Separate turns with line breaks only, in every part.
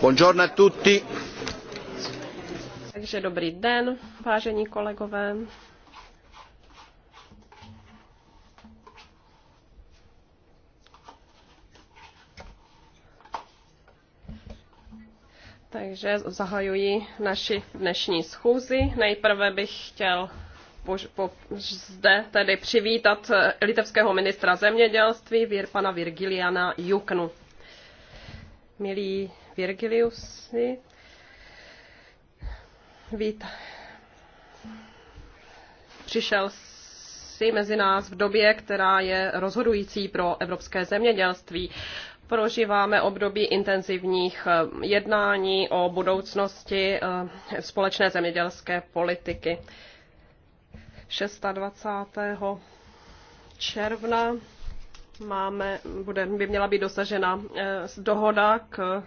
Buongiorno a tutti.
Takže dobrý den, vážení kolegové. Takže zahajuji naši dnešní schůzi. Nejprve bych chtěl po, zde tedy přivítat eh, litevského ministra zemědělství, vir, pana Virgiliana Juknu. Milí Virgiliusi, vít. Přišel si mezi nás v době, která je rozhodující pro evropské zemědělství prožíváme období intenzivních eh, jednání o budoucnosti eh, společné zemědělské politiky. 26. června máme, bude, by měla být dosažena eh, dohoda k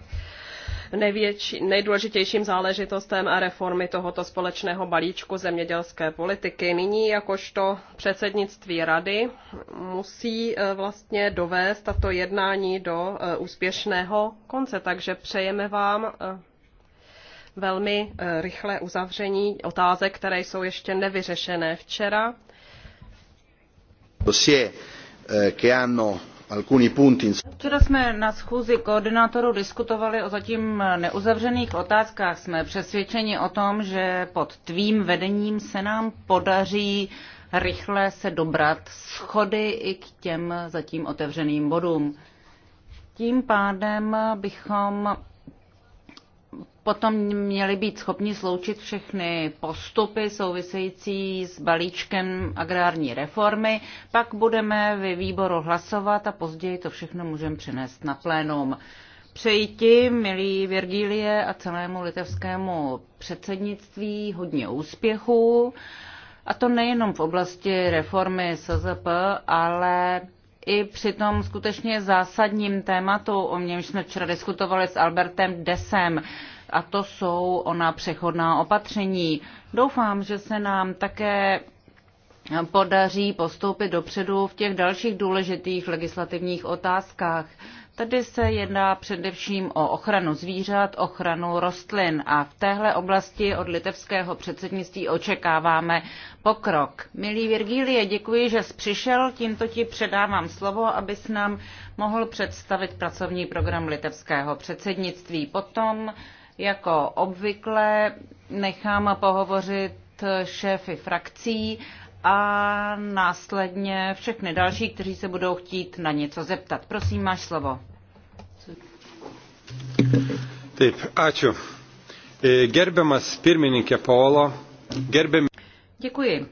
největší, nejdůležitějším záležitostem a reformy tohoto společného balíčku zemědělské politiky. Nyní jakožto předsednictví rady musí eh, vlastně dovést tato jednání do eh, úspěšného konce, takže přejeme vám velmi eh, rychlé uzavření otázek, které jsou ještě nevyřešené včera.
Eh,
včera jsme na schůzi koordinátorů diskutovali o zatím neuzavřených otázkách. Jsme přesvědčeni o tom, že pod tvým vedením se nám podaří rychle se dobrat schody i k těm zatím otevřeným bodům. Tím pádem bychom potom měli být schopni sloučit všechny postupy související s balíčkem agrární reformy. Pak budeme ve výboru hlasovat a později to všechno můžeme přinést na plénum. Přeji ti, milí Virgílie a celému litevskému předsednictví, hodně úspěchů. A to nejenom v oblasti reformy SZP, ale i při tom skutečně zásadním tématu, o němž jsme včera diskutovali s Albertem Desem, a to jsou ona přechodná opatření. Doufám, že se nám také podaří postoupit dopředu v těch dalších důležitých legislativních otázkách. Tady se jedná především o ochranu zvířat, ochranu rostlin a v téhle oblasti od litevského předsednictví očekáváme pokrok. Milý Virgílie, děkuji, že jsi přišel. Tímto ti předávám slovo, abys nám mohl představit pracovní program litevského předsednictví. Potom jako obvykle nechám pohovořit šéfy frakcí a následně všechny další, kteří se budou chtít na něco zeptat. Prosím, máš slovo.
Taip, ačiū. E, gerbiamas pirmininkė Paolo, gerbiami.
Děkuji.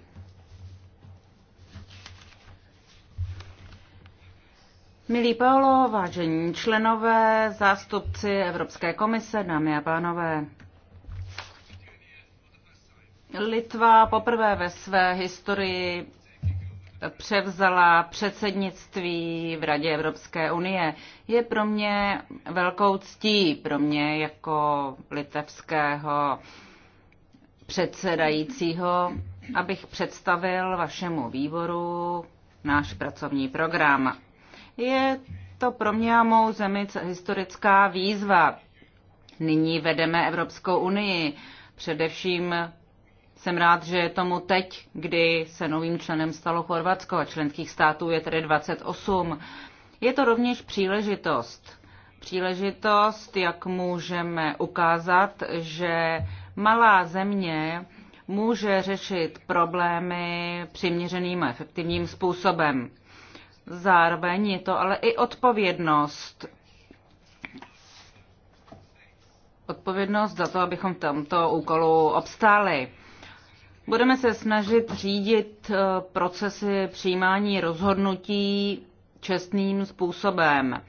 Milí Paolo, vážení členové, zástupci Evropské komise, dámy a pánové. Litva poprvé ve své historii převzala předsednictví v Radě Evropské unie. Je pro mě velkou ctí, pro mě jako litevského předsedajícího, abych představil vašemu výboru náš pracovní program. Je to pro mě a mou zemi historická výzva. Nyní vedeme Evropskou unii. Především jsem rád, že je tomu teď, kdy se novým členem stalo Chorvatsko a členských států je tedy 28. Je to rovněž příležitost. Příležitost, jak můžeme ukázat, že malá země může řešit problémy přiměřeným a efektivním způsobem. Zároveň je to ale i odpovědnost. Odpovědnost za to, abychom v tomto úkolu obstáli. Budeme se snažit řídit eh, procesy přijímání rozhodnutí čestným způsobem.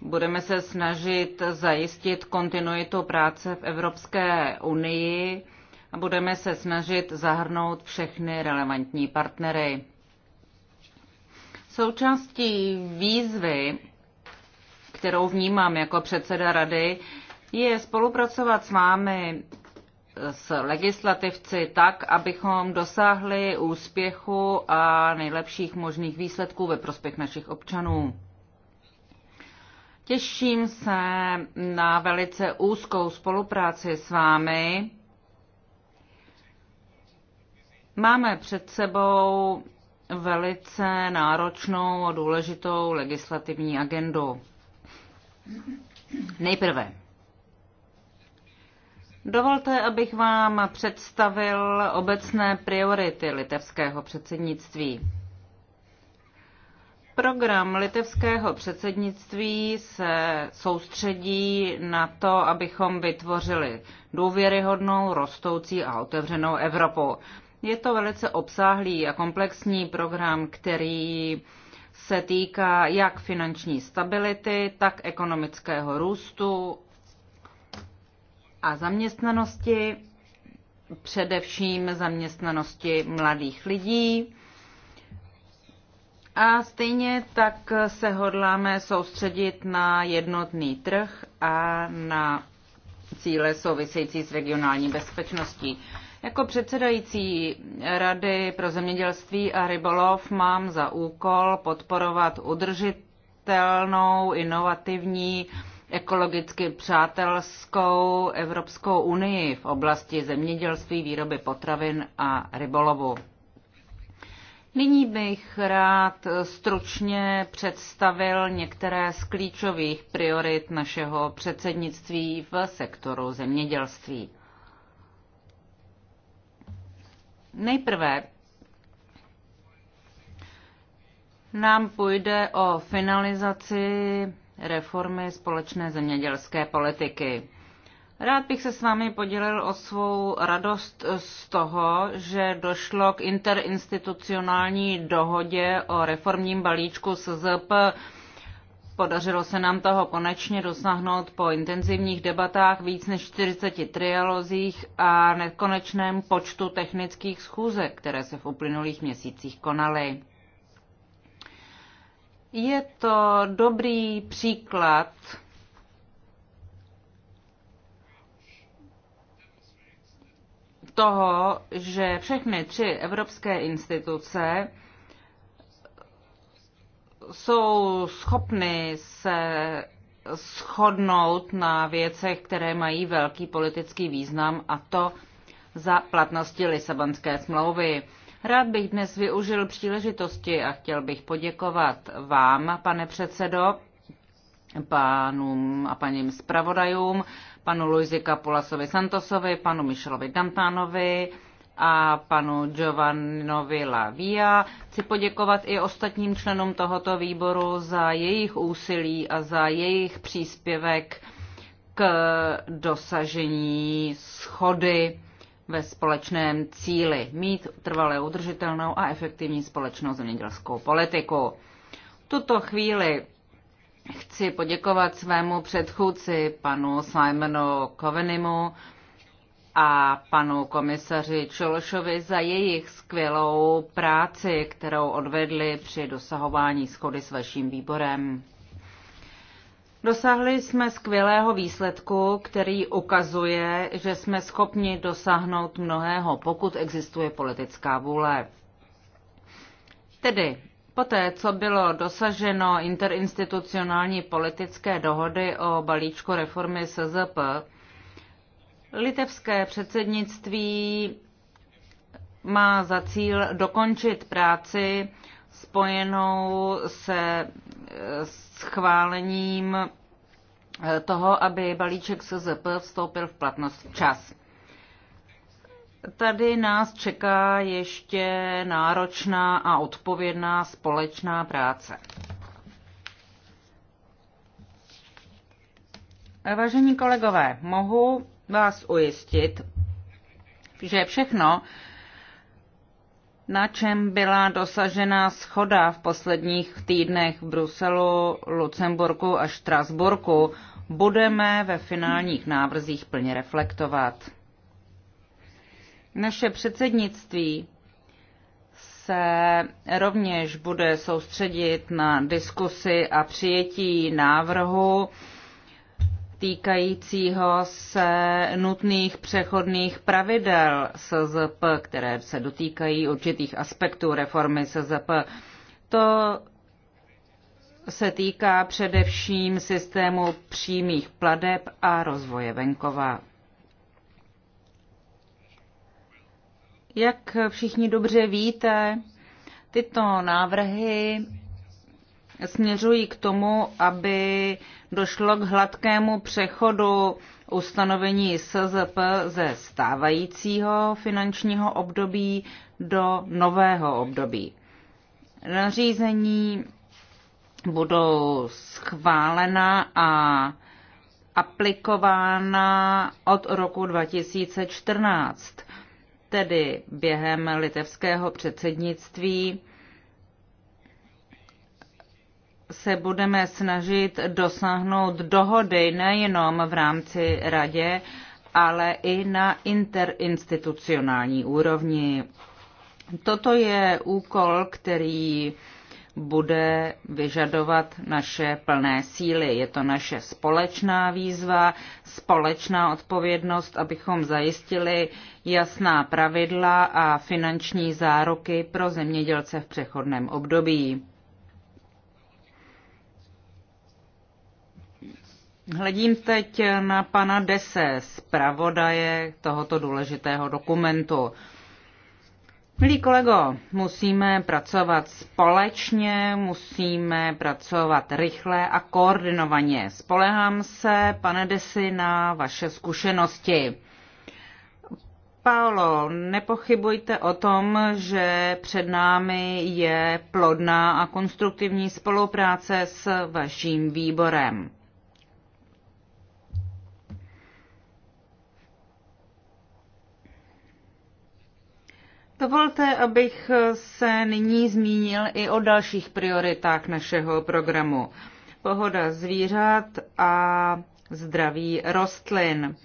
Budeme se snažit zajistit kontinuitu práce v Evropské unii a budeme se snažit zahrnout všechny relevantní partnery. Součástí výzvy, kterou vnímám jako předseda rady, je spolupracovat s vámi, s legislativci, tak, abychom dosáhli úspěchu a nejlepších možných výsledků ve prospěch našich občanů. Těším se na velice úzkou spolupráci s vámi. Máme před sebou velice náročnou a důležitou legislativní agendu. Nejprve. Dovolte, abych vám představil obecné priority litevského předsednictví. Program litevského předsednictví se soustředí na to, abychom vytvořili důvěryhodnou, rostoucí a otevřenou Evropu. Je to velice obsáhlý a komplexní program, který se týká jak finanční stability, tak ekonomického růstu a zaměstnanosti, především zaměstnanosti mladých lidí. A stejně tak se hodláme soustředit na jednotný trh a na cíle související s regionální bezpečností. Jako předsedající Rady pro zemědělství a rybolov mám za úkol podporovat udržitelnou, inovativní, ekologicky přátelskou Evropskou unii v oblasti zemědělství, výroby potravin a rybolovu. Nyní bych rád stručně představil některé z klíčových priorit našeho předsednictví v sektoru zemědělství. Nejprve nám půjde o finalizaci reformy společné zemědělské politiky. Rád bych se s vámi podělil o svou radost z toho, že došlo k interinstitucionální dohodě o reformním balíčku SZP Podařilo se nám toho konečně dosáhnout po intenzivních debatách, víc než 40 trialozích a nekonečném počtu technických schůzek, které se v uplynulých měsících konaly. Je to dobrý příklad toho, že všechny tři evropské instituce jsou schopny se shodnout na věcech, které mají velký politický význam a to za platnosti Lisabonské smlouvy. Rád bych dnes využil příležitosti a chtěl bych poděkovat vám, pane předsedo, pánům a paním zpravodajům, panu Luizi Kapulasovi Santosovi, panu Michelovi Dantánovi, a panu Giovannovi Lavia. Chci poděkovat i ostatním členům tohoto výboru za jejich úsilí a za jejich příspěvek k dosažení schody ve společném cíli mít trvale udržitelnou a efektivní společnou zemědělskou politiku. V tuto chvíli chci poděkovat svému předchůdci, panu Simonu Covenimu, a panu komisaři Čološovi za jejich skvělou práci, kterou odvedli při dosahování schody s vaším výborem. Dosáhli jsme skvělého výsledku, který ukazuje, že jsme schopni dosáhnout mnohého, pokud existuje politická vůle. Tedy, poté, co bylo dosaženo interinstitucionální politické dohody o balíčku reformy SZP, Litevské předsednictví má za cíl dokončit práci spojenou se eh, schválením eh, toho, aby balíček SZP vstoupil v platnost včas. Tady nás čeká ještě náročná a odpovědná společná práce. Vážení kolegové, mohu vás ujistit, že všechno, na čem byla dosažena schoda v posledních týdnech v Bruselu, Lucemburku a Štrasburku, budeme ve finálních návrzích plně reflektovat. Naše předsednictví se rovněž bude soustředit na diskusy a přijetí návrhu týkajícího se nutných přechodných pravidel SZP, které se dotýkají určitých aspektů reformy SZP. To se týká především systému přímých pladeb a rozvoje venkova. Jak všichni dobře víte, tyto návrhy směřují k tomu, aby došlo k hladkému přechodu ustanovení SZP ze stávajícího finančního období do nového období. Nařízení budou schválena a aplikována od roku 2014, tedy během litevského předsednictví se budeme snažit dosáhnout dohody nejenom v rámci radě, ale i na interinstitucionální úrovni. Toto je úkol, který bude vyžadovat naše plné síly. Je to naše společná výzva, společná odpovědnost, abychom zajistili jasná pravidla a finanční záruky pro zemědělce v přechodném období. Hledím teď na pana Dese, zpravodaje tohoto důležitého dokumentu. Milí kolego, musíme pracovat společně, musíme pracovat rychle a koordinovaně. Spolehám se, pane Desi, na vaše zkušenosti. Paolo, nepochybujte o tom, že před námi je plodná a konstruktivní spolupráce s vaším výborem. Dovolte, abych se nyní zmínil i o dalších prioritách našeho programu. Pohoda zvířat a zdraví rostlin.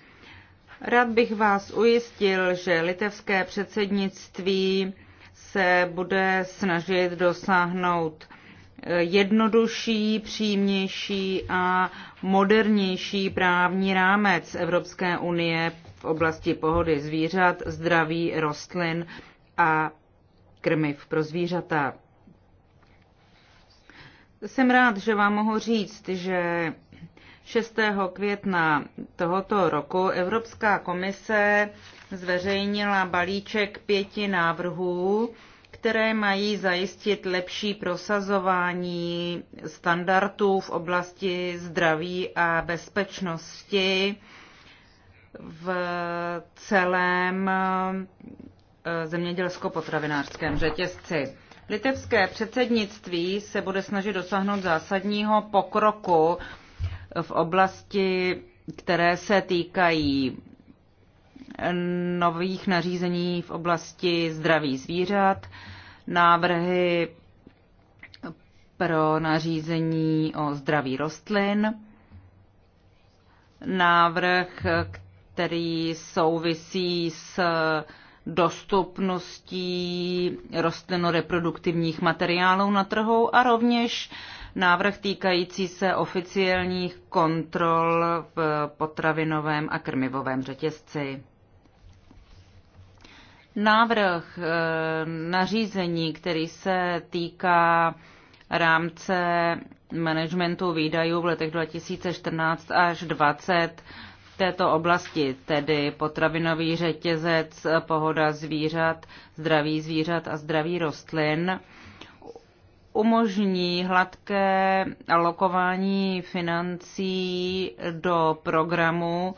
Rád bych vás ujistil, že litevské předsednictví se bude snažit dosáhnout eh, jednodušší, přímější a modernější právní rámec Evropské unie v oblasti pohody zvířat, zdraví rostlin a krmiv pro zvířata. Jsem rád, že vám mohu říct, že 6. května tohoto roku Evropská komise zveřejnila balíček pěti návrhů, které mají zajistit lepší prosazování standardů v oblasti zdraví a bezpečnosti v celém Eh, zemědělsko-potravinářském řetězci. Litevské předsednictví se bude snažit dosáhnout zásadního pokroku v oblasti, které se týkají nových nařízení v oblasti zdraví zvířat, návrhy pro nařízení o zdraví rostlin, návrh, který souvisí s dostupností rostlinoreproduktivních materiálů na trhu a rovněž návrh týkající se oficiálních kontrol v potravinovém a krmivovém řetězci. Návrh eh, nařízení, který se týká rámce managementu výdajů v letech 2014 až 2020, této oblasti, tedy potravinový řetězec, pohoda zvířat, zdraví zvířat a zdraví rostlin, umožní hladké alokování financí do programu,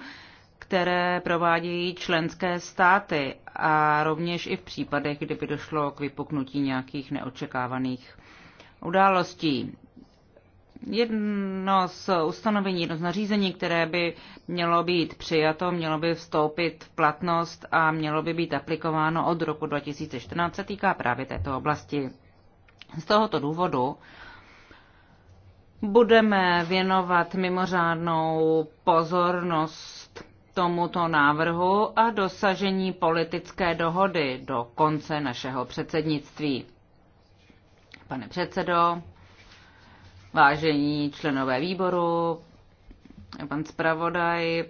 které provádějí členské státy a rovněž i v případech, kdyby došlo k vypuknutí nějakých neočekávaných událostí jedno z ustanovení, jedno z nařízení, které by mělo být přijato, mělo by vstoupit v platnost a mělo by být aplikováno od roku 2014, se týká právě této oblasti. Z tohoto důvodu budeme věnovat mimořádnou pozornost tomuto návrhu a dosažení politické dohody do konce našeho předsednictví. Pane předsedo, vážení členové výboru, pan zpravodaj,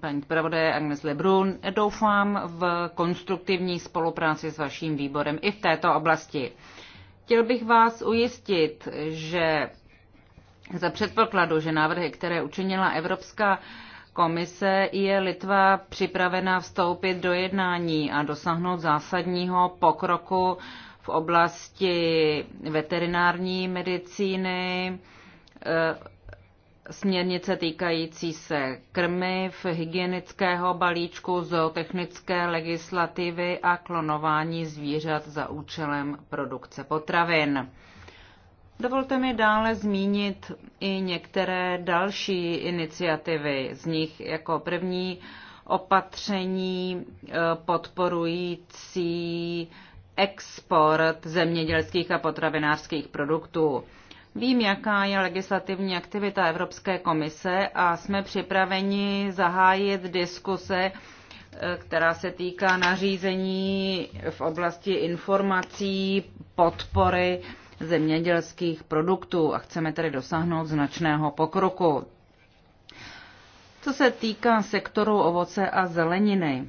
paní zpravodaj Agnes Lebrun, doufám v konstruktivní spolupráci s vaším výborem i v této oblasti. Chtěl bych vás ujistit, že za předpokladu, že návrhy, které učinila Evropská komise, je Litva připravena vstoupit do jednání a dosáhnout zásadního pokroku v oblasti veterinární medicíny, e, směrnice týkající se krmiv, hygienického balíčku, zootechnické legislativy a klonování zvířat za účelem produkce potravin. Dovolte mi dále zmínit i některé další iniciativy. Z nich jako první opatření e, podporující export zemědělských a potravinářských produktů. Vím, jaká je legislativní aktivita Evropské komise a jsme připraveni zahájit diskuse, eh, která se týká nařízení v oblasti informací, podpory zemědělských produktů a chceme tedy dosáhnout značného pokroku. Co se týká sektoru ovoce a zeleniny,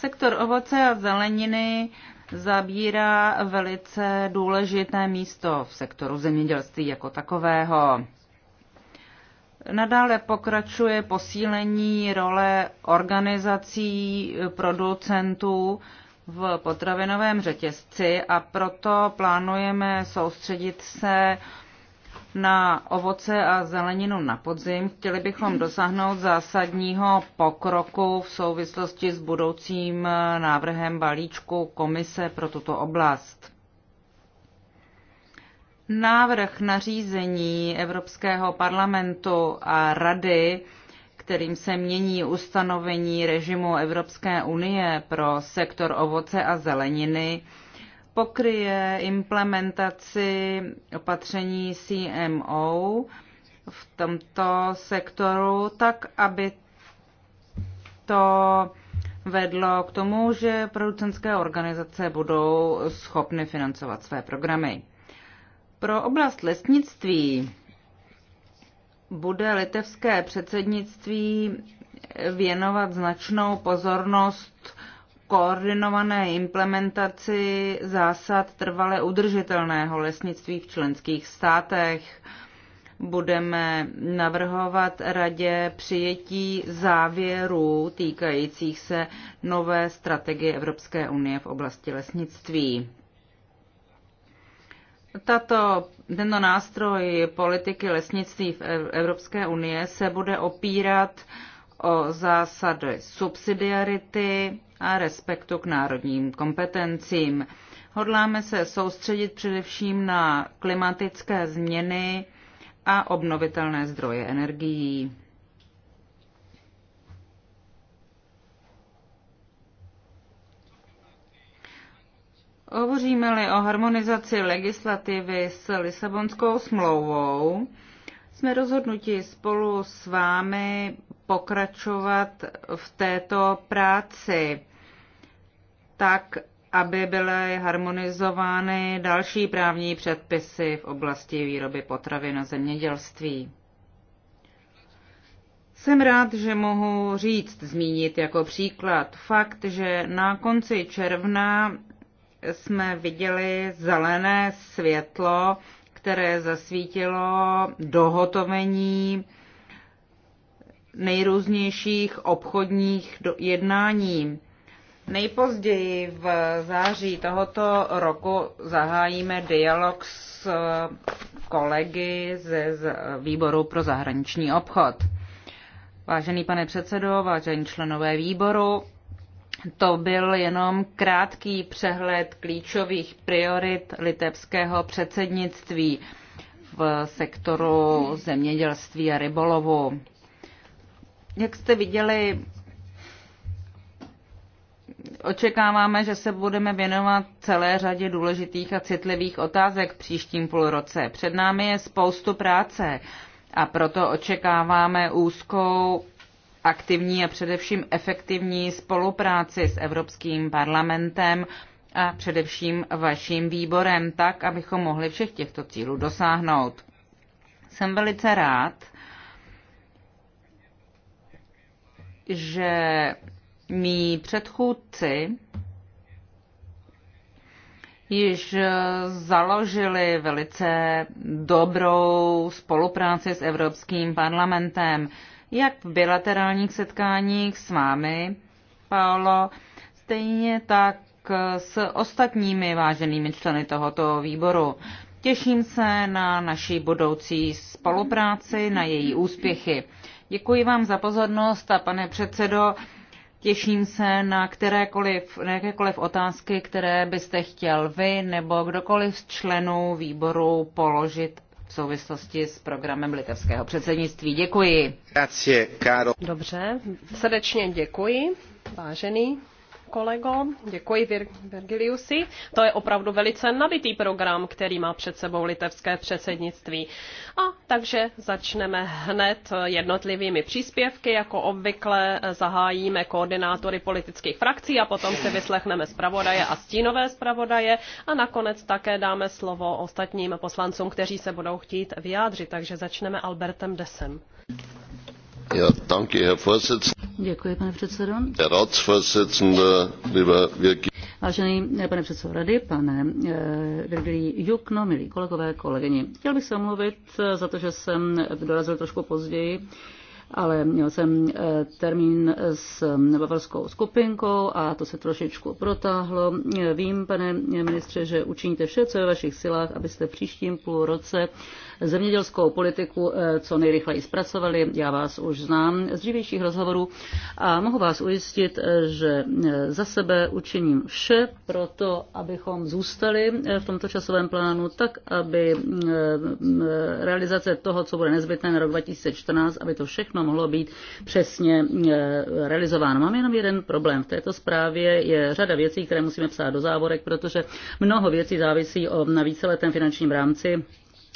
Sektor ovoce a zeleniny zabírá velice důležité místo v sektoru zemědělství jako takového. Nadále pokračuje posílení role organizací producentů v potravinovém řetězci a proto plánujeme soustředit se na ovoce a zeleninu na podzim, chtěli bychom dosáhnout zásadního pokroku v souvislosti s budoucím návrhem balíčku Komise pro tuto oblast. Návrh nařízení Evropského parlamentu a Rady, kterým se mění ustanovení režimu Evropské unie pro sektor ovoce a zeleniny, pokryje implementaci opatření CMO v tomto sektoru tak, aby to vedlo k tomu, že producentské organizace budou schopny financovat své programy. Pro oblast lesnictví bude litevské předsednictví věnovat značnou pozornost koordinované implementaci zásad trvale udržitelného lesnictví v členských státech. Budeme navrhovat radě přijetí závěrů týkajících se nové strategie Evropské unie v oblasti lesnictví. Tato, tento nástroj politiky lesnictví v Evropské unie se bude opírat o zásady subsidiarity, a respektu k národním kompetencím. Hodláme se soustředit především na klimatické změny a obnovitelné zdroje energií. Hovoříme-li o harmonizaci legislativy s Lisabonskou smlouvou, jsme rozhodnuti spolu s vámi pokračovat v této práci tak, aby byly harmonizovány další právní předpisy v oblasti výroby potravin a zemědělství. Jsem rád, že mohu říct, zmínit jako příklad fakt, že na konci června jsme viděli zelené světlo, které zasvítilo dohotovení nejrůznějších obchodních jednání. Nejpozději v září tohoto roku zahájíme dialog s kolegy ze z výboru pro zahraniční obchod. Vážený pane předsedo, vážení členové výboru, to byl jenom krátký přehled klíčových priorit litevského předsednictví v sektoru zemědělství a rybolovu. Jak jste viděli, Očekáváme, že se budeme věnovat celé řadě důležitých a citlivých otázek v příštím půlroce. Před námi je spoustu práce a proto očekáváme úzkou, aktivní a především efektivní spolupráci s Evropským parlamentem a především vaším výborem, tak, abychom mohli všech těchto cílů dosáhnout. Jsem velice rád, že Mí předchůdci již založili velice dobrou spolupráci s Evropským parlamentem, jak v bilaterálních setkáních s vámi, Paolo, stejně tak s ostatními váženými členy tohoto výboru. Těším se na naší budoucí spolupráci, na její úspěchy. Děkuji vám za pozornost a pane předsedo, Těším se na kterékoliv, na jakékoliv otázky, které byste chtěl vy nebo kdokoliv z členů výboru položit v souvislosti s programem litevského předsednictví. Děkuji.
Dobře,
srdečně děkuji, vážený kolego. Děkuji, Vir- Virgiliusi. To je opravdu velice nabitý program, který má před sebou litevské předsednictví. A takže začneme hned jednotlivými příspěvky. Jako obvykle zahájíme koordinátory politických frakcí a potom si vyslechneme zpravodaje a stínové zpravodaje a nakonec také dáme slovo ostatním poslancům, kteří se budou chtít vyjádřit. Takže začneme Albertem Desem. Herr Děkuji, pane předsedo. Herr Ratsvorsitzender, lieber
Vážený eh, pane předsedo rady, pane eh, Virgilí Jukno, milí kolegové, kolegyni. Chtěl bych se omluvit eh, za to, že jsem dorazil trošku později ale měl jsem termín s bavarskou skupinkou a to se trošičku protáhlo. Vím, pane ministře, že učiníte vše, co je ve vašich silách, abyste v příštím půlroce zemědělskou politiku eh, co nejrychleji zpracovali. Já vás už znám z dřívějších rozhovorů a mohu vás ujistit, eh, že eh, za sebe učiním vše pro to, abychom zůstali v tomto časovém plánu tak, aby realizace toho, co bude nezbytné na rok 2014, aby to všechno mohlo být přesně realizováno. Mám jenom jeden problém. V této zprávě je řada věcí, které musíme psát do závorek, protože mnoho věcí závisí na víceletém finančním rámci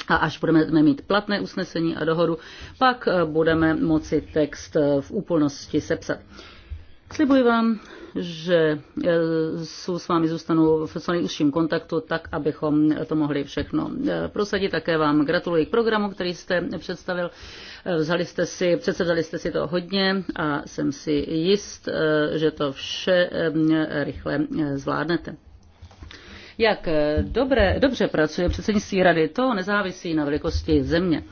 a až budeme mít platné usnesení a dohodu, pak eh, budeme moci text eh, v úplnosti sepsat. Slibuji vám, že eh, s vámi zůstanu v co nejúžším kontaktu, tak abychom to mohli všechno prosadit. Také vám gratuluji k programu, který jste představil. Vzali jste si, přece vzali jste si to hodně a jsem si jist, že to vše rychle zvládnete. Jak eh, dobré, dobře pracuje předsednictví rady, to nezávisí na velikosti země.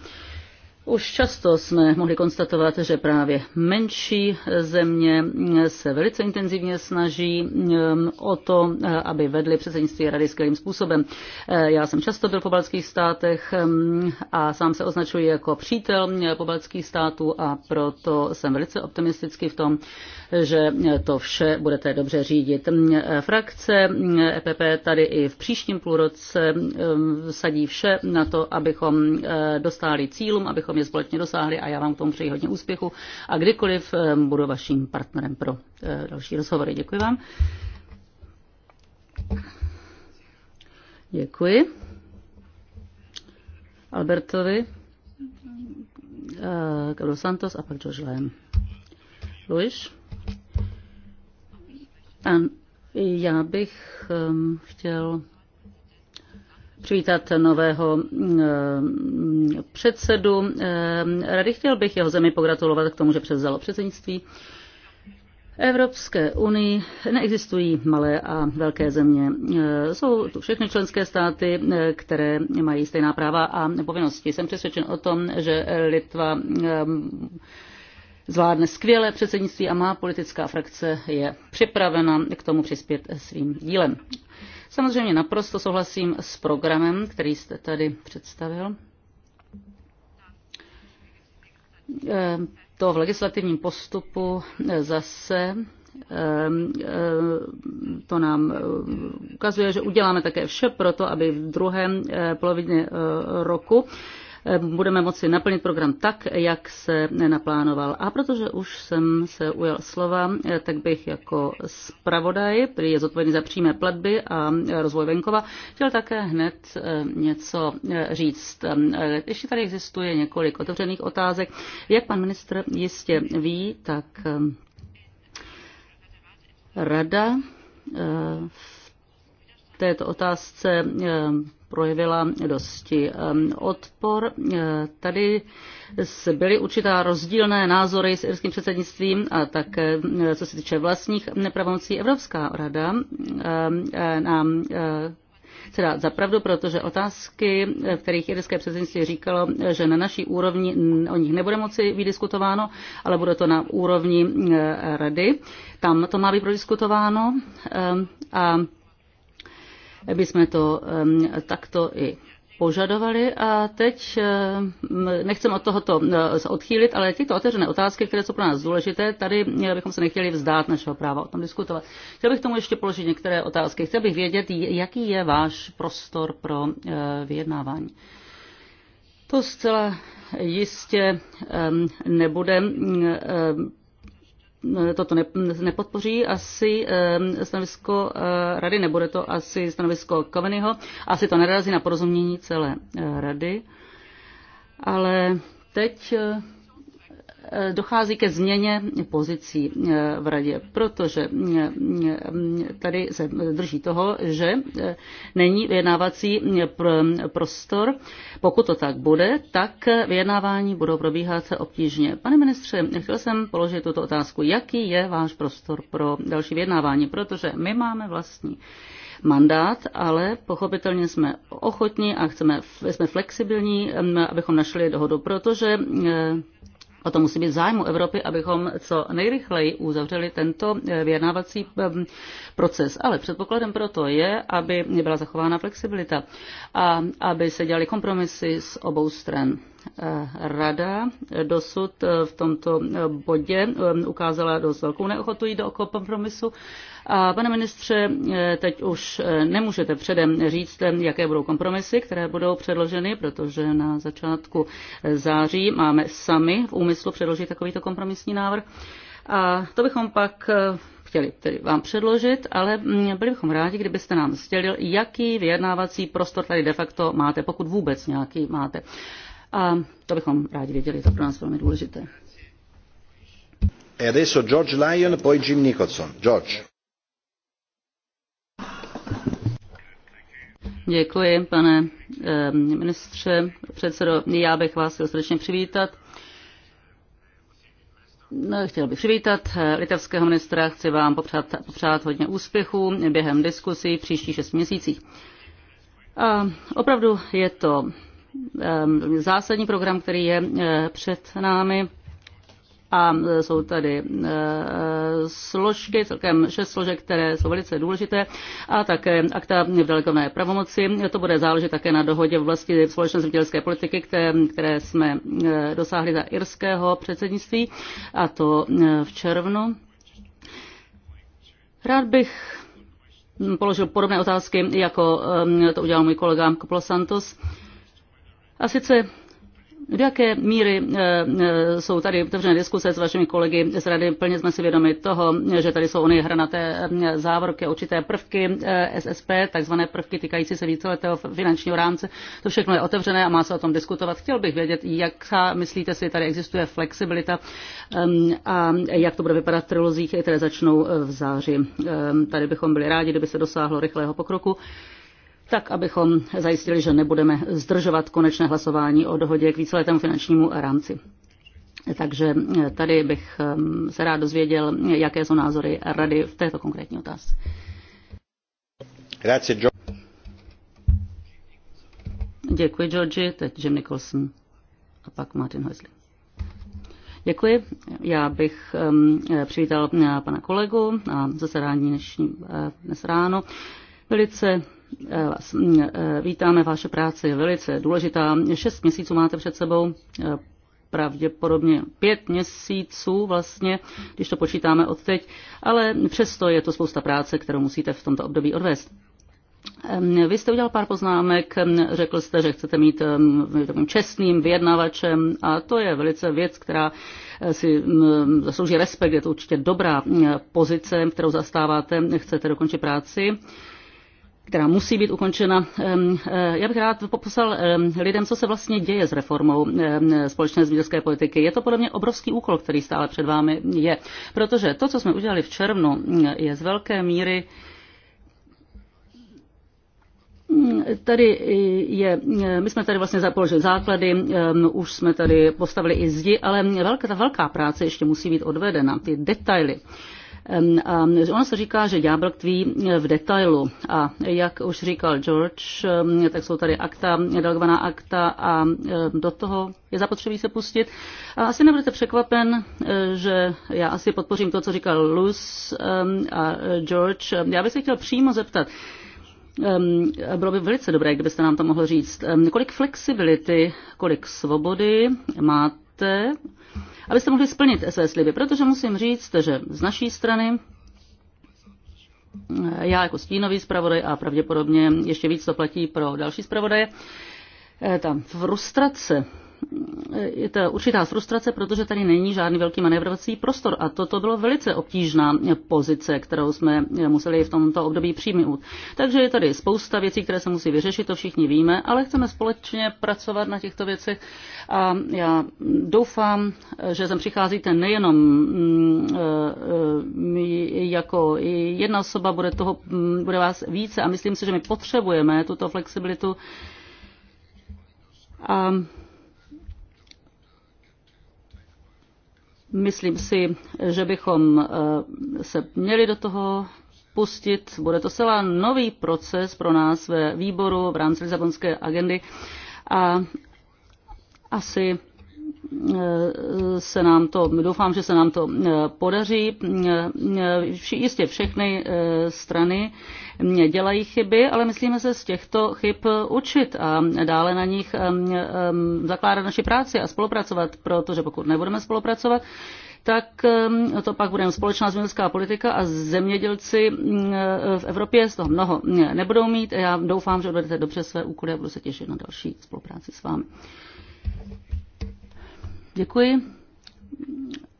Už často jsme mohli konstatovat, že právě menší země mm, se velice intenzivně snaží mm, o to, eh, aby vedly předsednictví rady skvělým způsobem. Eh, já jsem často byl v pobaltských státech mm, a sám se označuji jako přítel pobaltských států a proto jsem velice optimistický v tom, že to vše budete dobře řídit. Frakce EPP tady i v příštím půlroce um, sadí vše na to, abychom uh, dostali cílům, abychom je společně dosáhli a já vám k tomu přeji hodně úspěchu a kdykoliv um, budu vaším partnerem pro uh, další rozhovory. Děkuji vám. Děkuji. Albertovi, uh, Carlos Santos a pak George Lem. Luis? Pan, já bych um, chtěl přivítat nového um, předsedu um, rady. Chtěl bych jeho zemi pogratulovat k tomu, že převzalo předsednictví. Evropské unii neexistují malé a velké země. Eh, jsou tu všechny členské státy, eh, které mají stejná práva a povinnosti. Jsem přesvědčen o tom, že Litva eh, zvládne skvělé předsednictví a má politická frakce je připravena k tomu přispět svým dílem. Samozřejmě naprosto souhlasím s programem, který jste tady představil. Eh, to v legislativním postupu eh, zase eh, to nám ukazuje, že uděláme také vše pro to, aby v druhém polovině roku budeme moci naplnit program tak, jak se naplánoval. A protože už jsem se ujel slova, eh, tak bych jako zpravodaj, který je zodpovědný za přímé platby a eh, rozvoj venkova, chtěl také hned eh, něco říct. Ještě tady existuje několik otevřených otázek. Jak pan ministr jistě ví, tak rada v této otázce projevila dosti um, odpor. Eh, tady byly určitá rozdílné názory s irským předsednictvím a také eh, co se týče vlastních nepravomocí, Evropská rada eh, nám se dá zapravdu, protože otázky, v kterých irské předsednictví říkalo, že na naší úrovni o nich nebude moci být diskutováno, ale bude to na úrovni rady. Tam to má být prodiskutováno a bychom to takto i požadovali a teď nechcem od tohoto odchýlit, ale tyto otevřené otázky, které jsou pro nás důležité, tady eh, bychom se nechtěli vzdát našeho práva o tom diskutovat. Chtěl bych tomu ještě položit některé otázky. Chtěl bych vědět, jaký je váš prostor pro eh, vyjednávání. To zcela jistě nebude toto nepodpoří asi ehm, stanovisko eh, rady, nebude to asi stanovisko Covenyho, asi to nerazí na porozumění celé eh, rady. Ale teď eh, dochází ke změně pozicí eh, v radě, protože eh, eh, tady se drží toho, že není vyjednávací prostor. Pokud to tak bude, tak vyjednávání budou probíhat obtížně. Pane ministře, chtěl jsem položit tuto otázku. Jaký je váš prostor pro další vyjednávání? Protože my máme vlastní mandát, ale pochopitelně jsme ochotní a chceme, jsme flexibilní, abychom našli dohodu, protože O to musí být zájmu Evropy, abychom co nejrychleji uzavřeli tento eh, vyjednávací eh, proces. Ale předpokladem pro to je, aby byla zachována flexibilita a aby se dělali kompromisy z obou stran. Eh, Rada dosud v tomto bodě ukázala dost velkou neochotu jít do kompromisu a pane ministře, e, teď už e, nemůžete předem říct, e, jaké budou kompromisy, které budou předloženy, protože na začátku září máme sami v úmyslu předložit takovýto kompromisní návrh. A to bychom pak chtěli tedy vám předložit, ale mm, byli bychom rádi, kdybyste nám sdělil, jaký vyjednávací prostor tady de facto máte, pokud vůbec nějaký máte. A to bychom rádi věděli, to pro nás velmi důležité.
E adesso George Lyon, poi Jim Nicholson. George.
Děkuji, pane eh, ministře, předsedo. Já bych vás chtěl srdečně přivítat. No, chtěl bych přivítat eh, litevského ministra, chci vám popřát, popřát hodně úspěchů během diskusí v příštích šest měsících. A opravdu je to eh, zásadní program, který je před námi a e, jsou tady e, složky, celkem šest složek, které jsou velice důležité a také akta v dalekovné pravomoci. To bude záležet také na dohodě v oblasti společné zemědělské politiky, které, které jsme e, dosáhli za irského předsednictví a to v červnu. Rád bych položil podobné otázky, jako to udělal můj kolega Koplo Santos. A sice do jaké míry eh, eh, jsou tady otevřené diskuse s vašimi kolegy z Rady? Plně jsme si vědomi toho, že tady jsou ony hranaté hm, závorky, určité prvky eh, SSP, takzvané prvky týkající se víceletého finančního rámce. To všechno je otevřené a má se o tom diskutovat. Chtěl bych vědět, jak myslíte si, tady existuje flexibilita hm, a jak to bude vypadat v trilozích, které začnou v září. Hm, tady bychom byli rádi, kdyby se dosáhlo rychlého pokroku tak abychom zajistili, že nebudeme zdržovat konečné hlasování o dohodě k víceletému finančnímu rámci. Takže eh, tady bych eh, se rád dozvěděl, jaké jsou názory rady v této konkrétní otázce. Děkuji, Georgi. Teď Jim Nicholson a pak Martin Hoesley. Děkuji. Já bych um, přivítal pana kolegu na zasedání dnešní, dnes ráno. Velice Eh, vítáme, vaše práce je velice důležitá. Šest měsíců máte před sebou, eh, pravděpodobně pět měsíců vlastně, když to počítáme od teď, ale přesto je to spousta práce, kterou musíte v tomto období odvést. Vy jste udělal pár poznámek, řekl jste, že chcete mít takovým čestným vyjednavačem a to je velice věc, která eh, si zaslouží respekt, je to určitě dobrá pozice, kterou zastáváte, chcete dokončit práci která musí být ukončena. Eh, já bych rád popsal lidem, co se vlastně děje s reformou společné zemědělské politiky. Je to podle mě obrovský úkol, který stále před vámi je, protože to, co jsme udělali v červnu, je z velké míry Tady je, my jsme tady vlastně položili základy, už jsme tady postavili i zdi, ale velká, ta velká práce ještě musí být odvedena, ty detaily. A ono se říká, že ďábel tví eh, v detailu. A jak už říkal George, tak jsou tady akta, delegovaná akta a do toho je zapotřebí se pustit. A asi nebudete překvapen, eh, že já asi podpořím to, co říkal Luz a eh, George. Já bych se chtěl přímo zeptat, bylo by velice dobré, kdybyste nám to mohl říct. Kolik flexibility, kolik svobody má máte, abyste mohli splnit své sliby, protože musím říct, že z naší strany eh, já jako stínový zpravodaj a pravděpodobně ještě víc to platí pro další zpravodaje, eh, ta frustrace, je to určitá frustrace, protože tady není žádný velký manévrovací prostor a toto bylo velice obtížná pozice, kterou jsme museli v tomto období přijmout. Takže je tady spousta věcí, které se musí vyřešit, to všichni víme, ale chceme společně pracovat na těchto věcech a já doufám, že sem přicházíte nejenom mm, e, e, jako jedna osoba, bude, toho, mm, bude vás více a myslím si, že my potřebujeme tuto flexibilitu. A Myslím si, že bychom eh, se měli do toho pustit. Bude to celá nový proces pro nás ve výboru v rámci Lisabonské agendy a asi Eh, se nám to, doufám, že se nám to eh, podaří. Eh, jistě všechny strany dělají chyby, ale myslíme se z těchto chyb učit a dále na nich zakládat naši práci a spolupracovat, protože pokud nebudeme spolupracovat, tak to pak bude společná zemědělská politika a zemědělci v Evropě z toho mnoho nebudou mít. Já doufám, že odvedete dobře své úkoly a budu se těšit na další spolupráci s vámi. Děkuji.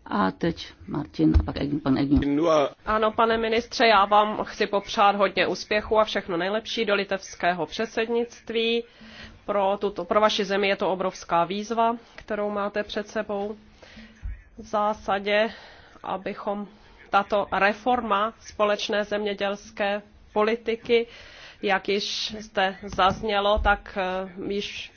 A teď Martin a pak Egin, pan Egin.
Ano, pane ministře, já vám chci popřát hodně úspěchu a všechno nejlepší do litevského předsednictví. Pro, tuto, pro vaši zemi je to obrovská výzva, kterou máte před sebou. V zásadě, abychom tato reforma společné zemědělské politiky, jak již jste zaznělo, tak eh, již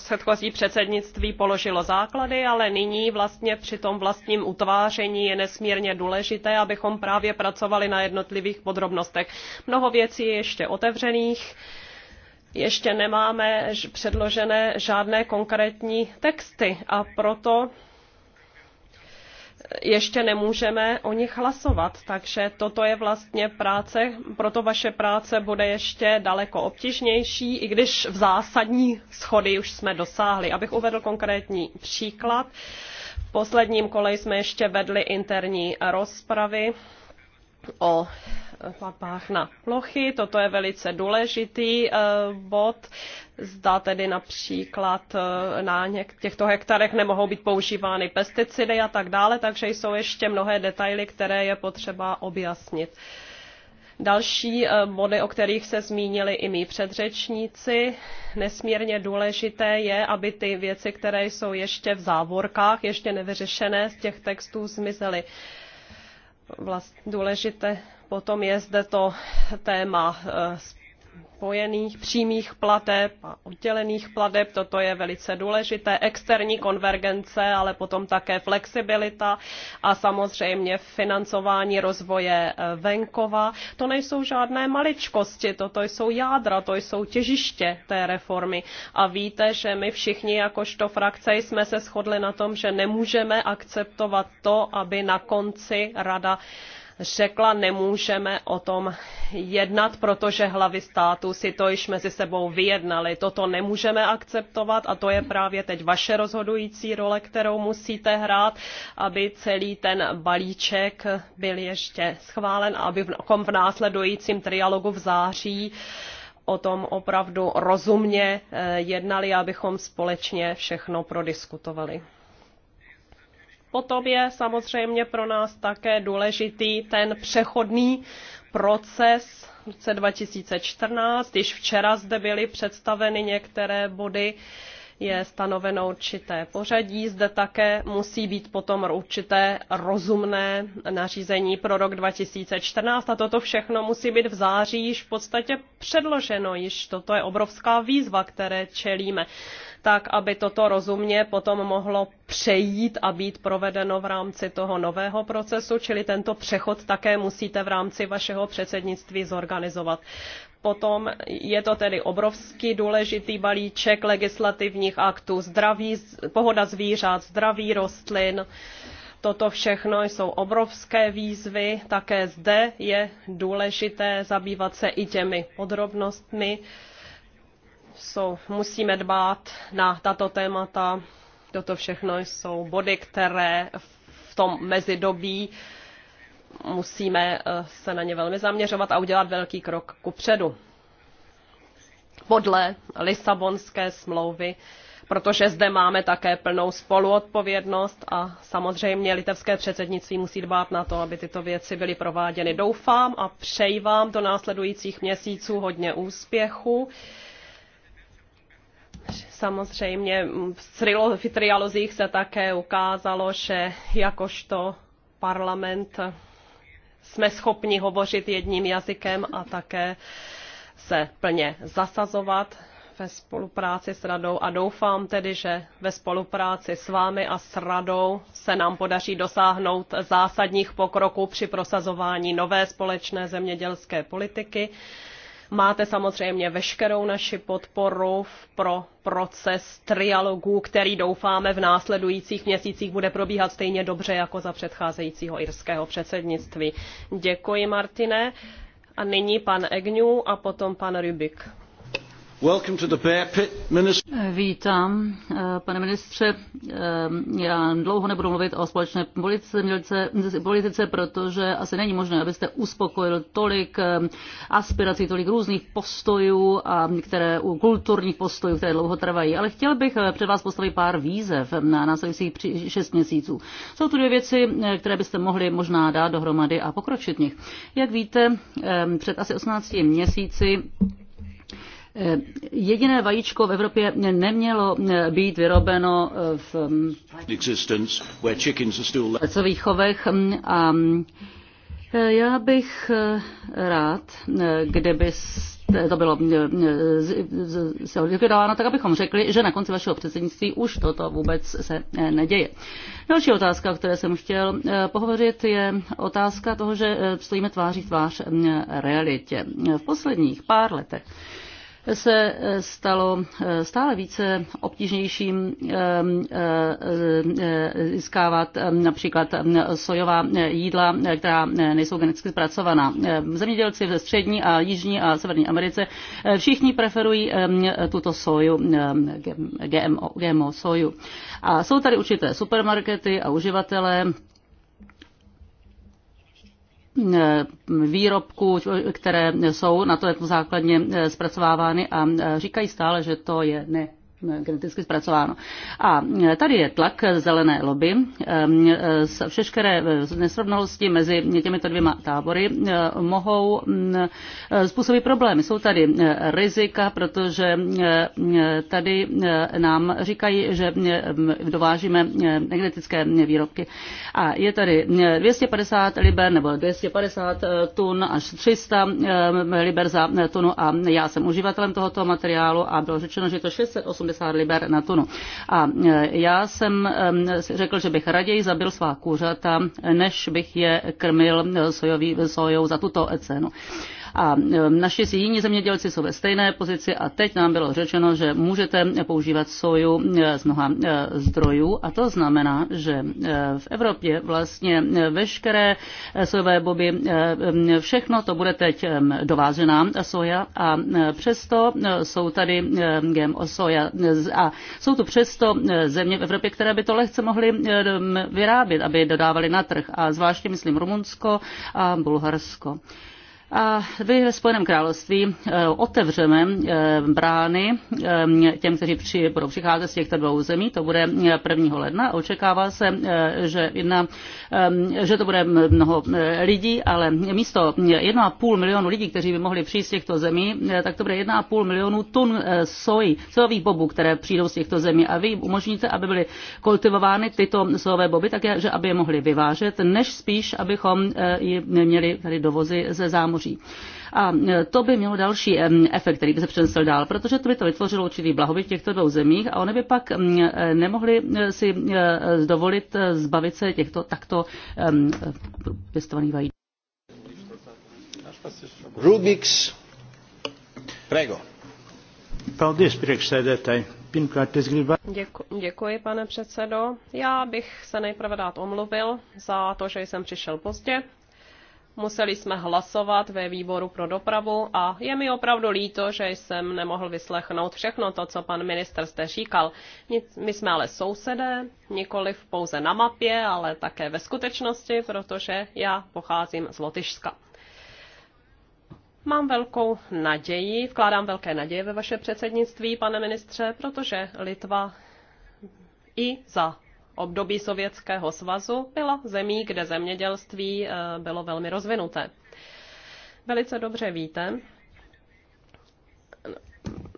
předchozí předsednictví položilo základy, ale nyní vlastně při tom vlastním utváření je nesmírně důležité, abychom právě pracovali na jednotlivých podrobnostech. Mnoho věcí je ještě otevřených ještě nemáme předložené žádné konkrétní texty a proto ještě nemůžeme o nich hlasovat, takže toto je vlastně práce, proto vaše práce bude ještě daleko obtížnější, i když v zásadní schody už jsme dosáhli. Abych uvedl konkrétní příklad, v posledním kole jsme ještě vedli interní rozpravy o eh, platbách na plochy. Toto je velice důležitý eh, bod. Zda tedy například eh, na těchto hektarech nemohou být používány pesticidy a tak dále, takže jsou ještě mnohé detaily, které je potřeba objasnit. Další body, o kterých se zmínili i mý předřečníci, nesmírně důležité je, aby ty věci, které jsou ještě v závorkách, ještě nevyřešené z těch textů, zmizely důležité potom je zde to téma eh, spojených přímých plateb a oddělených plateb, toto je velice důležité, externí konvergence, ale potom také flexibilita a samozřejmě financování rozvoje eh, venkova. To nejsou žádné maličkosti, toto jsou jádra, to jsou těžiště té reformy. A víte, že my všichni jakožto frakce jsme se shodli na tom, že nemůžeme akceptovat to, aby na konci rada řekla, nemůžeme o tom jednat, protože hlavy států si to již mezi sebou vyjednali. Toto nemůžeme akceptovat a to je právě teď vaše rozhodující role, kterou musíte hrát, aby celý ten balíček byl ještě schválen, aby v, v následujícím trialogu v září o tom opravdu rozumně eh, jednali, abychom společně všechno prodiskutovali potom je samozřejmě pro nás také důležitý ten přechodný proces v roce 2014. Již včera zde byly představeny některé body, je stanoveno určité pořadí. Zde také musí být potom určité rozumné nařízení pro rok 2014 a toto všechno musí být v září již v podstatě předloženo. Již toto je obrovská výzva, které čelíme tak, aby toto rozumně potom mohlo přejít a být provedeno v rámci toho nového procesu, čili tento přechod také musíte v rámci vašeho předsednictví zorganizovat. Potom je to tedy obrovský důležitý balíček legislativních aktů, zdraví, pohoda zvířat, zdraví rostlin. Toto všechno jsou obrovské výzvy. Také zde je důležité zabývat se i těmi podrobnostmi. So, musíme dbát na tato témata. Toto všechno jsou body, které v tom mezidobí musíme eh, se na ně velmi zaměřovat a udělat velký krok ku předu. Podle Lisabonské smlouvy, protože zde máme také plnou spoluodpovědnost a samozřejmě litevské předsednictví musí dbát na to, aby tyto věci byly prováděny. Doufám a přeji vám do následujících měsíců hodně úspěchu samozřejmě v trialozích se také ukázalo, že jakožto parlament jsme schopni hovořit jedním jazykem a také se plně zasazovat ve spolupráci s radou a doufám tedy, že ve spolupráci s vámi a s radou se nám podaří dosáhnout zásadních pokroků při prosazování nové společné zemědělské politiky. Máte samozřejmě veškerou naši podporu pro proces trialogu, který doufáme v následujících měsících bude probíhat stejně dobře jako za předcházejícího irského předsednictví. Děkuji, Martine. A nyní pan Egňů a potom pan Rybik.
Vítám, eh, pane ministře. Eh, já dlouho nebudu mluvit o společné politice, politice, protože asi není možné, abyste uspokojil tolik eh, aspirací, tolik různých postojů a některé kulturních postojů, které dlouho trvají. Ale chtěl bych před vás postavit pár výzev na následujících šest měsíců. Jsou tu dvě věci, které byste mohli možná dát dohromady a pokročit v nich. Jak víte, před asi 18 měsíci Eh, jediné vajíčko v Evropě nemělo eh, být vyrobeno eh, v mm, lecových chovech mm, a mm, já bych rád, kdyby to bylo se likvidováno, tak abychom řekli, že na konci vašeho předsednictví už toto vůbec se neděje. Další otázka, o které jsem chtěl pohovořit, je otázka toho, že stojíme tváří tvář realitě. V posledních pár letech se eh, stalo eh, stále více obtížnějším eh, získávat například sojová jídla, která nejsou geneticky zpracovaná. Zemědělci ve střední a jižní a severní Americe všichni preferují tuto soju, GMO, GMO soju. A jsou tady určité supermarkety a uživatelé, Eh, výrobků, které jsou na to jako základně eh, zpracovávány a eh, říkají stále, že to je ne Eh, geneticky zpracováno. A eh, tady je tlak zelené lobby eh, všechny nesrovnalosti mezi těmito dvěma tábory mohou mm, způsobit problémy. Jsou tady rizika, protože tady nám říkají, že dovážíme genetické výrobky. A je tady 250 liber nebo 250 tun až 300 liber za tunu a já jsem uživatelem tohoto materiálu a bylo řečeno, že je to 680 80 liber na tunu. A e, já jsem e, řekl, že bych raději zabil svá kuřata, než bych je krmil e, sojový, sojou za tuto cenu. A e, naši si jiní zemědělci jsou ve stejné pozici a teď nám bylo řečeno, že můžete používat soju e, z mnoha e, zdrojů a to znamená, že v Evropě vlastně veškeré sojové boby, všechno to bude teď dovážená soja a přesto jsou tady GMO soja a jsou tu přesto země v Evropě, které by to lehce mohly vyrábět, aby dodávali na trh a zvláště myslím Rumunsko a Bulharsko a vy ve Spojeném království eh, otevřeme eh, brány eh, těm, kteří při, budou přicházet z těchto dvou zemí. To bude 1. ledna a očekává se, že, jedna, že to bude mnoho lidí, ale místo 1,5 milionu lidí, kteří by mohli přijít z těchto zemí, tak to bude 1,5 milionu tun soji, sojových bobů, které přijdou z těchto zemí. A vy umožníte, aby byly kultivovány tyto sojové boby, takže aby je mohli vyvážet, než spíš, abychom měli tady dovozy ze zámoří moří. A e, to by mělo další efekt, který by se přenesl dál, protože to by to vytvořilo určitý blahobyt v těchto dvou zemích a oni by pak e, nemohli e, si dovolit zbavit se těchto takto pěstovaných vajíček. Rubiks.
Prego.
Děkuji, děkuji, pane předsedo. Já bych se nejprve dát omluvil za to, že jsem přišel pozdě Museli jsme hlasovat ve výboru pro dopravu a je mi opravdu líto, že jsem nemohl vyslechnout všechno to, co pan minister zde říkal. My jsme ale sousedé, nikoli pouze na mapě, ale také ve skutečnosti, protože já pocházím z Lotyšska. Mám velkou naději, vkládám velké naděje ve vaše předsednictví, pane ministře, protože Litva i za období Sovětského svazu byla zemí, kde zemědělství eh, bylo velmi rozvinuté. Velice dobře víte,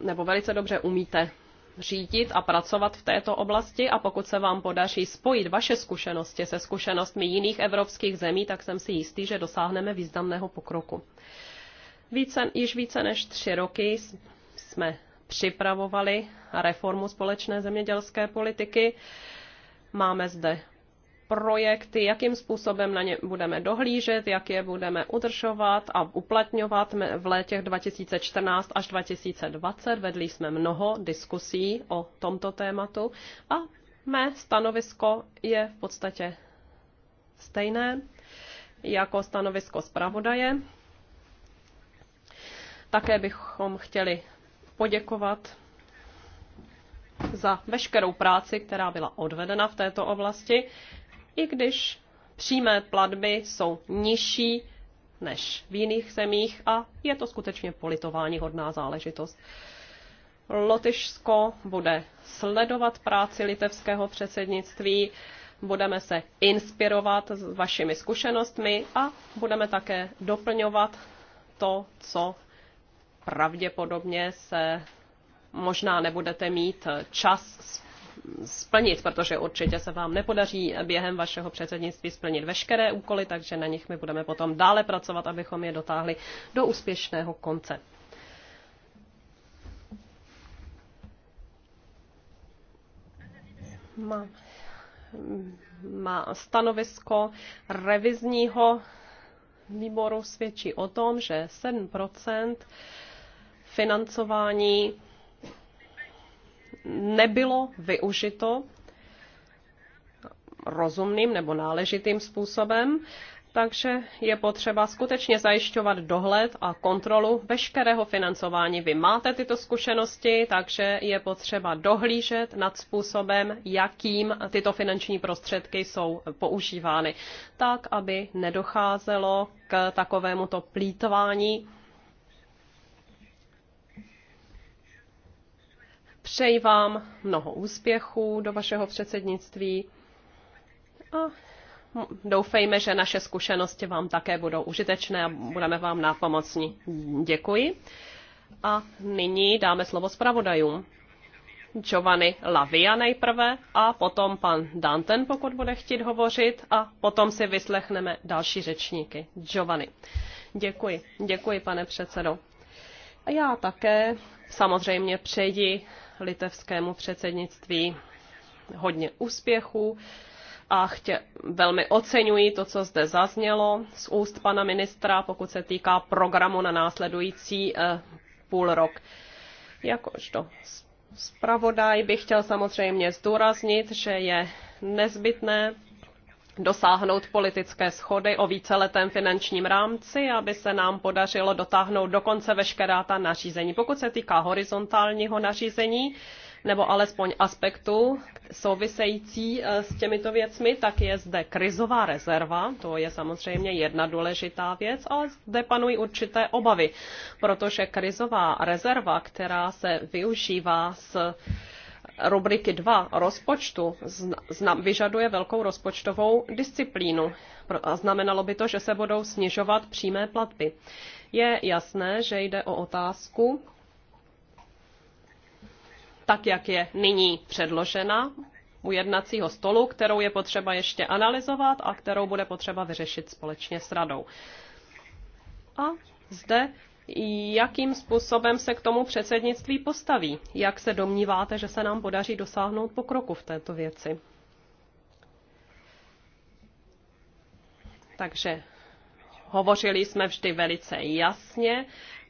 nebo velice dobře umíte řídit a pracovat v této oblasti a pokud se vám podaří spojit vaše zkušenosti se zkušenostmi jiných evropských zemí, tak jsem si jistý, že dosáhneme významného pokroku. Více, již více než tři roky jsme připravovali reformu společné zemědělské politiky. Máme zde projekty, jakým způsobem na ně budeme dohlížet, jak je budeme udržovat a uplatňovat v letech 2014 až 2020. Vedli jsme mnoho diskusí o tomto tématu a mé stanovisko je v podstatě stejné jako stanovisko zpravodaje. Také bychom chtěli poděkovat za veškerou práci, která byla odvedena v této oblasti, i když přímé platby jsou nižší než v jiných zemích a je to skutečně politování hodná záležitost. Lotyšsko bude sledovat práci litevského předsednictví, budeme se inspirovat s vašimi zkušenostmi a budeme také doplňovat to, co pravděpodobně se možná nebudete mít čas splnit, protože určitě se vám nepodaří během vašeho předsednictví splnit veškeré úkoly, takže na nich my budeme potom dále pracovat, abychom je dotáhli do úspěšného konce. Má, má stanovisko revizního výboru svědčí o tom, že 7 financování nebylo využito rozumným nebo náležitým způsobem, takže je potřeba skutečně zajišťovat dohled a kontrolu veškerého financování. Vy máte tyto zkušenosti, takže je potřeba dohlížet nad způsobem, jakým tyto finanční prostředky jsou používány, tak aby nedocházelo k takovémuto plítování Přeji vám mnoho úspěchů do vašeho předsednictví a doufejme, že naše zkušenosti vám také budou užitečné a budeme vám nápomocní. Děkuji. A nyní dáme slovo zpravodajům. Giovanni Lavia nejprve a potom pan Danten, pokud bude chtít hovořit a potom si vyslechneme další řečníky. Giovanni. Děkuji. Děkuji, pane předsedo. A já také samozřejmě přeji litevskému předsednictví hodně úspěchů a chtě, velmi oceňuji to, co zde zaznělo z úst pana ministra, pokud se týká programu na následující eh, půl rok. Jakožto zpravodaj bych chtěl samozřejmě zdůraznit, že je nezbytné dosáhnout politické schody o víceletém finančním rámci, aby se nám podařilo dotáhnout dokonce veškerá ta nařízení. Pokud se týká horizontálního nařízení, nebo alespoň aspektu související eh, s těmito věcmi, tak je zde krizová rezerva, to je samozřejmě jedna důležitá věc, ale zde panují určité obavy, protože krizová rezerva, která se využívá s rubriky 2 rozpočtu zna, vyžaduje velkou rozpočtovou disciplínu a znamenalo by to, že se budou snižovat přímé platby. Je jasné, že jde o otázku, tak jak je nyní předložena u jednacího stolu, kterou je potřeba ještě analyzovat a kterou bude potřeba vyřešit společně s radou. A zde jakým způsobem se k tomu předsednictví postaví. Jak se domníváte, že se nám podaří dosáhnout pokroku v této věci? Takže hovořili jsme vždy velice jasně.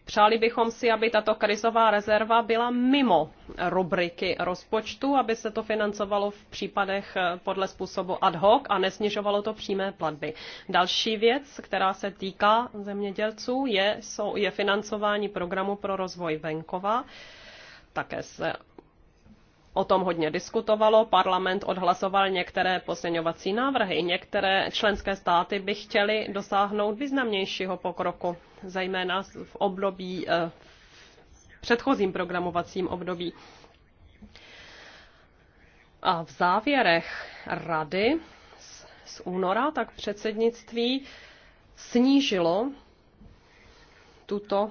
Přáli bychom si, aby tato krizová rezerva byla mimo rubriky rozpočtu, aby se to financovalo v případech eh, podle způsobu ad hoc a nesnižovalo to přímé platby. Další věc, která se týká zemědělců, je, jsou, je financování programu pro rozvoj venkova. Také se o tom hodně diskutovalo. Parlament odhlasoval některé posilňovací návrhy. Některé členské státy by chtěly dosáhnout významnějšího pokroku, zejména v období eh, v předchozím programovacím období. A v závěrech rady z, z února tak předsednictví snížilo tuto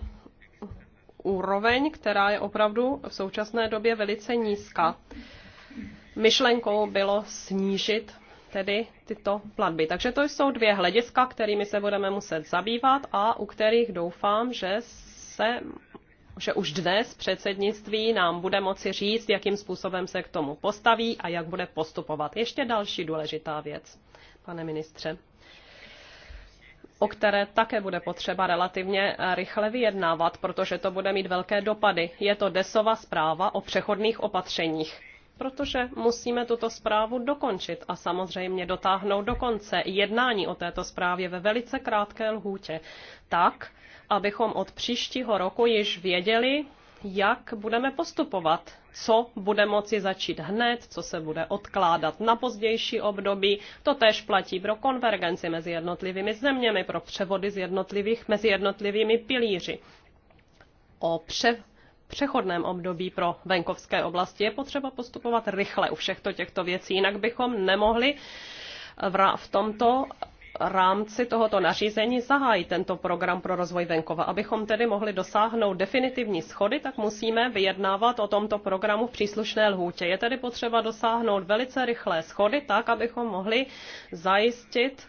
úroveň, která je opravdu v současné době velice nízká. Myšlenkou bylo snížit tedy tyto platby. Takže to jsou dvě hlediska, kterými se budeme muset zabývat a u kterých doufám, že se že už dnes předsednictví nám bude moci říct, jakým způsobem se k tomu postaví a jak bude postupovat. Ještě další důležitá věc, pane ministře o které také bude potřeba relativně eh, rychle vyjednávat, protože to bude mít velké dopady. Je to desová zpráva o přechodných opatřeních protože musíme tuto zprávu dokončit a samozřejmě dotáhnout do konce jednání o této zprávě ve velice krátké lhůtě, tak, abychom od příštího roku již věděli, jak budeme postupovat, co bude moci začít hned, co se bude odkládat na pozdější období. To též platí pro konvergenci mezi jednotlivými zeměmi, pro převody z jednotlivých, mezi jednotlivými pilíři. O pře- přechodném období pro venkovské oblasti je potřeba postupovat rychle u všech těchto věcí, jinak bychom nemohli v tomto rámci tohoto nařízení zahájí tento program pro rozvoj venkova. Abychom tedy mohli dosáhnout definitivní schody, tak musíme vyjednávat o tomto programu v příslušné lhůtě. Je tedy potřeba dosáhnout velice rychlé schody, tak abychom mohli zajistit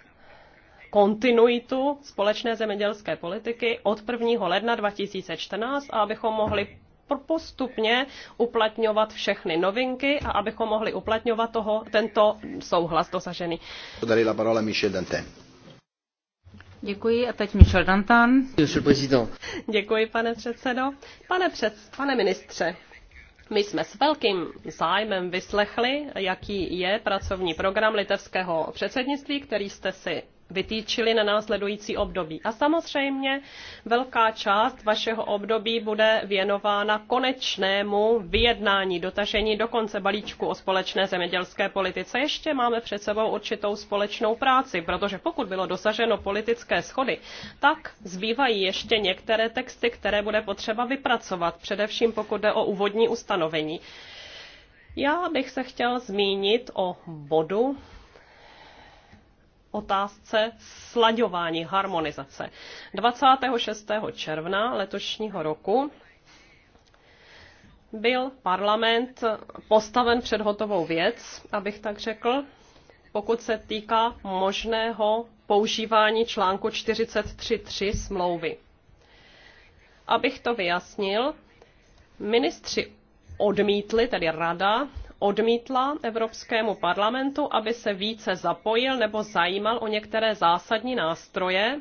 kontinuitu společné zemědělské politiky od 1. ledna 2014 a abychom mohli postupně uplatňovat všechny novinky a abychom mohli uplatňovat toho, tento souhlas dosažený.
Tady la parola Michel Dantin.
Děkuji a teď Michel Dantan. Děkuji, pane předsedo. Pane, před, pane ministře, my jsme s velkým zájmem vyslechli, jaký je pracovní program litevského předsednictví, který jste si vytýčili na následující období. A samozřejmě velká část vašeho období bude věnována konečnému vyjednání, dotažení do konce balíčku o společné zemědělské politice. Ještě máme před sebou určitou společnou práci, protože pokud bylo dosaženo politické schody, tak zbývají ještě některé texty, které bude potřeba vypracovat, především pokud jde o úvodní ustanovení. Já bych se chtěl zmínit o bodu, otázce slaďování, harmonizace. 26. června letošního roku byl parlament postaven před hotovou věc, abych tak řekl, pokud se týká možného používání článku 43.3 smlouvy. Abych to vyjasnil, ministři odmítli, tedy rada, odmítla Evropskému parlamentu, aby se více zapojil nebo zajímal o některé zásadní nástroje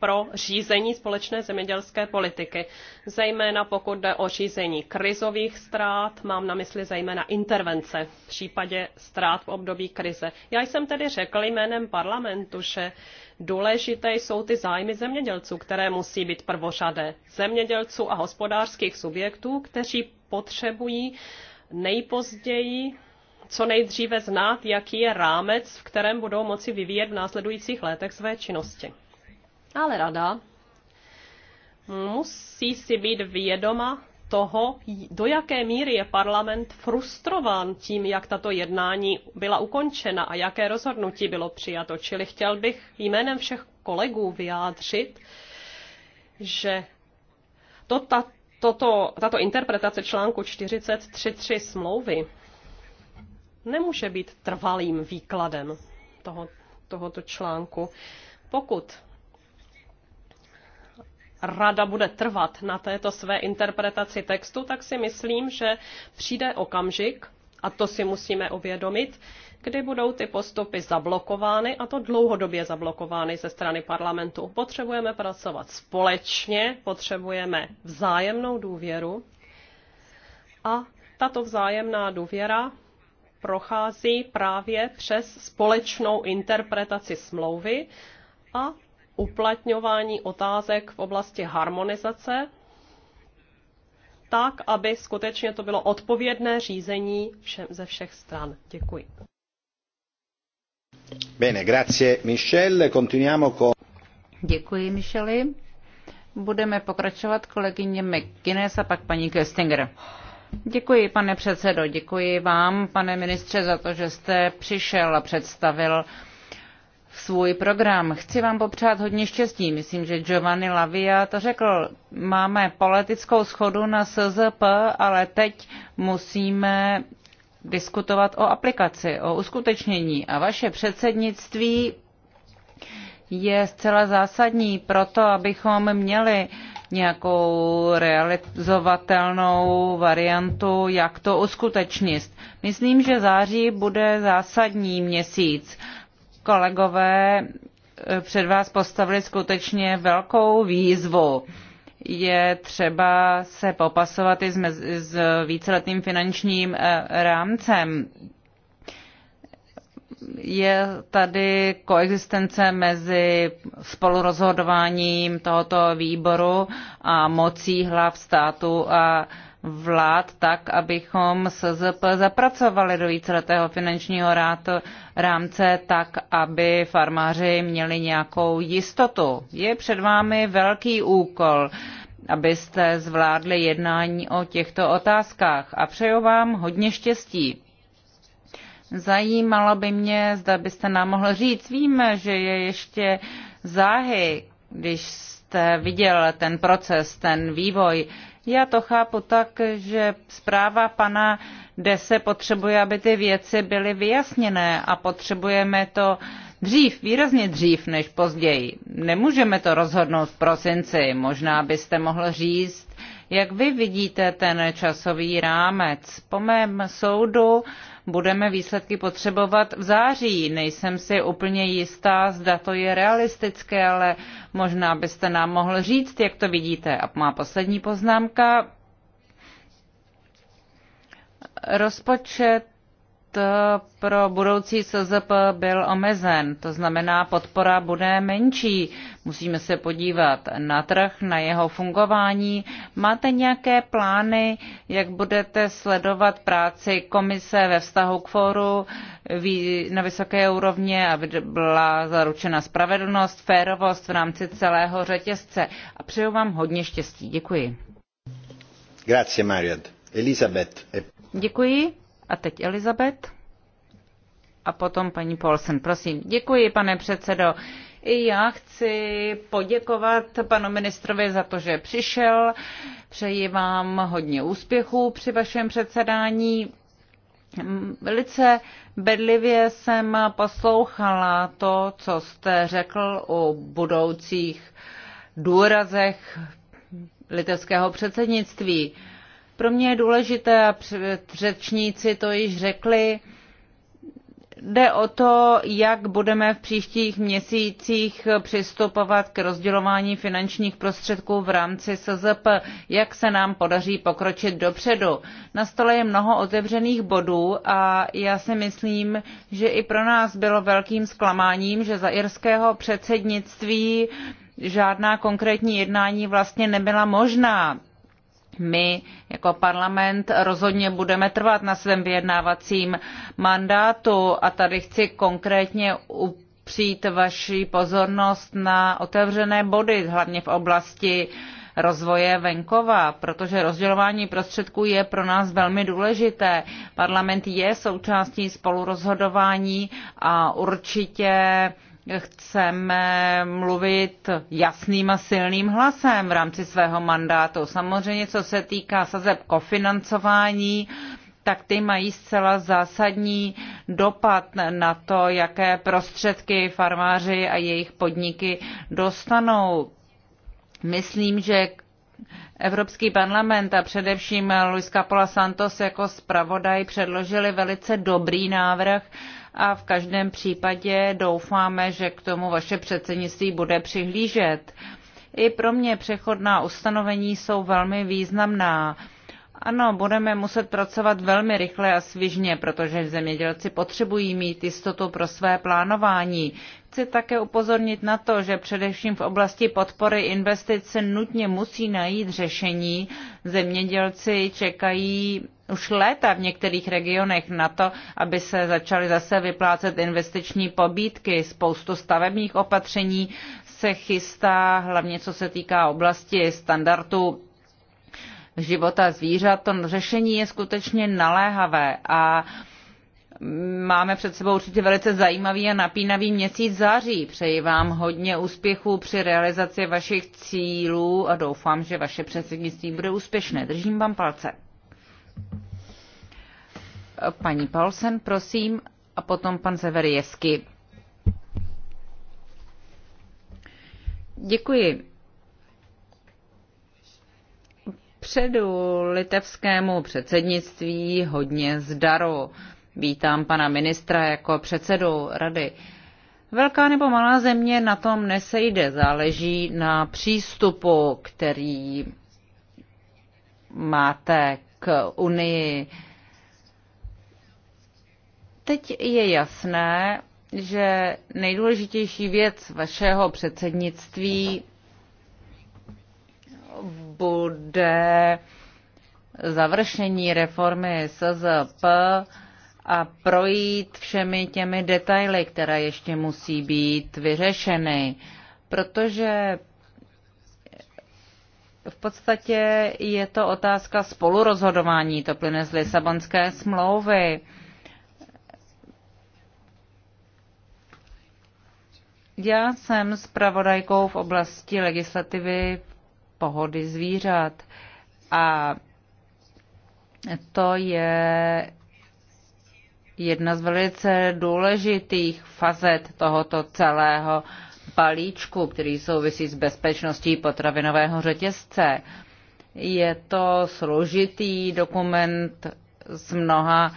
pro řízení společné zemědělské politiky. Zejména pokud jde o řízení krizových ztrát, mám na mysli zejména intervence v případě ztrát v období krize. Já jsem tedy řekl jménem parlamentu, že důležité jsou ty zájmy zemědělců, které musí být prvořadé. Zemědělců a hospodářských subjektů, kteří potřebují nejpozději co nejdříve znát, jaký je rámec, v kterém budou moci vyvíjet v následujících letech své činnosti. Ale rada musí si být vědoma toho, do jaké míry je parlament frustrován tím, jak tato jednání byla ukončena a jaké rozhodnutí bylo přijato. Čili chtěl bych jménem všech kolegů vyjádřit, že to, ta, toto, tato interpretace článku 43.3 smlouvy nemůže být trvalým výkladem toho, tohoto článku. Pokud rada bude trvat na této své interpretaci textu, tak si myslím, že přijde okamžik, a to si musíme uvědomit, kdy budou ty postupy zablokovány a to dlouhodobě zablokovány ze strany parlamentu. Potřebujeme pracovat společně, potřebujeme vzájemnou důvěru a tato vzájemná důvěra prochází právě přes společnou interpretaci smlouvy a uplatňování otázek v oblasti harmonizace, tak, aby skutečně to bylo odpovědné řízení všem, ze všech stran. Děkuji.
Bene,
Děkuji, Micheli. Budeme pokračovat kolegyně McGuinness a pak paní Köstinger. Děkuji, pane předsedo, děkuji vám, pane ministře, za to, že jste přišel a představil svůj program. Chci vám popřát hodně štěstí. Myslím, že Giovanni Lavia to řekl. Máme politickou schodu na SZP, ale teď musíme diskutovat o aplikaci, o uskutečnění. A vaše předsednictví je zcela zásadní pro to, abychom měli nějakou realizovatelnou variantu, jak to uskutečnit. Myslím, že září bude zásadní měsíc. Kolegové eh, před vás postavili skutečně velkou výzvu je třeba se popasovat i s, s víceletým finančním eh, rámcem. Je tady koexistence mezi spolurozhodováním tohoto výboru a mocí hlav státu a vlád tak, abychom SZP zapracovali do víceletého finančního rámce tak, aby farmáři měli nějakou jistotu. Je před vámi velký úkol, abyste zvládli jednání o těchto otázkách a přeju vám hodně štěstí. Zajímalo by mě, zda byste nám mohl říct, víme, že je ještě záhy, když jste viděl ten proces, ten vývoj, já to chápu tak, že zpráva pana Dese potřebuje, aby ty věci byly vyjasněné a potřebujeme to dřív, výrazně dřív než později. Nemůžeme to rozhodnout v prosinci. Možná byste mohl říct, jak vy vidíte ten časový rámec? Po mém soudu budeme výsledky potřebovat v září. Nejsem si úplně jistá, zda to je realistické, ale možná byste nám mohl říct, jak to vidíte. A má poslední poznámka. Rozpočet pro budoucí SZP byl omezen, to znamená podpora bude menší. Musíme se podívat na trh, na jeho fungování. Máte nějaké plány, jak budete sledovat práci komise ve vztahu k fóru na vysoké úrovni, aby byla zaručena spravedlnost, férovost v rámci celého řetězce. A přeju vám hodně štěstí. Děkuji.
Grazie, Mariot. Elizabeth. E-
Děkuji. A teď Elizabeth. A potom paní Paulsen, prosím. Děkuji, pane předsedo. I já chci poděkovat panu ministrovi za to, že přišel. Přeji vám hodně úspěchů při vašem předsedání. Velice bedlivě jsem poslouchala to, co jste řekl o budoucích důrazech litevského předsednictví. Uh, pro mě je důležité, a řečníci to již řekli, jde o to, jak budeme v příštích měsících přistupovat k rozdělování finančních prostředků v rámci SZP, jak se nám podaří pokročit dopředu. Na stole je mnoho otevřených bodů a já si myslím, že i pro nás bylo velkým zklamáním, že za irského předsednictví žádná konkrétní jednání vlastně nebyla možná my jako parlament rozhodně budeme trvat na svém vyjednávacím mandátu a tady chci konkrétně upřít vaši pozornost na otevřené body, hlavně v oblasti rozvoje venkova, protože rozdělování prostředků je pro nás velmi důležité. Parlament je součástí spolurozhodování a určitě chceme mluvit jasným a silným hlasem v rámci svého mandátu. Samozřejmě, co se týká sazeb kofinancování, tak ty mají zcela zásadní dopad na to, jaké prostředky farmáři a jejich podniky dostanou. Myslím, že Evropský parlament a především Luis Capola Santos jako zpravodaj předložili velice dobrý návrh, a v každém případě doufáme, že k tomu vaše předsednictví bude přihlížet. I pro mě přechodná ustanovení jsou velmi významná. Ano, budeme muset pracovat velmi rychle a svižně, protože zemědělci potřebují mít jistotu pro své plánování. Chci také upozornit na to, že především v oblasti podpory investic se nutně musí najít řešení. Zemědělci čekají už léta v některých regionech na to, aby se začaly zase vyplácet investiční pobídky. Spoustu stavebních opatření se chystá, hlavně co se týká oblasti standardů života zvířat. To řešení je skutečně naléhavé a máme před sebou určitě velice zajímavý a napínavý měsíc září. Přeji vám hodně úspěchů při realizaci vašich cílů a doufám, že vaše předsednictví bude úspěšné. Držím vám palce. Paní Paulsen, prosím, a potom pan Severjesky. Děkuji. Předu litevskému předsednictví hodně zdaru. Vítám pana ministra jako předsedu rady. Velká nebo malá země na tom nesejde, záleží na přístupu, který máte k Unii. Teď je jasné, že nejdůležitější věc vašeho předsednictví bude završení reformy SZP a projít všemi těmi detaily, které ještě musí být vyřešeny. Protože v podstatě je to otázka spolurozhodování, to plyne z Lisabonské smlouvy. Já jsem zpravodajkou v oblasti legislativy pohody zvířat a to je jedna z velice důležitých fazet tohoto celého balíčku, který souvisí s bezpečností potravinového řetězce. Je to složitý dokument z mnoha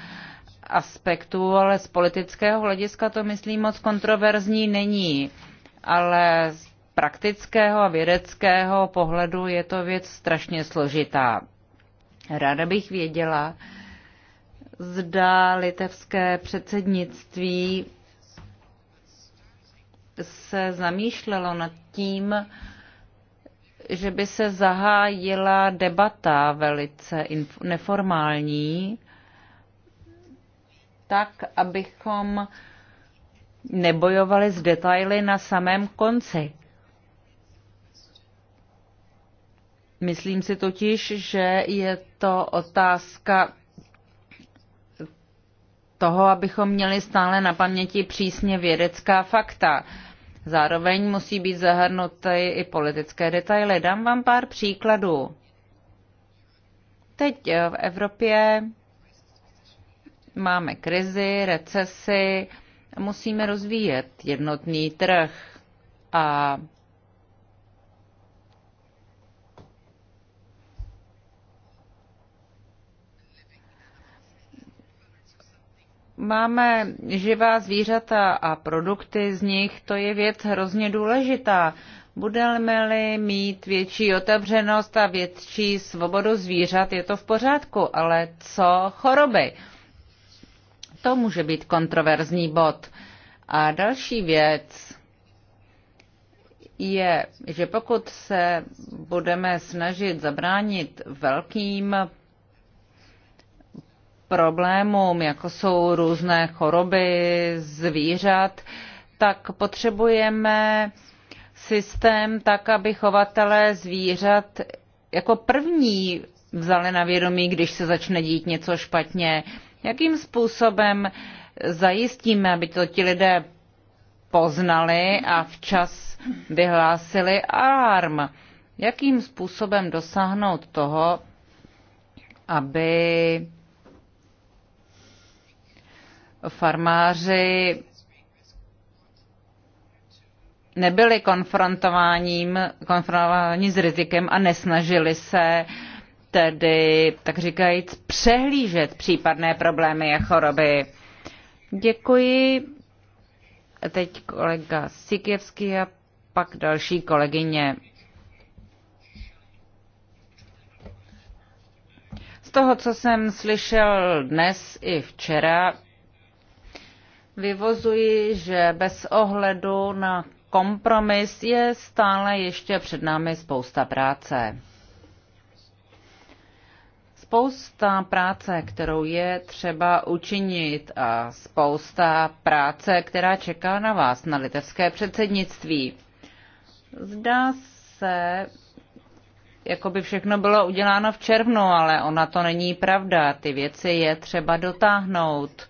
aspektů, ale z politického hlediska to, myslím, moc kontroverzní není. Ale z praktického a vědeckého pohledu je to věc strašně složitá. Ráda bych věděla, zda litevské předsednictví se zamýšlelo nad tím, že by se zahájila debata velice neformální, tak, abychom nebojovali s detaily na samém konci. Myslím si totiž, že je to otázka toho, abychom měli stále na paměti přísně vědecká fakta. Zároveň musí být zahrnuty i politické detaily. Dám vám pár příkladů. Teď eh, v Evropě máme krizi, recesi, musíme rozvíjet jednotný trh a máme živá zvířata a produkty z nich, to je věc hrozně důležitá. Budeme-li mít větší otevřenost a větší svobodu zvířat, je to v pořádku, ale co choroby? To může být kontroverzní bod. A další věc je, že pokud se budeme snažit zabránit velkým problémům, jako jsou různé choroby zvířat, tak potřebujeme systém tak, aby chovatelé zvířat jako první vzali na vědomí, když se začne dít něco špatně. Jakým způsobem zajistíme, aby to ti lidé poznali a včas vyhlásili alarm? Jakým způsobem dosáhnout toho, aby farmáři nebyli konfrontováním, konfrontováni s rizikem a nesnažili se tedy, tak říkajíc, přehlížet případné problémy a choroby. Děkuji. Teď kolega Sikěvský a pak další kolegyně. Z toho, co jsem slyšel dnes i včera, vyvozuji, že bez ohledu na kompromis je stále ještě před námi spousta práce. Spousta práce, kterou je třeba učinit a spousta práce, která čeká na vás, na litevské předsednictví. Zdá se, jako by všechno bylo uděláno v červnu, ale ona to není pravda. Ty věci je třeba dotáhnout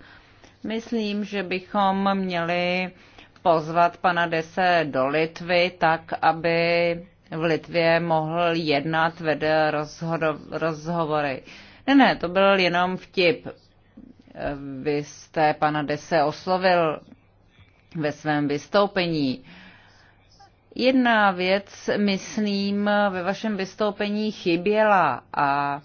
Myslím, že bychom měli pozvat pana Dese do Litvy, tak aby v Litvě mohl jednat, vede rozhodo, rozhovory. Ne, ne, to byl jenom vtip. Vy jste pana Dese oslovil ve svém vystoupení. Jedna věc, myslím, ve vašem vystoupení chyběla a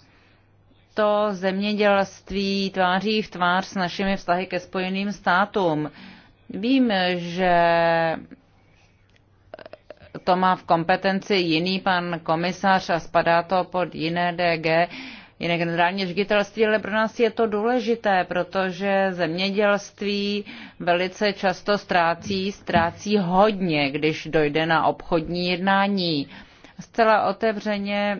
to zemědělství tváří v tvář s našimi vztahy ke Spojeným státům. Vím, že to má v kompetenci jiný pan komisař a spadá to pod jiné DG, jiné generální ředitelství, ale pro nás je to důležité, protože zemědělství velice často ztrácí, ztrácí hodně, když dojde na obchodní jednání. Zcela otevřeně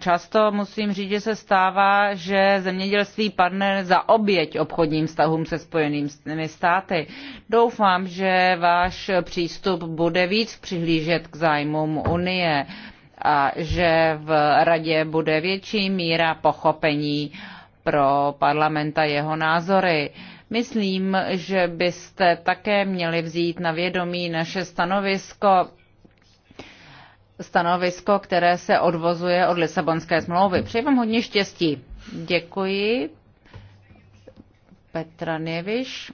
Často musím říct, že se stává, že zemědělství padne za oběť obchodním vztahům se spojenými státy. Doufám, že váš přístup bude víc přihlížet k zájmům Unie a že v radě bude větší míra pochopení pro parlamenta jeho názory. Myslím, že byste také měli vzít na vědomí naše stanovisko stanovisko, které se odvozuje od Lisabonské smlouvy. Přeji vám hodně štěstí. Děkuji. Petra Neviš.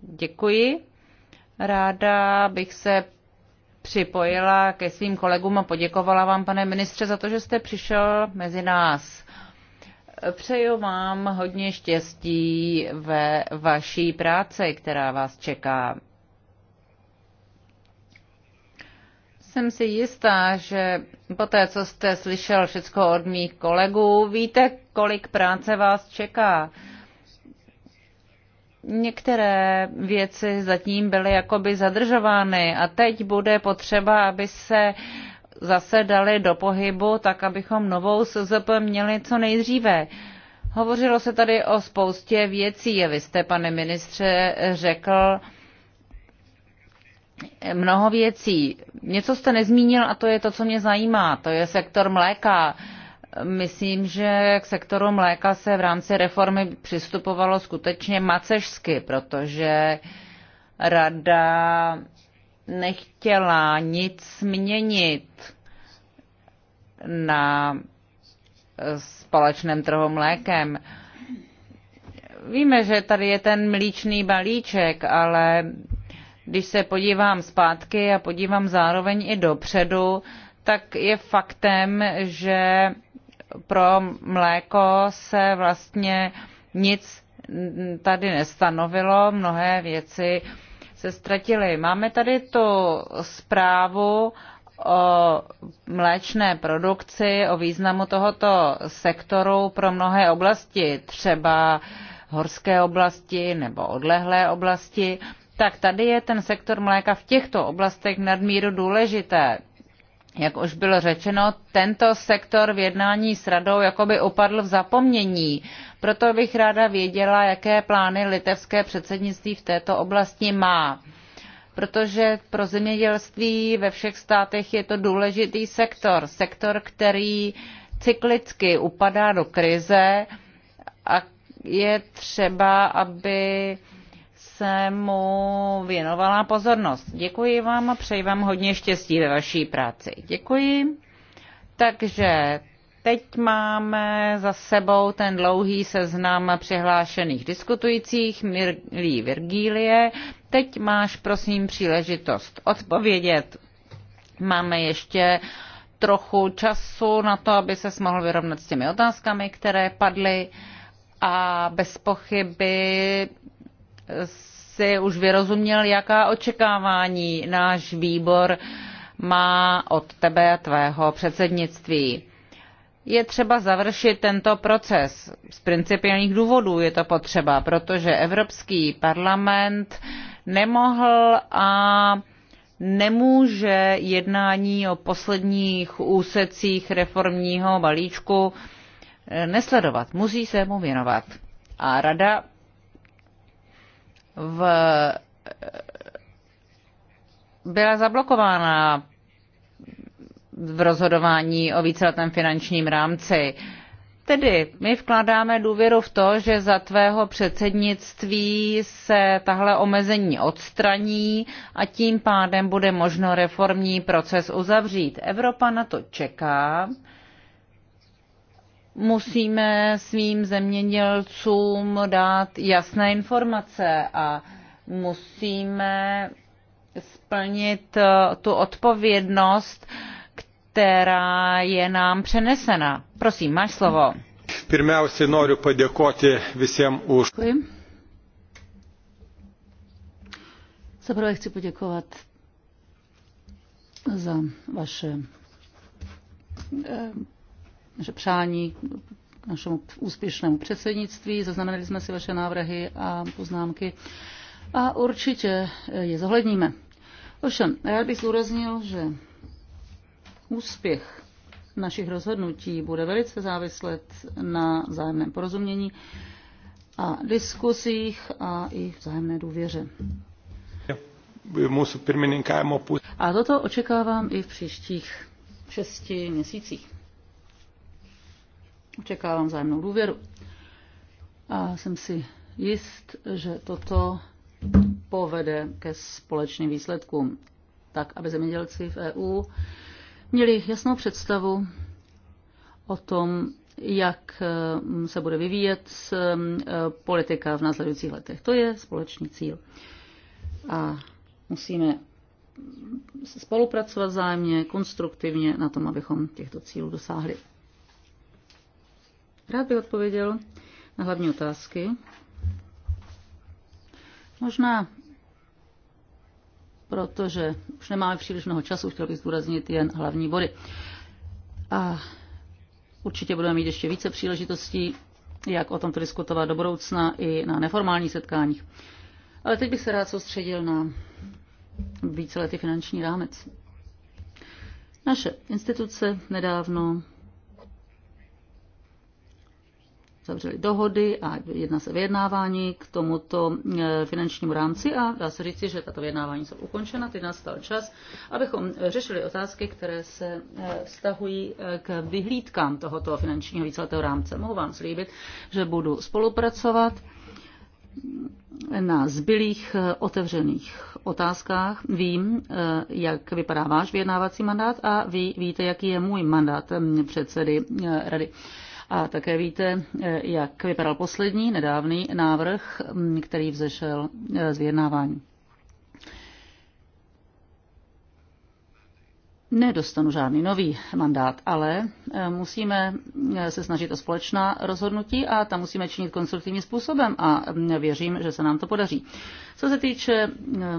Děkuji. Ráda bych se připojila ke svým kolegům a poděkovala vám, pane ministře, za to, že jste přišel mezi nás. Přeju vám hodně štěstí ve vaší práci, která vás čeká. jsem si jistá, že po té, co jste slyšel všechno od mých kolegů, víte, kolik práce vás čeká. Některé věci zatím byly jakoby zadržovány a teď bude potřeba, aby se zase dali do pohybu, tak abychom novou SZP měli co nejdříve. Hovořilo se tady o spoustě věcí a vy jste, pane ministře, řekl, mnoho věcí. Něco jste nezmínil a to je to, co mě zajímá. To je sektor mléka. Myslím, že k sektoru mléka se v rámci reformy přistupovalo skutečně macežsky, protože rada nechtěla nic měnit na společném trhu mlékem. Víme, že tady je ten mlíčný balíček, ale když se podívám zpátky a podívám zároveň i dopředu, tak je faktem, že pro mléko se vlastně nic tady nestanovilo, mnohé věci se ztratily. Máme tady tu zprávu o mléčné produkci, o významu tohoto sektoru pro mnohé oblasti, třeba horské oblasti nebo odlehlé oblasti tak tady je ten sektor mléka v těchto oblastech nadmíru důležité. Jak už bylo řečeno, tento sektor v jednání s radou jakoby upadl v zapomnění. Proto bych ráda věděla, jaké plány litevské předsednictví v této oblasti má. Protože pro zemědělství ve všech státech je to důležitý sektor. Sektor, který cyklicky upadá do krize a je třeba, aby se mu věnovala pozornost. Děkuji vám a přeji vám hodně štěstí ve vaší práci. Děkuji. Takže teď máme za sebou ten dlouhý seznam přihlášených diskutujících Mirlí Virgílie. Teď máš, prosím, příležitost odpovědět. Máme ještě trochu času na to, aby se mohl vyrovnat s těmi otázkami, které padly a bez pochyby si už vyrozuměl, jaká očekávání náš výbor má od tebe a tvého předsednictví. Je třeba završit tento proces. Z principiálních důvodů je to potřeba, protože Evropský parlament nemohl a nemůže jednání o posledních úsecích reformního balíčku nesledovat. Musí se mu věnovat. A rada v, byla zablokována v rozhodování o víceletém finančním rámci. Tedy my vkládáme důvěru v to, že za tvého předsednictví se tahle omezení odstraní a tím pádem bude možno reformní proces uzavřít. Evropa na to čeká musíme svým zemědělcům dát jasné informace a musíme splnit eh, tu odpovědnost, která je nám přenesena. Prosím, máš slovo.
Pirmiausiai noriu padėkoti visiems už.
Zaprvé chci poděkovat za vaše eh, naše přání k našemu úspěšnému předsednictví. Zaznamenali jsme si vaše návrhy a poznámky a určitě je zohledníme. Ovšem, rád bych zúraznil, že úspěch našich rozhodnutí bude velice záviset na vzájemném porozumění a diskusích a i vzájemné důvěře. A toto očekávám i v příštích šesti měsících. Očekávám vzájemnou důvěru. A jsem si jist, že toto povede ke společným výsledkům, tak aby zemědělci v EU měli jasnou představu o tom, jak mm, se bude vyvíjet mm, e, politika v následujících letech. To je společný cíl. A musíme spolupracovat zájemně, konstruktivně na tom, abychom těchto cílů dosáhli. Rád bych odpověděl na hlavní otázky. Možná protože už nemáme příliš mnoho času, chtěl bych zdůraznit jen hlavní body. A určitě budeme mít ještě více příležitostí, jak o tomto diskutovat do budoucna i na neformálních setkáních. Ale teď bych se rád soustředil na víceletý finanční rámec. Naše instituce nedávno zavřeli dohody a jedna se vyjednávání k tomuto e, finančnímu rámci a dá se říci, že tato vyjednávání jsou ukončena. Teď nastal čas, abychom řešili otázky, které se e, vztahují e, k vyhlídkám tohoto finančního víceletého rámce. Mohu vám slíbit, že budu spolupracovat na zbylých otevřených otázkách. Vím, jak vypadá váš vyjednávací mandát a vy víte, jaký je můj mandát předsedy rady. A také víte, eh, jak vypadal poslední nedávný návrh, mm, který vzešel eh, z vyjednávání. nedostanu žádný nový mandát, ale eh, musíme eh, se snažit o společná rozhodnutí a tam musíme činit konstruktivním způsobem a mm, věřím, že se nám to podaří. Co se týče eh,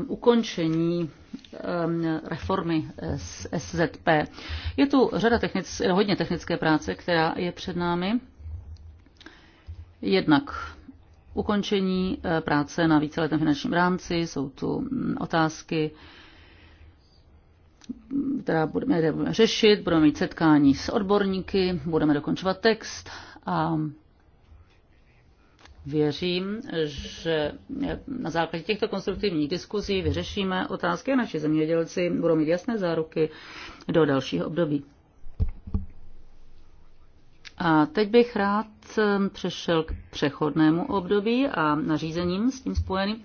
ukončení ehm, reformy SZP, je tu řada technic, hodně technické práce, která je před námi. Jednak ukončení práce na víceletém finančním rámci, jsou tu mm, otázky, která budeme, budeme řešit, budeme mít setkání s odborníky, budeme dokončovat text a věřím, že na základě těchto konstruktivních diskuzí vyřešíme otázky a naši zemědělci budou mít jasné záruky do dalšího období. A teď bych rád um, přešel k přechodnému období a nařízením s tím spojeným,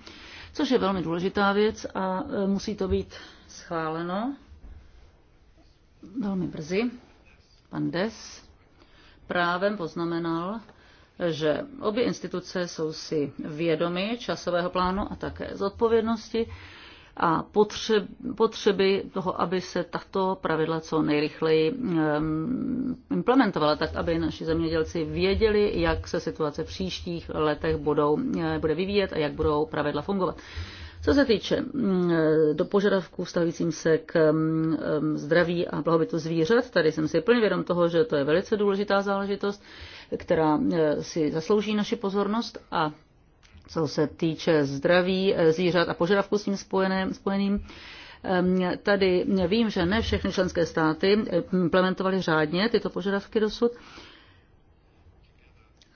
což je velmi důležitá věc a um, musí to být schváleno velmi brzy. Pan Des právem poznamenal, že obě instituce jsou si vědomy časového plánu a také zodpovědnosti a potřeby, potřeby toho, aby se tato pravidla co nejrychleji implementovala, tak aby naši zemědělci věděli, jak se situace v příštích letech budou, eh, bude vyvíjet a jak budou pravidla fungovat. Co se týče mm, do požadavků stavícím se k mm, mm, zdraví a blahobytu zvířat, tady jsem si plně vědom toho, že to je velice důležitá záležitost, která si zaslouží naši pozornost a co se týče zdraví eh, zvířat a požadavků s tím spojeným, spojeným Tady vím, že ne všechny členské státy implementovaly řádně tyto požadavky dosud.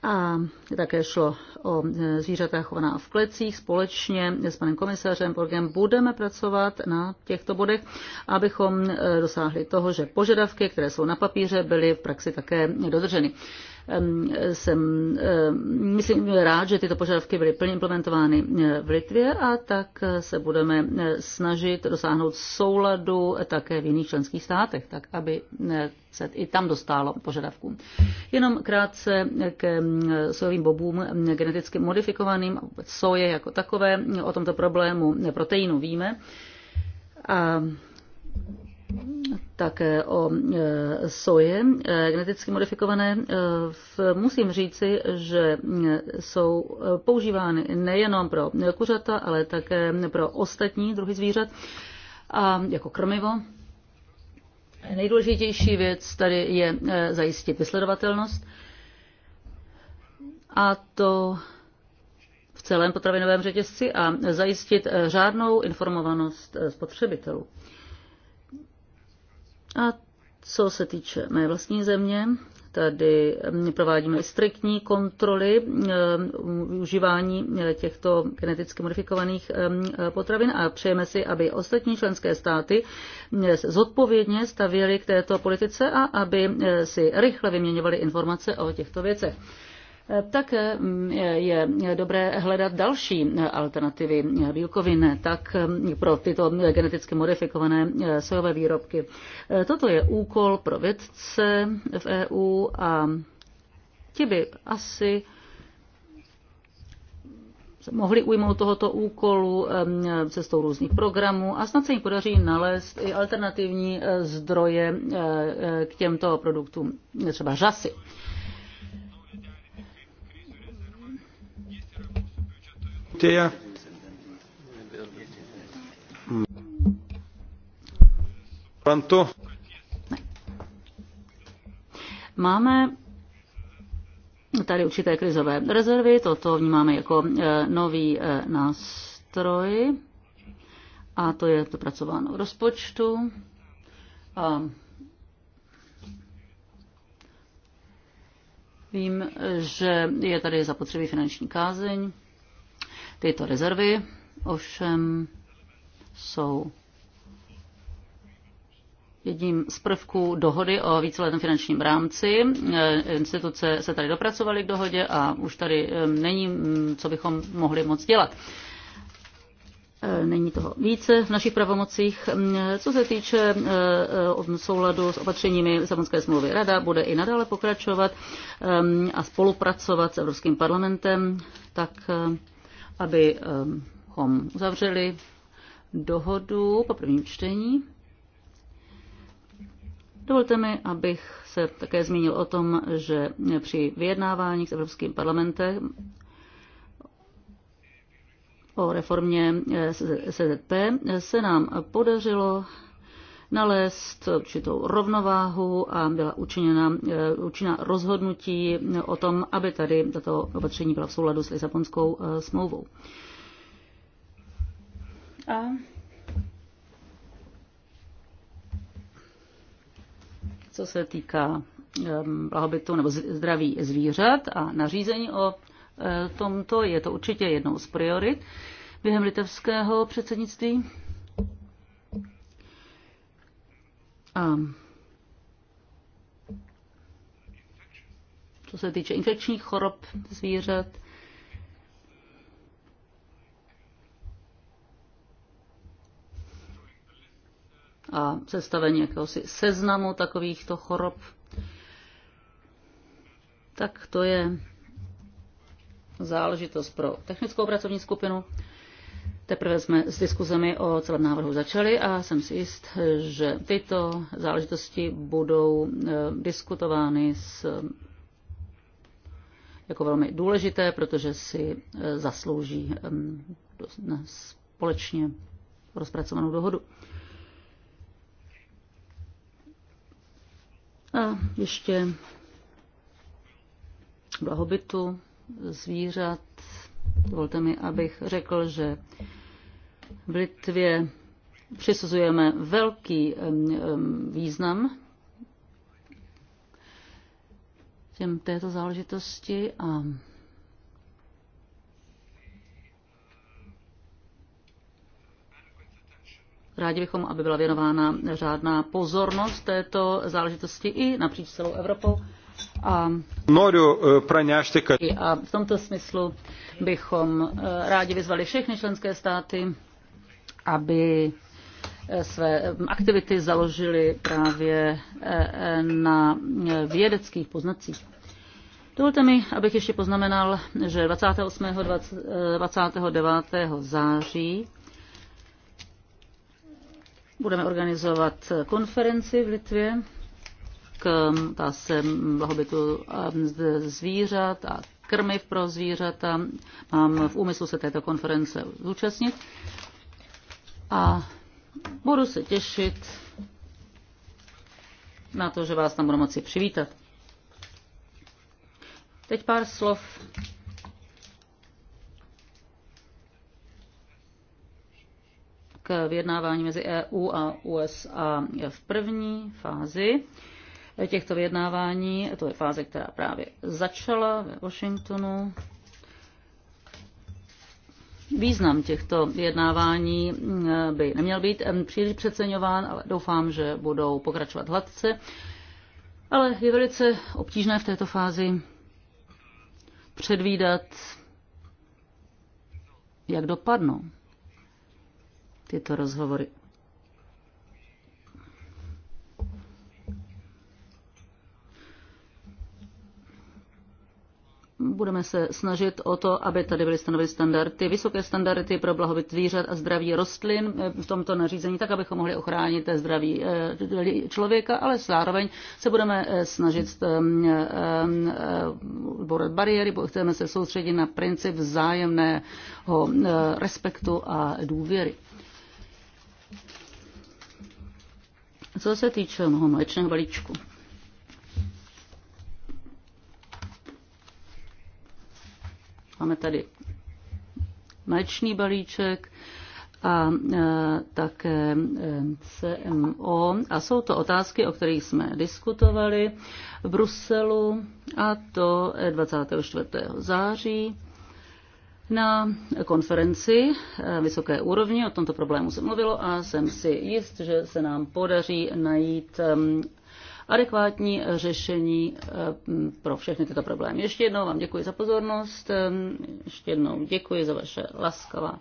A také šlo o e, zvířata chovaná v klecích. Společně s panem komisařem Borgem budeme pracovat na těchto bodech, abychom e, dosáhli toho, že požadavky, které jsou na papíře, byly v praxi také dodrženy jsem, myslím, rád, že tyto požadavky byly plně implementovány eh, v Litvě a tak eh, se budeme eh, snažit dosáhnout souladu také v jiných členských státech, tak aby se i tam dostálo požadavků. Jenom krátce k sojovým bobům geneticky modifikovaným, soje jako takové, o tomto problému proteinu víme. A také o e, soje e, geneticky modifikované. E, musím říci, že jsou používány nejenom pro kuřata, ale také pro ostatní druhy zvířat a jako krmivo. Nejdůležitější věc tady je zajistit vysledovatelnost a to v celém potravinovém řetězci a zajistit řádnou informovanost spotřebitelů. A co se týče mé vlastní země, tady mm, provádíme striktní kontroly využívání mm, e, e, těchto geneticky modifikovaných e, mm, potravin a přejeme si, aby ostatní členské státy zodpovědně stavěly k této politice a aby si rychle vyměňovaly informace o těchto věcech tak mm, je dobré hledat další alternativy bílkovin, tak mm, pro tyto geneticky modifikované eh, sojové výrobky. Eh, toto je úkol pro vědce v EU a ti by asi mohli ujmout tohoto úkolu eh, cestou různých programů a snad se jim podaří nalézt i alternativní zdroje k těmto produktům, třeba řasy. Máme tady určité krizové rezervy, toto vnímáme jako e, nový e, nástroj a to je dopracováno v rozpočtu. A vím, že je tady zapotřebí finanční kázeň. Tyto rezervy ovšem jsou jedním z prvků dohody o víceletém finančním rámci. Eh, instituce se tady dopracovaly k dohodě a už tady eh, není, mm, co bychom mohli moc dělat. Eh, není toho více v našich pravomocích. Mm, co se týče souladu s opatřeními Lisabonské smlouvy, Rada bude i nadále pokračovat ehm, a spolupracovat s Evropským parlamentem, tak abychom uzavřeli dohodu po prvním čtení. Dovolte mi, abych se také zmínil o tom, že při vyjednávání s Evropským parlamentem o reformě SZP se nám podařilo nalézt určitou rovnováhu a byla učiněna učina e, rozhodnutí o tom, aby tady tato opatření byla v souladu s Lisabonskou e, smlouvou. A co se týká blahobytu nebo zdraví zvířat a nařízení o e, tomto, je to určitě jednou z priorit během litevského předsednictví. A co se týče infekčních chorob zvířat, a sestavení jakéhosi seznamu takovýchto chorob, tak to je záležitost pro technickou pracovní skupinu. Teprve jsme s diskuzemi o celém návrhu začali a jsem si jist, že tyto záležitosti budou eh, diskutovány s, jako velmi důležité, protože si eh, zaslouží eh, společně rozpracovanou dohodu. A ještě blahobytu zvířat. Dovolte mi, abych řekl, že v Litvě přisuzujeme velký význam těm této záležitosti a Rádi bychom, aby byla věnována řádná pozornost této záležitosti i napříč celou Evropou. A,
Noriu eh, pranešti, kad...
a v tomto smyslu bychom eh, rádi vyzvali všechny členské státy, aby eh, své eh, aktivity založili právě eh, na vědeckých poznacích. Dovolte mi, abych ještě poznamenal, že 28. 29. září budeme organizovat konferenci v Litvě k se mm, blahobytu zvířat a krmiv pro zvířata. Mám v úmyslu se této konference zúčastnit a budu se těšit na to, že vás tam budu moci přivítat. Teď pár slov k vyjednávání mezi EU a USA v první fázi těchto vyjednávání. To je fáze, která právě začala ve Washingtonu. Význam těchto vyjednávání mm, by neměl být příliš přeceňován, ale doufám, že budou pokračovat hladce. Ale je velice obtížné v této fázi předvídat, jak dopadnou tyto rozhovory. budeme se snažit o to, aby tady byly stanovy standardy, vysoké standardy pro blahobyt zvířat a zdraví rostlin eh, v tomto nařízení, tak abychom mohli ochránit eh, zdraví eh, člověka, ale zároveň se budeme snažit ehm, ehm, borat bariéry, bo chceme se soustředit na princip vzájemného respektu a důvěry. Co se týče mléčného balíčku. Máme tady mléčný balíček a e, také CMO. E, a jsou to otázky, o kterých jsme diskutovali v Bruselu, a to 24. září na konferenci e, vysoké úrovni, o tomto problému se mluvilo a jsem si jist, že se nám podaří najít adekvátní řešení eh, pro všechny tyto problémy. Ještě jednou vám děkuji za pozornost, eh, ještě jednou děkuji za vaše laskavá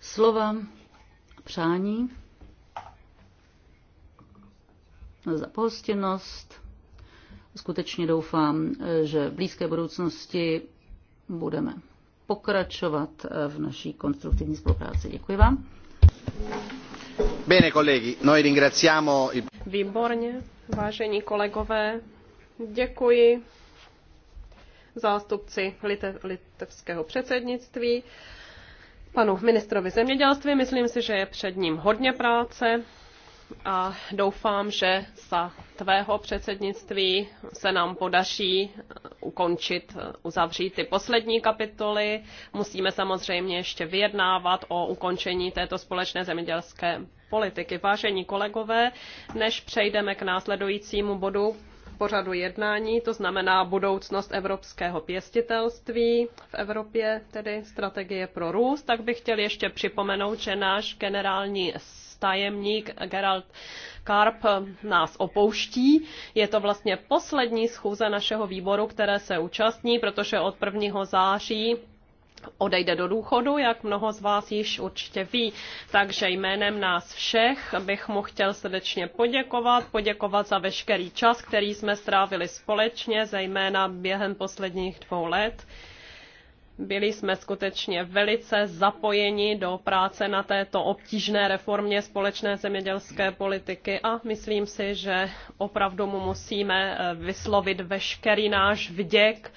slova, přání, za pohostinnost. Skutečně doufám, eh, že v blízké budoucnosti budeme pokračovat v naší konstruktivní
spolupráci. Děkuji vám. Bene, colleghi, noi ringraziamo...
Výborně. Vážení kolegové, děkuji zástupci litev, litevského předsednictví, panu ministrovi zemědělství. Myslím si, že je před ním hodně práce a doufám, že za tvého předsednictví se nám podaří ukončit, uzavřít ty poslední kapitoly. Musíme samozřejmě ještě vyjednávat o ukončení této společné zemědělské politiky. Vážení kolegové, než přejdeme k následujícímu bodu pořadu jednání, to znamená budoucnost evropského pěstitelství v Evropě, tedy strategie pro růst, tak bych chtěl ještě připomenout, že náš generální tajemník Gerald Karp nás opouští. Je to vlastně poslední schůze našeho výboru, které se účastní, protože od 1. září odejde do důchodu, jak mnoho z vás již určitě ví. Takže jménem nás všech bych mu chtěl srdečně poděkovat, poděkovat za veškerý čas, který jsme strávili společně, zejména během posledních dvou let. Byli jsme skutečně velice zapojeni do práce na této obtížné reformě společné zemědělské politiky a myslím si, že opravdu mu musíme eh, vyslovit veškerý náš vděk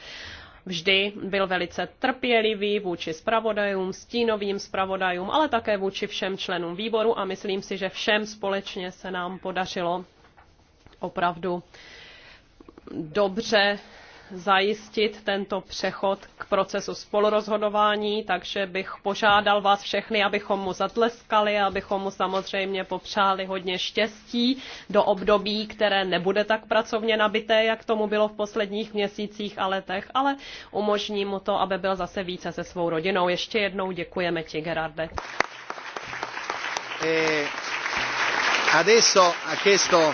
vždy byl velice trpělivý vůči spravodajům, stínovým spravodajům, ale také vůči všem členům výboru a myslím si, že všem společně se nám podařilo opravdu dobře zajistit tento přechod k procesu spolurozhodování, takže bych požádal vás všechny, abychom mu zatleskali, abychom mu samozřejmě popřáli hodně štěstí do období, které nebude tak pracovně nabité, jak tomu bylo v posledních měsících a letech, ale umožní mu to, aby byl zase více se svou rodinou. Ještě jednou děkujeme ti, Gerarde. Eh,
adesso ha
chiesto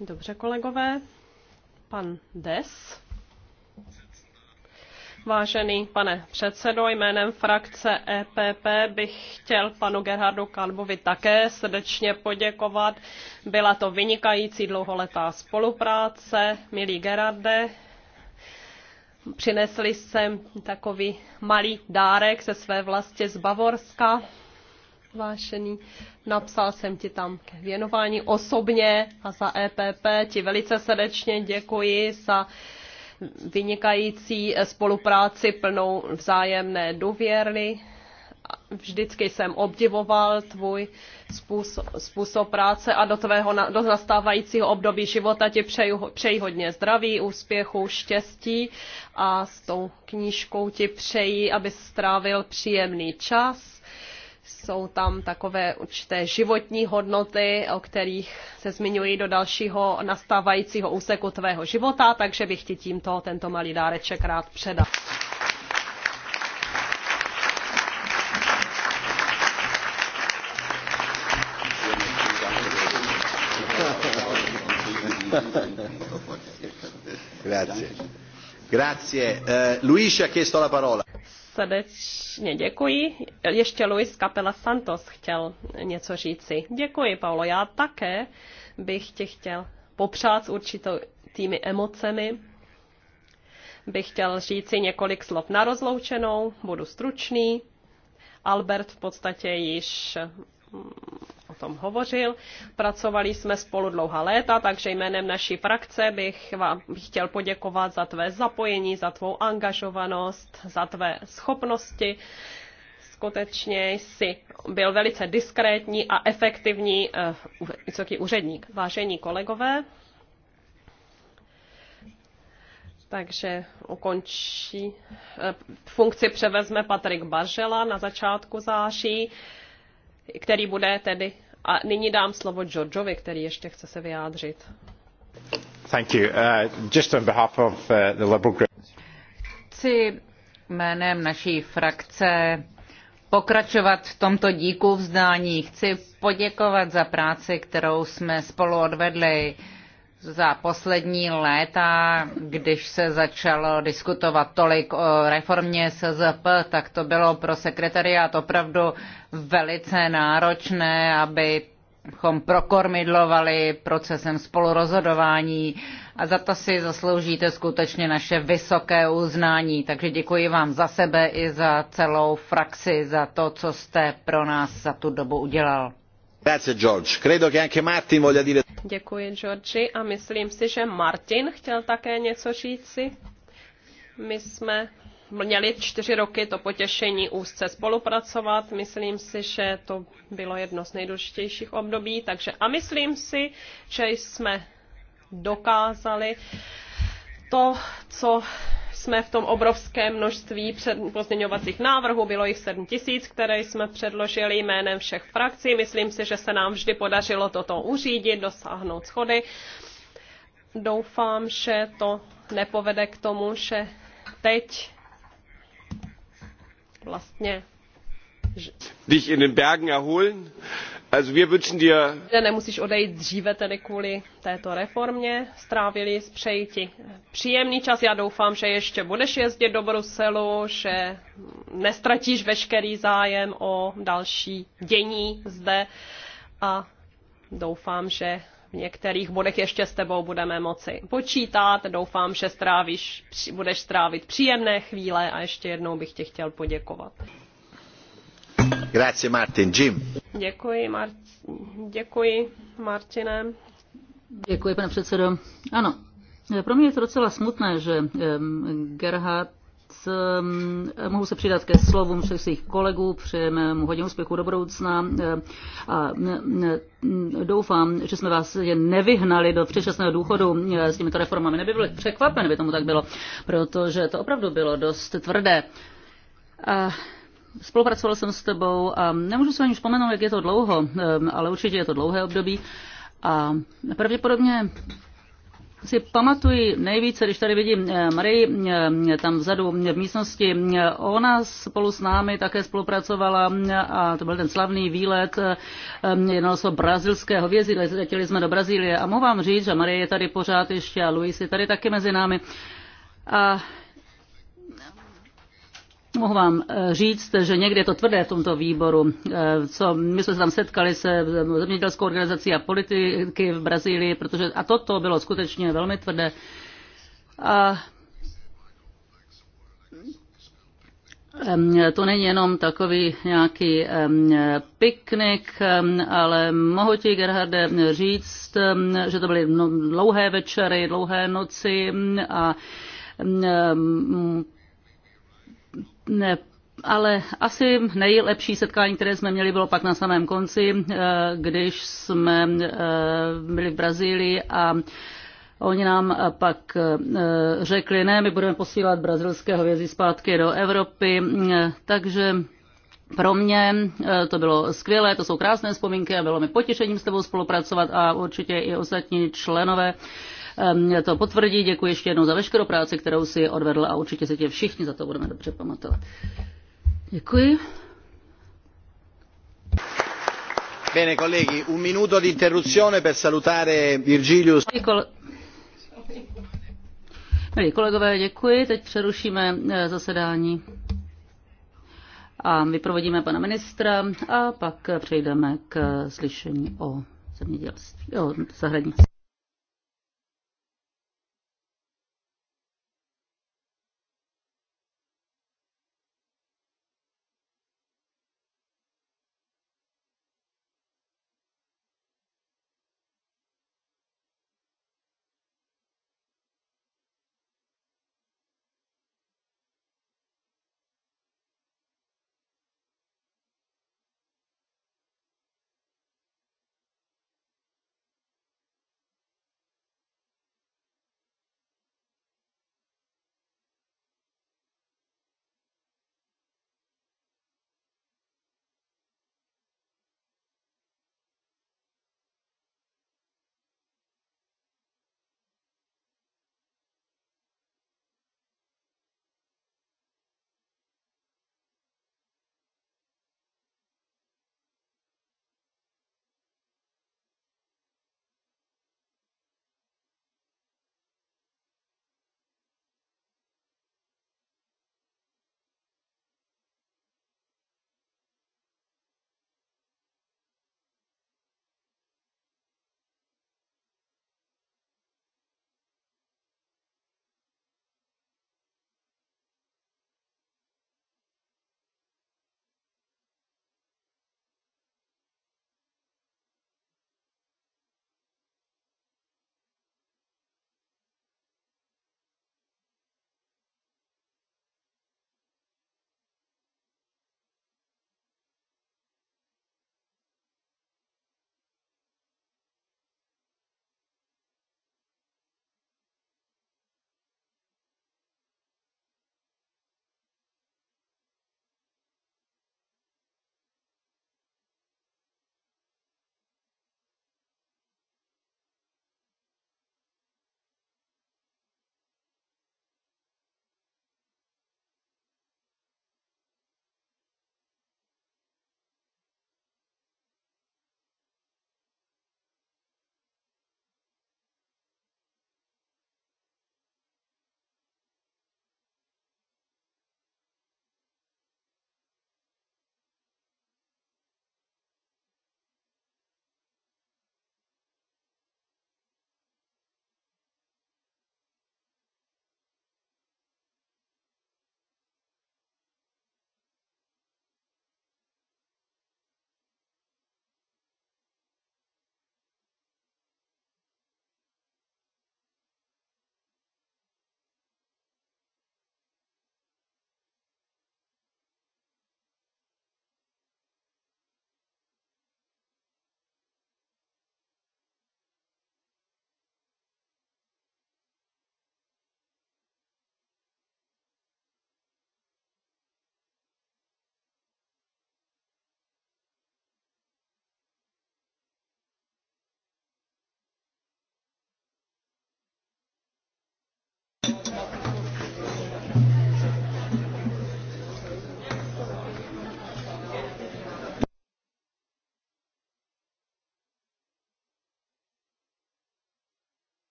Dobře, kolegové. Pan Des. Vážený pane předsedo, jménem frakce EPP bych chtěl panu Gerhardu Kalbovi také srdečně poděkovat. Byla to vynikající dlouholetá spolupráce. Milý Gerarde, přinesli jsem takový malý dárek ze své vlasti z Bavorska vášený. Napsal jsem ti tam k věnování osobně a za EPP ti velice srdečně děkuji za vynikající spolupráci plnou vzájemné důvěry. Vždycky jsem obdivoval tvůj způsob, způsob práce a do tvého do nastávajícího období života ti přeji, přeji hodně zdraví, úspěchu, štěstí a s tou knížkou ti přeji, aby strávil příjemný čas jsou tam takové určité životní hodnoty, o kterých se zmiňují do dalšího nastávajícího úseku tvého života, takže bych ti tímto tento malý dáreček rád předal.
Grazie. Grazie. Uh, Luis ha chiesto la parola
srdečně děkuji. Ještě Luis Capela Santos chtěl něco říci. Děkuji, Paolo. Já také bych tě chtěl popřát s určitými emocemi. Bych chtěl říci několik slov na rozloučenou, budu stručný. Albert v podstatě již o tom hovořil. Pracovali jsme spolu dlouhá léta, takže jménem naší frakce bych vám chtěl poděkovat za tvé zapojení, za tvou angažovanost, za tvé schopnosti skutečně jsi byl velice diskrétní a efektivní eh, vysoký úředník. Vážení kolegové, takže ukončí. Eh, funkci převezme Patrik Bažela na začátku září který bude tedy. A nyní dám slovo Georgeovi, který ještě chce se vyjádřit.
Thank you. Uh, just on behalf of uh, the Liberal Group.
Chci
jménem naší frakce pokračovat v tomto díku vzdání. Chci poděkovat za práci, kterou jsme spolu odvedli za poslední léta, když se začalo diskutovat tolik o reformě SZP, tak to bylo pro sekretariát opravdu velice náročné, aby chom prokormidlovali procesem spolurozhodování a za to si zasloužíte skutečně naše vysoké uznání. Takže děkuji vám za sebe i za celou frakci za to, co jste pro nás za tu dobu udělal.
Děkuji, Georgi. A myslím si, že Martin chtěl také něco říci. My jsme měli čtyři roky to potěšení úzce spolupracovat. Myslím si, že to bylo jedno z nejdůležitějších období. Takže a myslím si, že jsme dokázali to, co jsme v tom obrovském množství před pozměňovacích návrhů, bylo jich 7 tisíc, které jsme předložili jménem všech frakcí. Myslím si, že se nám vždy podařilo toto uřídit, dosáhnout schody. Doufám, že to nepovede k tomu, že teď vlastně
dich in den Bergen erholen.
Also wir wünschen dir... Nemusíš odejít dříve tedy kvůli této reformě. Strávili přeji ti příjemný čas. Já doufám, že ještě budeš jezdit do Bruselu, že nestratíš veškerý zájem o další dění zde a doufám, že v některých bodech ještě s tebou budeme moci počítat. Doufám, že strávíš, budeš strávit příjemné chvíle a ještě jednou bych tě chtěl poděkovat.
Martin. Jim.
Děkuji, děkuji
Děkuji, pane předsedající Ano, pro mě je to docela smutné, že Gerhard mohu se přidat ke slovům všech svých kolegů, přejeme mu hodně úspěchů, do budoucna a doufám, že jsme vás jen nevyhnali do předčasného důchodu e, s těmito reformami. Nebyl bych překvapen, by tomu tak bylo, protože to opravdu bylo dost tvrdé. A spolupracoval jsem s tebou a nemůžu si ani vzpomenout, jak je to dlouho, ehm, ale určitě je to dlouhé období. A pravděpodobně si pamatuji nejvíce, když tady vidím eh, Marie ehm, tam vzadu v místnosti. Ona spolu s námi také spolupracovala eh, a to byl ten slavný výlet. Ehm, Jednalo se o brazilské hovězí, letěli jsme do Brazílie a mohu vám říct, že Marie je tady pořád ještě a Luis je tady taky mezi námi. A Mohu vám eh, říct, že někde je to tvrdé v tomto výboru. Eh, co, my jsme se tam setkali se eh, zemědělskou organizací a politiky v Brazílii, protože a toto bylo skutečně velmi tvrdé. A To není jenom takový nějaký piknik, ale mohu ti, Gerharde, říct, že to byly no, dlouhé večery, dlouhé noci a ale asi nejlepší setkání, které jsme měli, bylo pak na samém konci, eh, když jsme eh, byli v Brazílii a Oni nám pak eh, řekli, ne, my budeme posílat brazilské hovězí zpátky do Evropy, takže pro mě to bylo skvělé, to jsou krásné vzpomínky a bylo mi potěšením s tebou spolupracovat a určitě i ostatní členové Ehm, to potvrdí. Děkuji ještě jednou za veškerou práci, kterou si odvedl a určitě se tě všichni za to budeme dobře pamatovat.
Děkuji. Bene, kolegi, un minuto di interruzione per salutare Virgilius.
Milí kolegové, děkuji. Teď přerušíme eh, zasedání a vyprovodíme pana ministra a pak přejdeme k slyšení o zemědělství, o zahradnictví.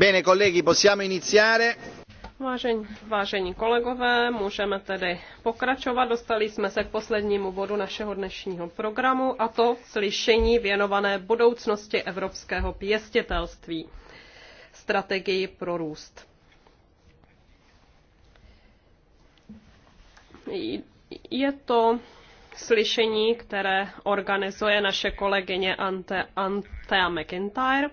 Bene, colleghi, possiamo iniziare.
Vážení, vážení kolegové, můžeme tedy pokračovat. Dostali jsme se k poslednímu bodu našeho dnešního programu a to slyšení věnované budoucnosti evropského pěstitelství, strategii pro růst. Je to slyšení, které organizuje naše kolegyně Ante, Antea McIntyre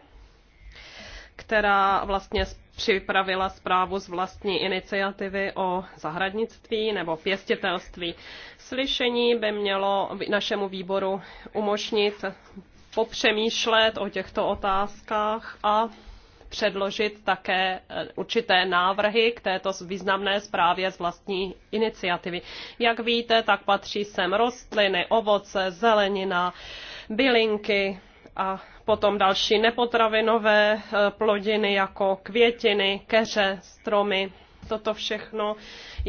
která vlastně připravila zprávu z vlastní iniciativy o zahradnictví nebo pěstitelství. Slyšení by mělo našemu výboru umožnit popřemýšlet o těchto otázkách a předložit také eh, určité návrhy k této významné zprávě z vlastní iniciativy. Jak víte, tak patří sem rostliny, ovoce, zelenina, bylinky a potom další nepotravinové eh, plodiny jako květiny, keře, stromy, toto všechno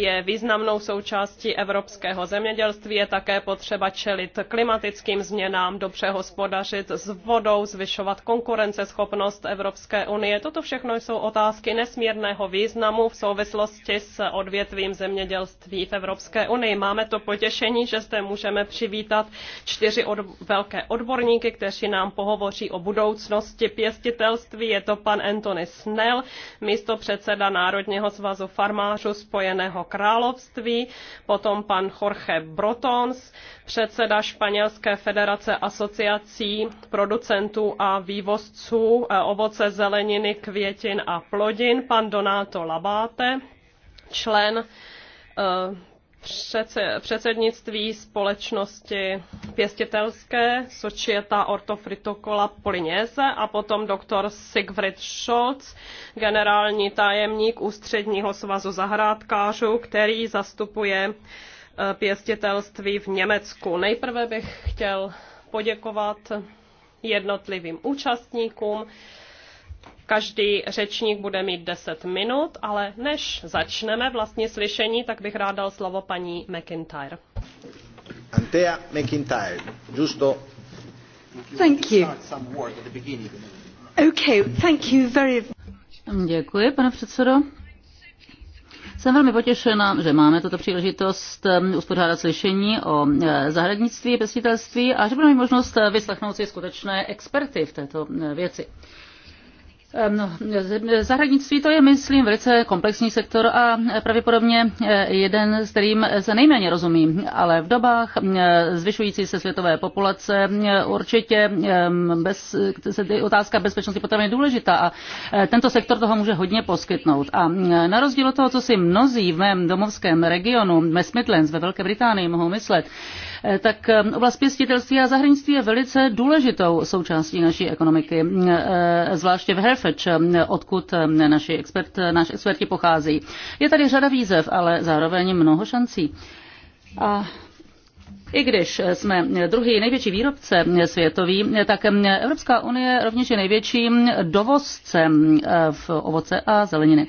je významnou součástí evropského zemědělství. Je také potřeba čelit klimatickým změnám, dobře hospodařit s vodou, zvyšovat konkurenceschopnost Evropské unie. Toto všechno jsou otázky nesmírného významu v souvislosti s odvětvím zemědělství v Evropské unii. Máme to potěšení, že zde můžeme přivítat čtyři od, velké odborníky, kteří nám pohovoří o budoucnosti pěstitelství. Je to pan Anthony Snell, místo předseda Národního svazu farmářů Spojeného království, potom pan Jorge Brotons, předseda Španělské federace asociací producentů a vývozců eh, ovoce, zeleniny, květin a plodin, pan Donato Labate, člen eh, předsednictví společnosti pěstitelské Societa Ortofritokola polinese a potom doktor Sigfried Scholz, generální tajemník Ústředního svazu zahrádkářů, který zastupuje e, pěstitelství v Německu. Nejprve bych chtěl poděkovat jednotlivým účastníkům Každý řečník bude mít 10 minut, ale než začneme vlastně slyšení, tak bych rád dal slovo paní McIntyre.
Antea McIntyre, justo. Thank you. Okay,
thank you very... Děkuji, pane předsedo. Jsem velmi potěšena, že máme tuto příležitost um, uspořádat slyšení o uh, zahradnictví, pěstitelství a že budeme mít možnost uh, vyslechnout si skutečné experty v této uh, věci. Ehm, no, zahradnictví to je, myslím, velice komplexní sektor a e, pravděpodobně e, jeden, s kterým e, se nejméně rozumí, ale v dobách zvyšující se světové populace určitě ehm, bez, otázka bezpečnosti potravin je důležitá a tento sektor toho může hodně poskytnout. A na rozdíl od toho, co si mnozí v mém domovském regionu, West ve Velké Británii mohou myslet, Eh, tak eh, oblast pěstitelství a zahraničí je velice důležitou součástí naší ekonomiky, eh, zvláště v Herefordshire, odkud naši expert, naši experti pocházejí. Je tady řada výzev, ale zároveň mnoho šancí. A i když jsme druhý největší výrobce světový, tak Evropská unie rovněž je největším dovozcem eh, v ovoce a zeleniny.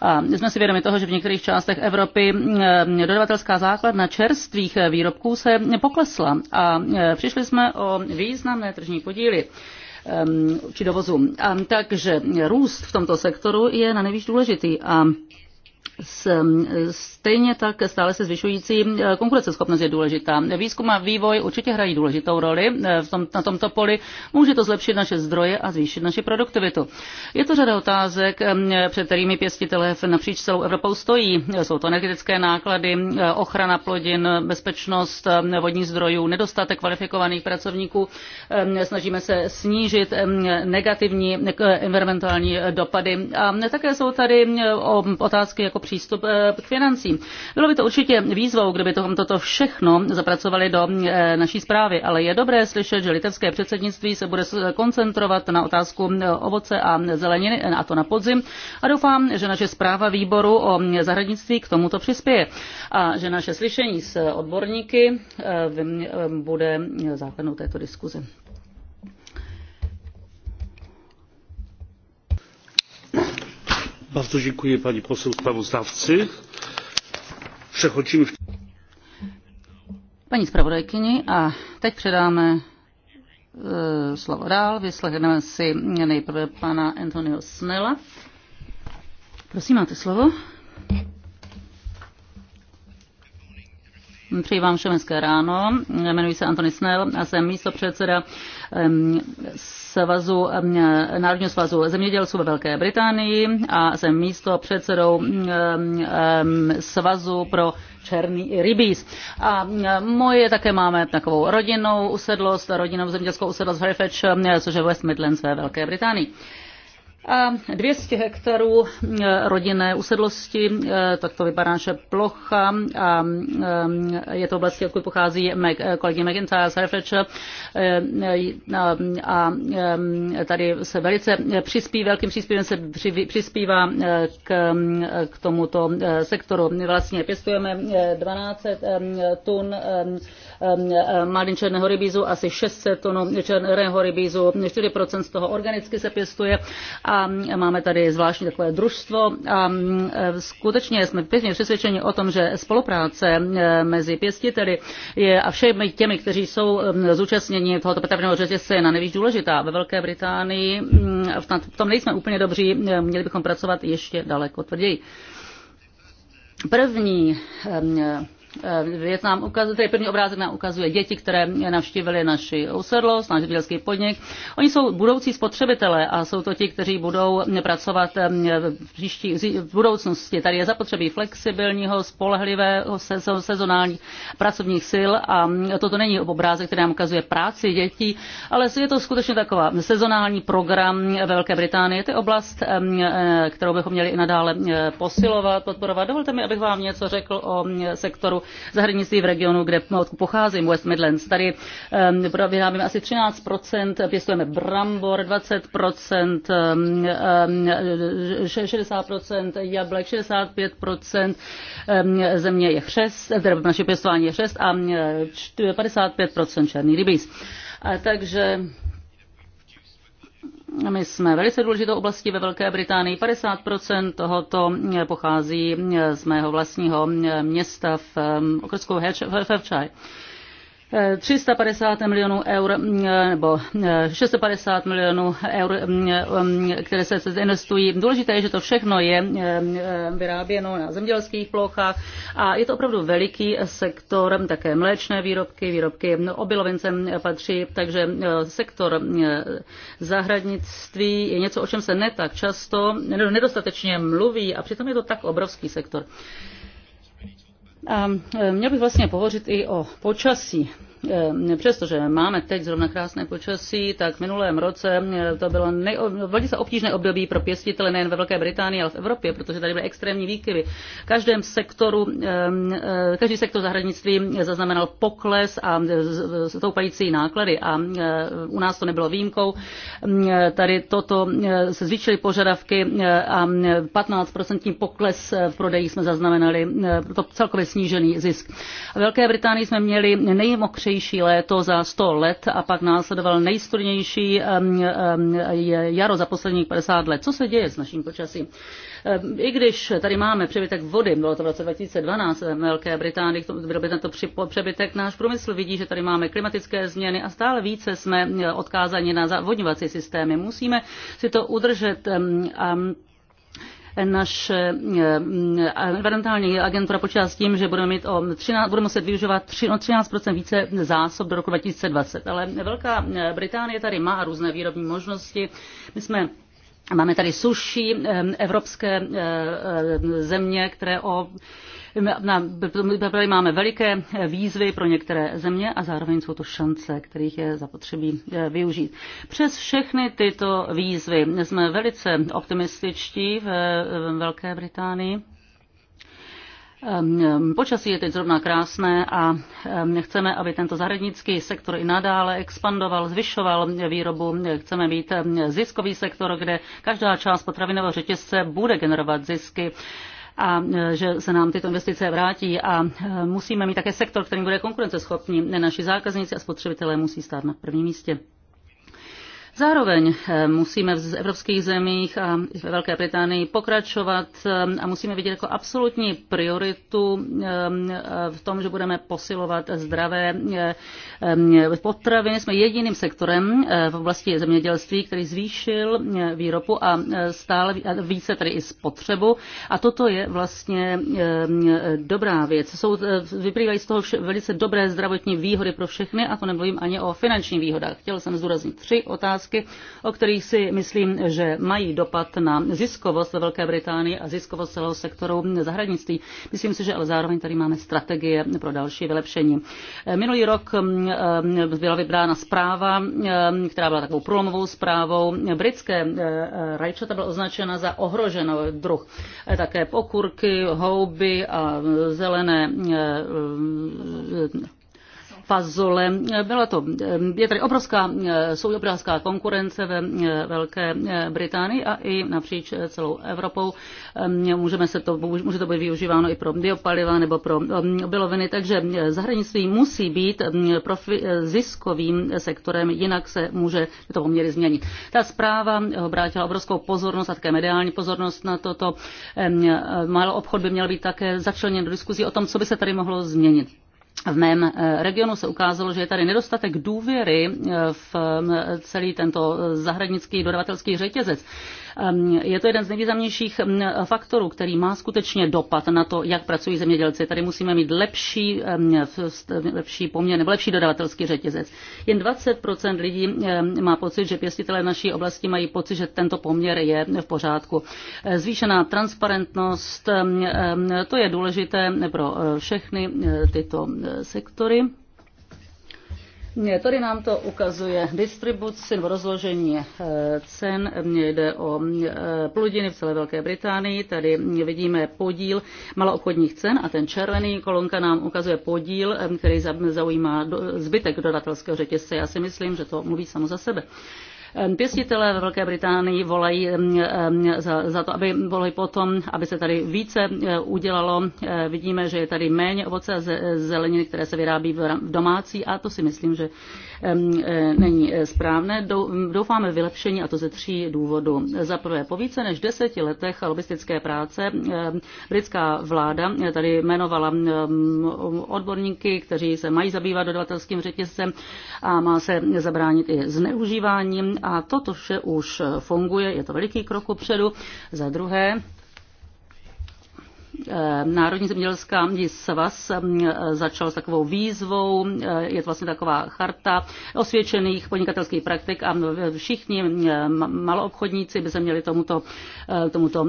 A jsme si vědomi toho, že v některých částech Evropy eh, dodavatelská základna čerstvých výrobků se poklesla a eh, přišli jsme o významné tržní podíly ehm, či dovozu. A takže růst v tomto sektoru je na nejvíc důležitý a Stejně tak stále se zvyšující eh, konkurenceschopnost je důležitá. Výzkum a vývoj určitě hrají důležitou roli eh, v tom, na tomto poli. Může to zlepšit naše zdroje a zvýšit naši produktivitu. Je to řada otázek, eh, před kterými pěstitelé napříč celou Evropou stojí. Jsou to energetické náklady, ochrana plodin, bezpečnost vodních zdrojů, nedostatek kvalifikovaných pracovníků. Snažíme se snížit negativní environmentální dopady. A také jsou tady otázky jako přístup eh, k financím. Bylo by to určitě výzvou, kdyby to, toto všechno zapracovali do eh, naší zprávy, ale je dobré slyšet, že litevské předsednictví se bude koncentrovat na otázku eh, ovoce a zeleniny, a to na podzim. A doufám, že naše zpráva výboru o mm, zahradnictví k tomuto přispěje a že naše slyšení s odborníky bude mm, základnou této diskuze.
Bardzo dziękuję pani poseł sprawozdawcy. Přechodíme.
Paní zpravodajkyni a teď předáme e, slovo dál. Vyslechneme si nejprve pana Antonio Snella. Prosím, máte slovo. Přeji vám všem ráno. Jmenuji se Antony Snell a jsem místo svazu, Národního svazu zemědělců ve Velké Británii a jsem místo předsedou svazu pro černý rybíz. A moje také máme takovou rodinnou usedlost, rodinnou zemědělskou usedlost Hereford, což je West Midlands ve Velké Británii a 200 hektarů eh, rodinné usedlosti, eh, tak to vypadá naše plocha a eh, je to oblast, odkud pochází kolegy McIntyre z Herefordshire a tady se velice přispí, velkým příspěvem se přispívá k, k tomuto sektoru. My vlastně pěstujeme 12 tun malin um, eh, černého rybízu, asi 600 tun černého rybízu, 4% z toho organicky se pěstuje a máme tady zvláštní takové družstvo a mm, eh, skutečně jsme pěkně přesvědčeni o tom, že spolupráce eh, mezi pěstiteli je a všemi těmi, kteří jsou zúčastněni tohoto potravinového řetězce je na nejvíc důležitá. Ve Velké Británii mm, v tom nejsme úplně dobří, měli bychom pracovat ještě daleko tvrději. První Eh, Větnam ukazuje, tady první obrázek nám ukazuje děti, které navštívili naši usedlost, náš zemědělský podnik. Oni jsou budoucí spotřebitelé a jsou to ti, kteří budou pracovat eh, v, příští, v budoucnosti. Tady je zapotřebí flexibilního, spolehlivého, sezonálních pracovních sil a toto není obrázek, který nám ukazuje práci dětí, ale je to skutečně taková sezonální program ve Velké Británii. To je oblast, eh, kterou bychom měli i nadále posilovat, podporovat. Dovolte mi, abych vám něco řekl o sektoru zahraničí v regionu, kde pocházím, West Midlands. Tady vyrábíme ehm, asi 13 pěstujeme brambor, 20 60 ehm, ehm, jablek, 65 země je chřest, eh, tedy naše pěstování je chřest a 55 eh, černý rybíz. A takže my jsme velice důležitou oblastí ve Velké Británii. 50% tohoto eh, pochází eh, z mého vlastního eh, města v okresku Hertfordshire. 350 milionů eur mm, nebo 650 eh, milionů eur, mm, mm, které se investují. Důležité je, že to všechno je eh, vyráběno na zemědělských plochách a je to opravdu veliký sektor, také mléčné výrobky, výrobky obilovincem patří, takže eh, sektor zahradnictví je něco, o čem se ne tak často, nedostatečně mluví a přitom je to tak obrovský sektor. A e, měl bych vlastně pohovořit i o počasí. Eh, přestože máme teď zrovna krásné počasí, tak v minulém roce eh, to bylo velice obtížné období pro pěstitele nejen ve Velké Británii, ale v Evropě, protože tady byly extrémní výkyvy. V každém sektoru, ehm, eh, každý sektor zahradnictví zaznamenal pokles a stoupající náklady a u nás to nebylo výjimkou. Mm, tady toto se zvýšily požadavky a 15% pokles v prodeji jsme zaznamenali, to celkově snížený zisk. V Velké Británii jsme měli nejmokřejší nejmočnější léto za 100 let a pak následoval nejstudnější jaro za posledních 50 let. Co se děje s naším počasím? I když tady máme přebytek vody, bylo to v roce 2012 v Velké Británii, bylo by tento přebytek náš průmysl vidí, že tady máme klimatické změny a stále více jsme odkázáni na zavodňovací systémy. Musíme si to udržet a naše eh, eh, environmentální agentura počítá s tím, že budeme, mít o 13, budeme muset využívat 13 více zásob do roku 2020. Ale Velká eh, Británie tady má různé výrobní možnosti. My jsme Máme tady suší evropské země, které o Tady máme veliké výzvy pro některé země a zároveň jsou to šance, kterých je zapotřebí eh, využít. Přes všechny tyto výzvy jsme velice optimističtí v Velké Británii. Ehm, ehm, počasí je teď zrovna krásné a ehm, chceme, aby tento zahradnický sektor i nadále expandoval, zvyšoval výrobu. Chceme být ziskový sektor, kde každá část potravinového řetězce bude generovat zisky a e, že se nám tyto investice vrátí a e, musíme mít také sektor, který bude konkurenceschopný. Naši zákazníci a spotřebitelé musí stát na prvním místě. Zároveň eh, musíme v evropských zemích a ve Velké Británii pokračovat eh, a musíme vidět jako absolutní prioritu eh, v tom, že budeme posilovat zdravé potraviny. Jsme jediným sektorem v oblasti zemědělství, který zvýšil výrobu a stále více tedy i spotřebu. A toto je vlastně dobrá věc. Jsou, vyplývají z toho velice dobré zdravotní výhody pro všechny a to nemluvím ani o finančních výhodách. Chtěl jsem zdůraznit tři otázky otázky, o kterých si myslím, že mají dopad na ziskovost ve Velké Británii a ziskovost celého sektoru zahradnictví. Myslím si, že ale zároveň tady máme strategie pro další vylepšení. Minulý rok byla vybrána zpráva, která byla takovou průlomovou zprávou. Britské e, e, rajčata byla označena za ohroženou druh. E, také pokurky, houby a zelené Fazole. Byla to, je tady obrovská souobrovská konkurence ve Velké Británii a i napříč celou Evropou. Můžeme se to, může to být využíváno i pro biopaliva nebo pro um, byloviny, takže zahraničí musí být um, profi, ziskovým sektorem, jinak se může to poměry změnit. Ta zpráva obrátila obrovskou pozornost a také mediální pozornost na toto. Málo um, obchod by měl být také začleněn do diskuzí o tom, co by se tady mohlo změnit v mém eh, regionu se ukázalo, že je tady nedostatek důvěry eh, v celý tento eh, zahradnický dodavatelský řetězec. Ehm, je to jeden z nejvýznamnějších ehm, faktorů, který má skutečně dopad na to, jak pracují zemědělci. Tady musíme mít lepší, ehm, lepší poměr nebo lepší dodavatelský řetězec. Jen 20% lidí má pocit, že pěstitelé v naší oblasti mají pocit, že tento poměr je v pořádku. Eh, zvýšená transparentnost, to je důležité pro eh, všechny eh, tyto sektory. Tady nám to ukazuje distribuci nebo rozložení eh, cen. Jde o eh, plodiny v celé Velké Británii. Tady vidíme podíl maloobchodních cen a ten červený kolonka nám ukazuje podíl, eh, který zaujímá zbytek dodatelského řetězce. Já si myslím, že to mluví samo za sebe. Pěstitelé ve Velké Británii volají za, za to, aby volají potom, aby se tady více e, udělalo. E, vidíme, že je tady méně ovoce a zeleniny, které se vyrábí v domácí a to si myslím, že E, není e, správné. Doufáme vylepšení a to ze tří důvodů. Za prvé, po více než deseti letech lobistické práce britská vláda tady jmenovala odborníky, kteří se mají zabývat dodavatelským řetězcem a má se zabránit i zneužíváním a toto vše už funguje, je to veliký krok upředu. Za druhé, Eh, Národní zemědělská svaz eh, začal s takovou výzvou, eh, je to vlastně taková charta osvědčených podnikatelských praktik a všichni maloobchodníci by se měli tomuto, tomuto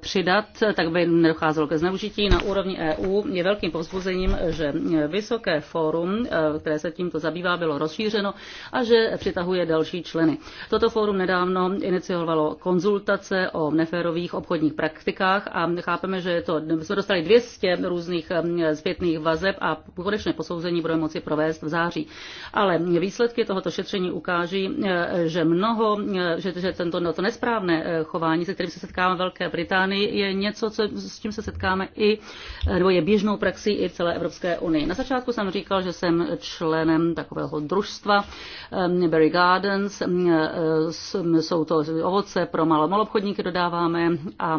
přidat, tak by nedocházelo ke zneužití. Na úrovni EU je velkým povzbuzením, že Vysoké fórum, které se tímto zabývá, bylo rozšířeno a že přitahuje další členy. Toto fórum nedávno iniciovalo konzultace o neférových obchodních praktikách a chápeme, že to, jsme dostali 200 různých zpětných vazeb a konečné posouzení budeme moci provést v září. Ale výsledky tohoto šetření ukáží, že mnoho, že, že tento, no, to nesprávné eh, chování, se kterým se setkáme v Velké Británii, je něco, co, s čím se setkáme i, eh, nebo je běžnou praxí i v celé Evropské unii. Na začátku jsem říkal, že jsem členem takového družstva Berry Gardens, eh, jsou to ovoce pro malomalobchodníky dodáváme a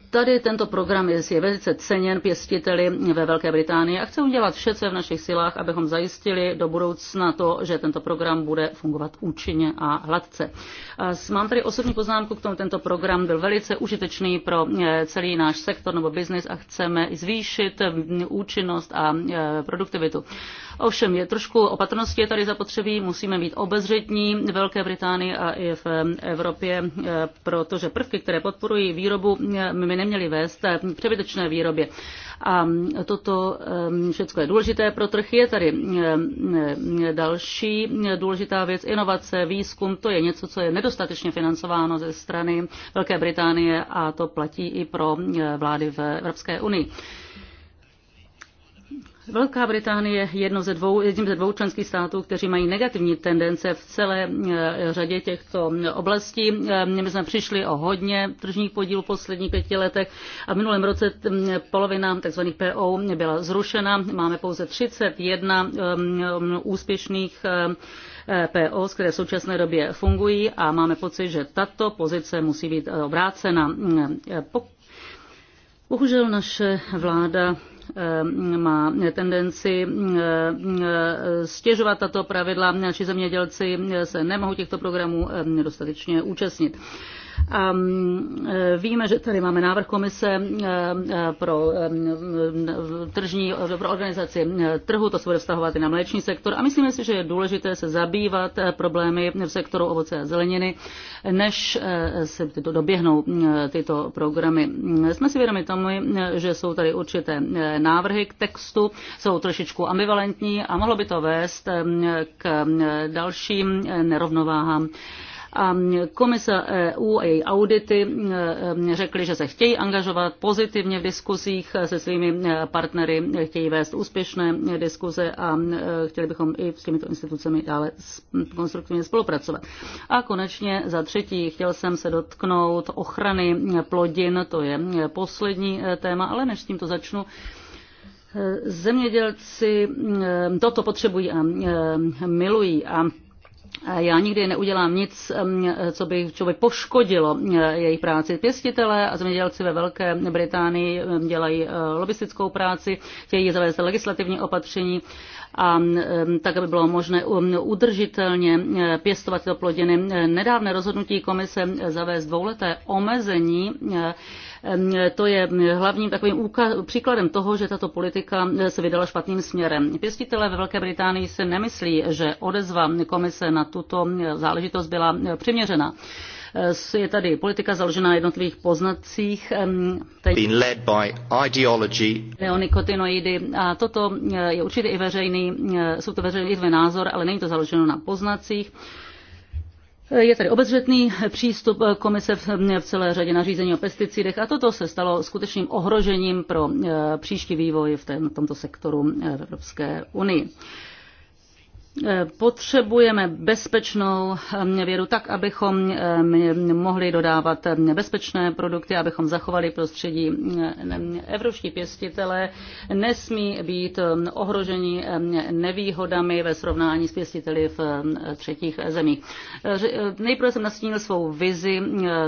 Tady tento program je, je velice ceněn pěstiteli ve Velké Británii a chceme udělat vše, co je v našich silách, abychom zajistili do budoucna to, že tento program bude fungovat účinně a hladce. A mám tady osobní poznámku k tomu, tento program byl velice užitečný pro e, celý náš sektor nebo biznis a chceme zvýšit účinnost a e, produktivitu. Ovšem je trošku opatrnosti je tady zapotřebí, musíme být obezřetní v Velké Británii a i v e, Evropě, protože prvky, které podporují výrobu my neměly vést eh, přebytečné výrobě. A mm, toto mm, všechno je důležité pro trh. Je tady mm, další důležitá věc, inovace, výzkum, to je něco, co je nedostatečně financováno ze strany Velké Británie a to platí i pro vlády v Evropské unii. Velká Británie je jedno ze dvou, jedním ze dvou členských států, kteří mají negativní tendence v celé eh, řadě těchto mm, oblastí. Eh, my jsme přišli o hodně tržních podílů v posledních pěti letech a v minulém roce mm, polovina tzv. PO byla zrušena. Máme pouze 31 mm, úspěšných eh, PO, které v současné době fungují a máme pocit, že tato pozice musí být obrácena. Bohužel naše vláda Eh, má tendenci eh, eh, stěžovat tato pravidla, naši zemědělci se nemohou těchto programů dostatečně účastnit. E, víme, že tady máme návrh komise e, e, pro tržní pro organizaci trhu, to se bude vztahovat i na mléční sektor a myslíme si, že je důležité se zabývat problémy v sektoru ovoce a zeleniny, než se tyto doběhnou tyto programy. Jsme si vědomi tomu, že jsou tady určité návrhy k textu, jsou trošičku ambivalentní a mohlo by to vést k dalším nerovnováhám a komise EU a její audity e, e, řekly, že se chtějí angažovat pozitivně v diskuzích se svými e, partnery, chtějí vést úspěšné diskuze a chtěli bychom i s těmito institucemi dále konstruktivně spolupracovat. A konečně za třetí chtěl jsem se dotknout ochrany plodin, to je poslední téma, ale než s tímto začnu, Zemědělci toto potřebují a milují a já nikdy neudělám nic, co by, člověk poškodilo eh, její práci. Pěstitele a zemědělci ve Velké Británii dělají eh, lobistickou práci, chtějí zavést legislativní opatření a um, tak, aby bylo možné um, udržitelně uh, pěstovat tyto plodiny. Nedávné rozhodnutí komise zavést dvouleté omezení uh, um, to je hlavním takovým příkladem toho, že tato politika se vydala špatným směrem. Pěstitelé ve Velké Británii se nemyslí, že odezva komise na tuto záležitost byla přiměřená. Eh, je tady politika založená na jednotlivých poznacích.
Been led by ideology.
Neonikotinoidy. A toto eh, je určitě i veřejný, eh, jsou to veřejný názor, ale není to založeno na poznacích. Je tady obezřetný přístup komise v celé řadě nařízení o pesticidech a toto se stalo skutečným ohrožením pro příští vývoj v tomto sektoru v Evropské unii. Eh, potřebujeme bezpečnou eh, vědu tak, abychom eh, mohli dodávat bezpečné produkty, abychom zachovali prostředí. Evropští pěstitelé nesmí být ohroženi nevýhodami ve srovnání s pěstiteli v třetích zemích. Nejprve jsem nastínil svou vizi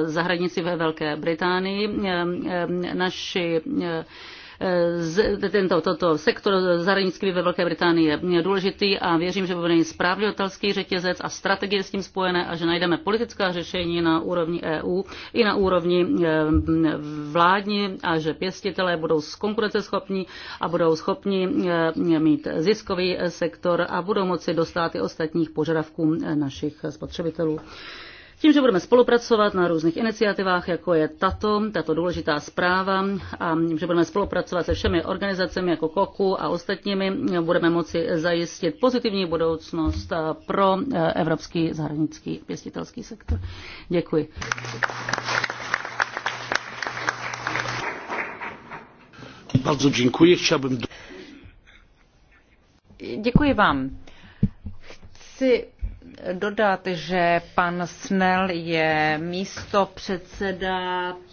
za hranici ve Velké Británii. Naši tento toto sektor zahraničí ve Velké Británii je důležitý a věřím, že bude správný otelský řetězec a strategie s tím spojené a že najdeme politická řešení na úrovni EU i na úrovni eh, vládní a že pěstitelé budou konkurenceschopní a budou schopni eh, mít ziskový sektor a budou moci dostat i ostatních požadavků našich spotřebitelů. Tím, že budeme spolupracovat na různých iniciativách, jako je tato, tato důležitá zpráva, a tím, že budeme spolupracovat se všemi organizacemi jako KOKU a ostatními, budeme moci zajistit pozitivní budoucnost pro e, evropský zahraniční pěstitelský sektor. Děkuji.
Bardzo dziękuję. Chciałbym...
Děkuji vám.
Chci dodat, že pan Snell je místo předseda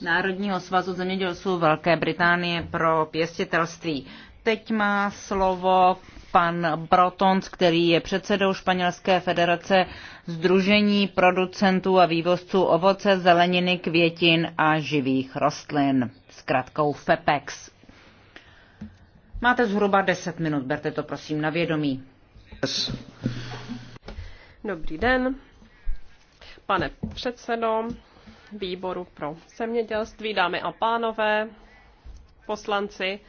Národního svazu zemědělců Velké Británie pro pěstitelství. Teď má slovo pan Brotons, který je předsedou Španělské federace Združení producentů a vývozců ovoce, zeleniny, květin a živých rostlin, zkratkou FEPEX. Máte zhruba 10 minut, berte to prosím na vědomí. Yes.
Dobrý den, pane předsedo výboru pro zemědělství, dámy a pánové, poslanci,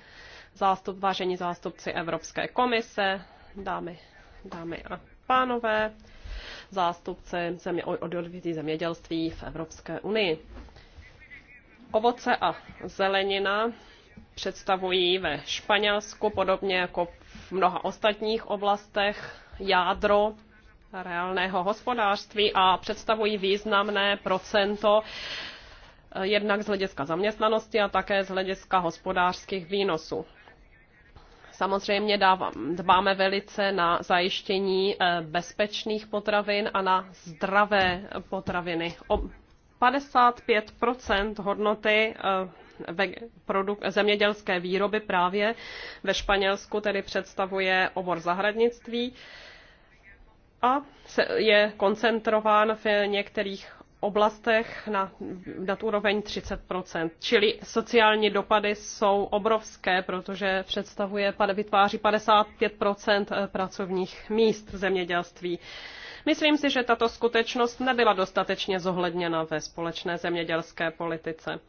zástup, vážení zástupci Evropské komise, dámy, dámy a pánové, zástupce země, odvětví zemědělství v Evropské unii. Ovoce a zelenina představují ve Španělsku, podobně jako v mnoha ostatních oblastech, jádro reálného hospodářství a představují významné procento eh, jednak z hlediska zaměstnanosti a také z hlediska hospodářských výnosů. Samozřejmě dávám, dbáme velice na zajištění eh, bezpečných potravin a na zdravé potraviny. O 55 hodnoty eh, zemědělské výroby právě ve Španělsku tedy představuje obor zahradnictví a je koncentrován v některých oblastech na, na úroveň 30 Čili sociální dopady jsou obrovské, protože představuje, vytváří 55 eh, pracovních míst v zemědělství. Myslím si, že tato skutečnost nebyla dostatečně zohledněna ve společné zemědělské politice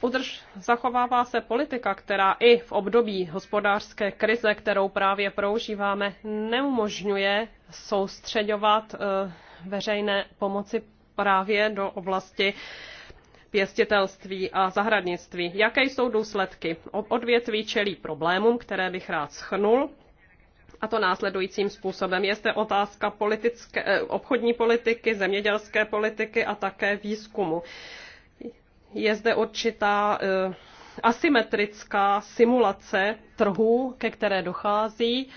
udrž, zachovává se politika, která i v období hospodářské krize, kterou právě prožíváme, neumožňuje soustředovat eh, veřejné pomoci právě do oblasti pěstitelství a zahradnictví. Jaké jsou důsledky? Odvětví čelí problémům, které bych rád schnul. A to následujícím způsobem. Je zde otázka politické, eh, obchodní politiky, zemědělské politiky a také výzkumu je zde určitá eh, asymetrická simulace trhů, ke které dochází,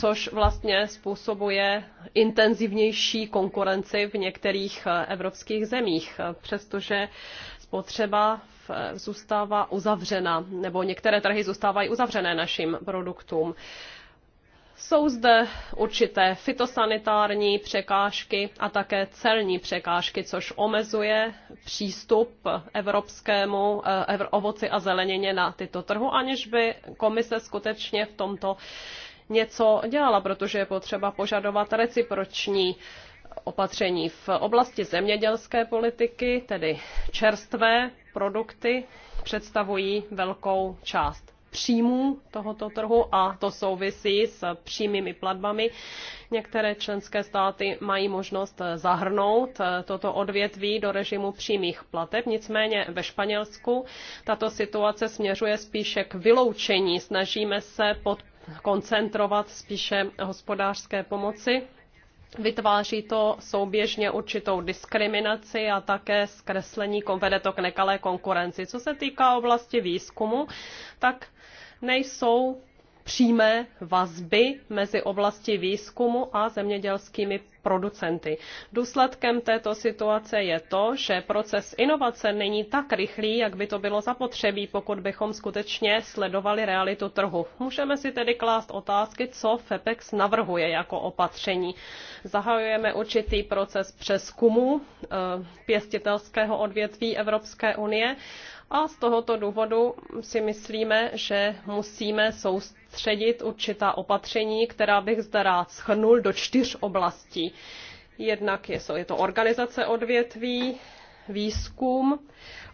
což vlastně způsobuje intenzivnější konkurenci v některých eh, evropských zemích, přestože spotřeba eh, zůstává uzavřena, nebo některé trhy zůstávají uzavřené našim produktům. Jsou zde určité fitosanitární překážky a také celní překážky, což omezuje přístup evropskému eh, ovoci a zelenině na tyto trhu, aniž by komise skutečně v tomto něco dělala, protože je potřeba požadovat reciproční opatření v oblasti zemědělské politiky, tedy čerstvé produkty, představují velkou část příjmů tohoto trhu a to souvisí s přímými platbami. Některé členské státy mají možnost zahrnout eh, toto odvětví do režimu přímých plateb, nicméně ve Španělsku tato situace směřuje spíše k vyloučení. Snažíme se pod koncentrovat spíše hospodářské pomoci Vytváří to souběžně určitou diskriminaci a také zkreslení vede to k nekalé konkurenci. Co se týká oblasti výzkumu, tak nejsou přímé vazby mezi oblasti výzkumu a zemědělskými producenty. Důsledkem této situace je to, že proces inovace není tak rychlý, jak by to bylo zapotřebí, pokud bychom skutečně sledovali realitu trhu. Můžeme si tedy klást otázky, co FEPEX navrhuje jako opatření. Zahajujeme určitý proces přeskumu eh, pěstitelského odvětví Evropské unie a z tohoto důvodu si myslíme, že musíme soustředit určitá opatření, která bych zde rád schrnul do čtyř oblastí. Jednak je, je to organizace odvětví, výzkum,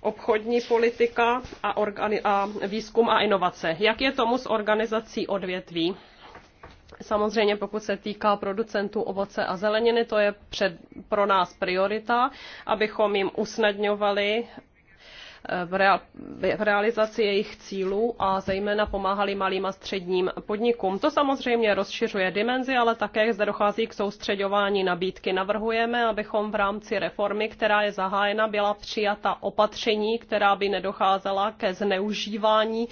obchodní politika a, organi- a výzkum a inovace. Jak je tomu s organizací odvětví? Samozřejmě pokud se týká producentů ovoce a zeleniny, to je před, pro nás priorita, abychom jim usnadňovali v realizaci jejich cílů a zejména pomáhali malým a středním podnikům. To samozřejmě rozšiřuje dimenzi, ale také zde dochází k soustředování nabídky. Navrhujeme, abychom v rámci reformy, která je zahájena, byla přijata opatření, která by nedocházela ke zneužívání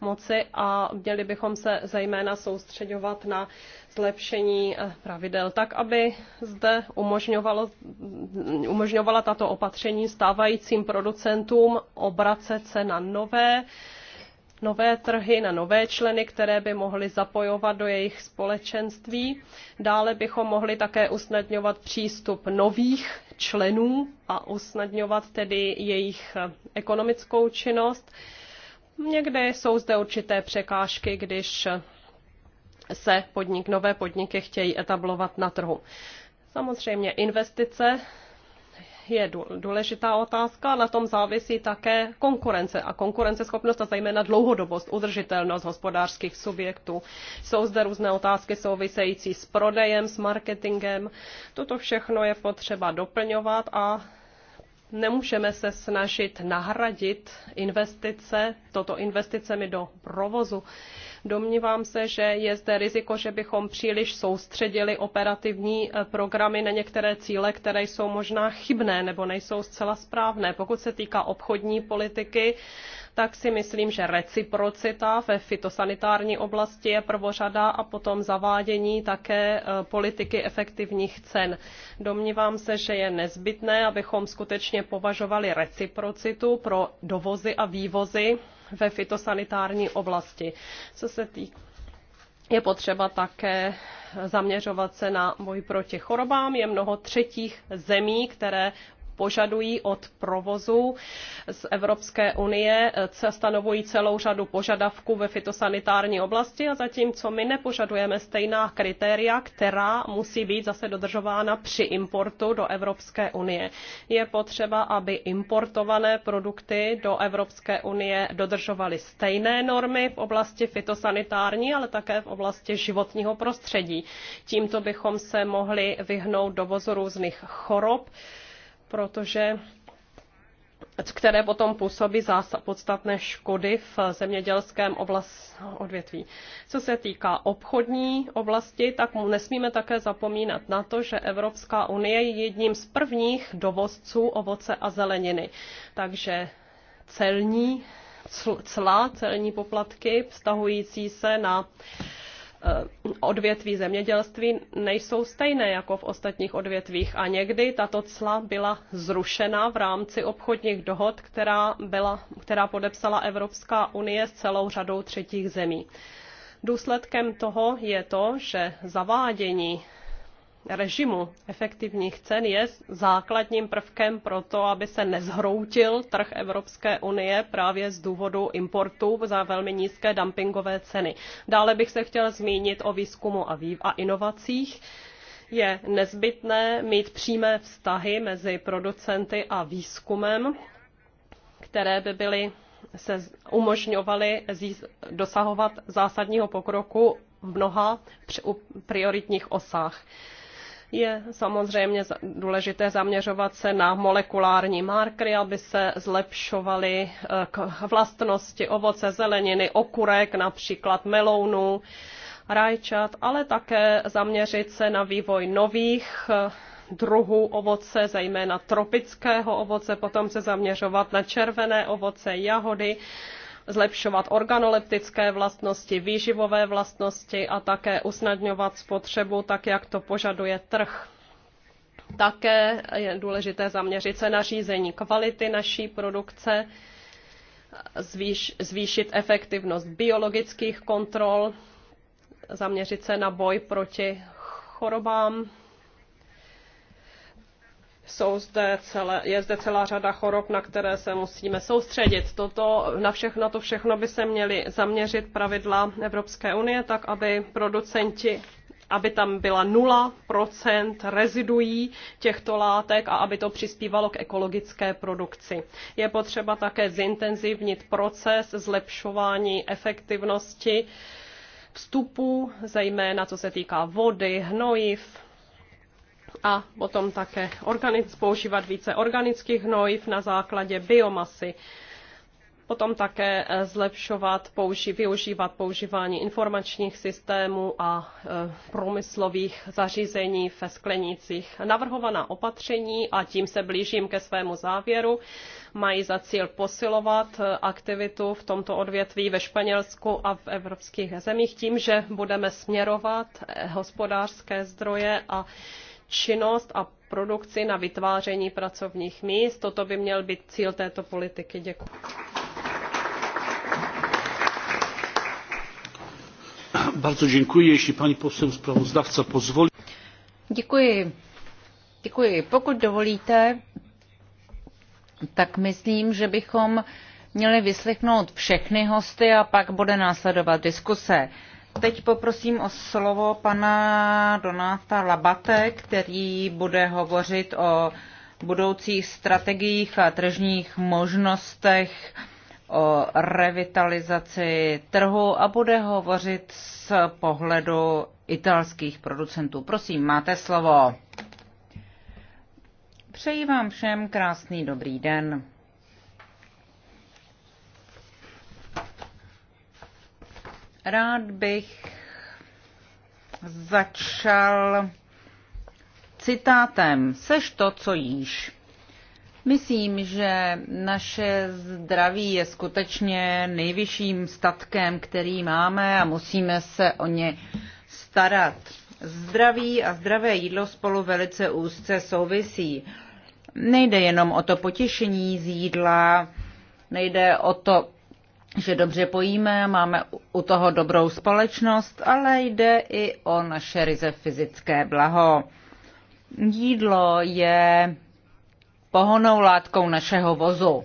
moci a měli bychom se zejména soustředovat na zlepšení eh, pravidel tak, aby zde umožňovalo, umožňovala tato opatření stávajícím producentům obracet se na nové nové trhy, na nové členy, které by mohly zapojovat do jejich společenství. Dále bychom mohli také usnadňovat přístup nových členů a usnadňovat tedy jejich eh, ekonomickou činnost. Někde jsou zde určité překážky, když eh, se podnik, nové podniky chtějí etablovat na trhu. Samozřejmě investice je důležitá otázka, na tom závisí také konkurence a konkurenceschopnost a zejména dlouhodobost, udržitelnost hospodářských subjektů. Jsou zde různé otázky související s prodejem, s marketingem. Toto všechno je potřeba doplňovat a nemůžeme se snažit nahradit investice, toto investicemi do provozu. Domnívám se, že je zde riziko, že bychom příliš soustředili operativní eh, programy na některé cíle, které jsou možná chybné nebo nejsou zcela správné. Pokud se týká obchodní politiky, tak si myslím, že reciprocita ve fitosanitární oblasti je prvořada a potom zavádění také eh, politiky efektivních cen. Domnívám se, že je nezbytné, abychom skutečně považovali reciprocitu pro dovozy a vývozy ve fitosanitární oblasti. Co se týká je potřeba také zaměřovat se na boj proti chorobám. Je mnoho třetích zemí, které požadují od provozu z Evropské unie, eh, stanovují celou řadu požadavků ve fitosanitární oblasti a zatímco my nepožadujeme stejná kritéria, která musí být zase dodržována při importu do Evropské unie. Je potřeba, aby importované produkty do Evropské unie dodržovaly stejné normy v oblasti fitosanitární, ale také v oblasti životního prostředí. Tímto bychom se mohli vyhnout dovozu různých chorob, protože které potom působí podstatné škody v zemědělském oblast odvětví. Co se týká obchodní oblasti, tak nesmíme také zapomínat na to, že Evropská unie je jedním z prvních dovozců ovoce a zeleniny. Takže celní cla, celní poplatky vztahující se na uh, Eh, odvětví zemědělství nejsou stejné jako v ostatních odvětvích a někdy tato cla byla zrušena v rámci obchodních dohod, která, byla, která podepsala Evropská unie s celou řadou třetích zemí. Důsledkem toho je to, že zavádění režimu efektivních cen je základním prvkem pro to, aby se nezhroutil trh Evropské unie právě z důvodu importu za velmi nízké dumpingové ceny. Dále bych se chtěla zmínit o výzkumu a, vý... a inovacích. Je nezbytné mít přímé vztahy mezi producenty a výzkumem, které by byly se umožňovaly dosahovat zásadního pokroku v mnoha prioritních osách. Je samozřejmě důležité zaměřovat se na molekulární markery, aby se zlepšovaly eh, vlastnosti ovoce, zeleniny, okurek, například melounů, rajčat, ale také zaměřit se na vývoj nových eh, druhů ovoce, zejména tropického ovoce, potom se zaměřovat na červené ovoce, jahody, zlepšovat organoleptické vlastnosti, výživové vlastnosti a také usnadňovat spotřebu tak, jak to požaduje trh. Také je důležité zaměřit se na řízení kvality naší produkce, zvýš, zvýšit efektivnost biologických kontrol, zaměřit se na boj proti chorobám jsou zde celé, je zde celá řada chorob, na které se musíme soustředit. Toto, na všechno to všechno by se měly zaměřit pravidla Evropské unie, tak aby producenti aby tam byla 0% reziduí těchto látek a aby to přispívalo k ekologické produkci. Je potřeba také zintenzivnit proces zlepšování efektivnosti vstupu, zejména co se týká vody, hnojiv, a potom také organic, používat více organických hnojiv na základě biomasy. Potom také eh, zlepšovat, použi, využívat používání informačních systémů a e, průmyslových zařízení ve sklenicích. Navrhovaná opatření, a tím se blížím ke svému závěru, mají za cíl posilovat eh, aktivitu v tomto odvětví ve Španělsku a v evropských zemích tím, že budeme směrovat hospodářské zdroje a e, činnost a produkci na vytváření pracovních míst. Toto by měl být cíl této politiky. Děkuji.
Bardzo dziękuję. Jeśli pani poseł sprawozdawca pozwoli.
Děkuji. Děkuji. Pokud dovolíte, tak myslím, že bychom měli vyslechnout všechny hosty a pak bude následovat diskuse. Teď poprosím o slovo pana Donáta Labate, který bude hovořit o budoucích strategiích a tržních možnostech, o revitalizaci trhu a bude hovořit z pohledu italských producentů. Prosím, máte slovo. Přeji vám všem krásný dobrý den. Rád bych začal citátem Seš to, co jíš. Myslím, že naše zdraví je skutečně nejvyšším statkem, který máme a musíme se o ně starat. Zdraví a zdravé jídlo spolu velice úzce souvisí. Nejde jenom o to potěšení z jídla, nejde o to že dobře pojíme, máme u toho dobrou společnost, ale jde i o naše ryze fyzické blaho. Jídlo je pohonou látkou našeho vozu.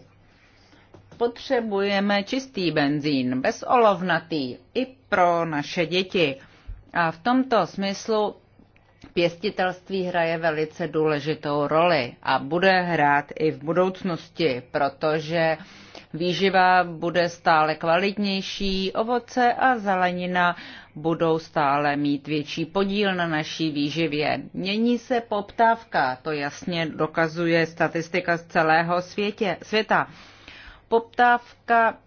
Potřebujeme čistý benzín, bezolovnatý, i pro naše děti. A v tomto smyslu pěstitelství hraje velice důležitou roli a bude hrát i v budoucnosti, protože Výživa bude stále kvalitnější, ovoce a zelenina budou stále mít větší podíl na naší výživě. Mění se poptávka, to jasně dokazuje statistika z celého světě, světa. Poptávka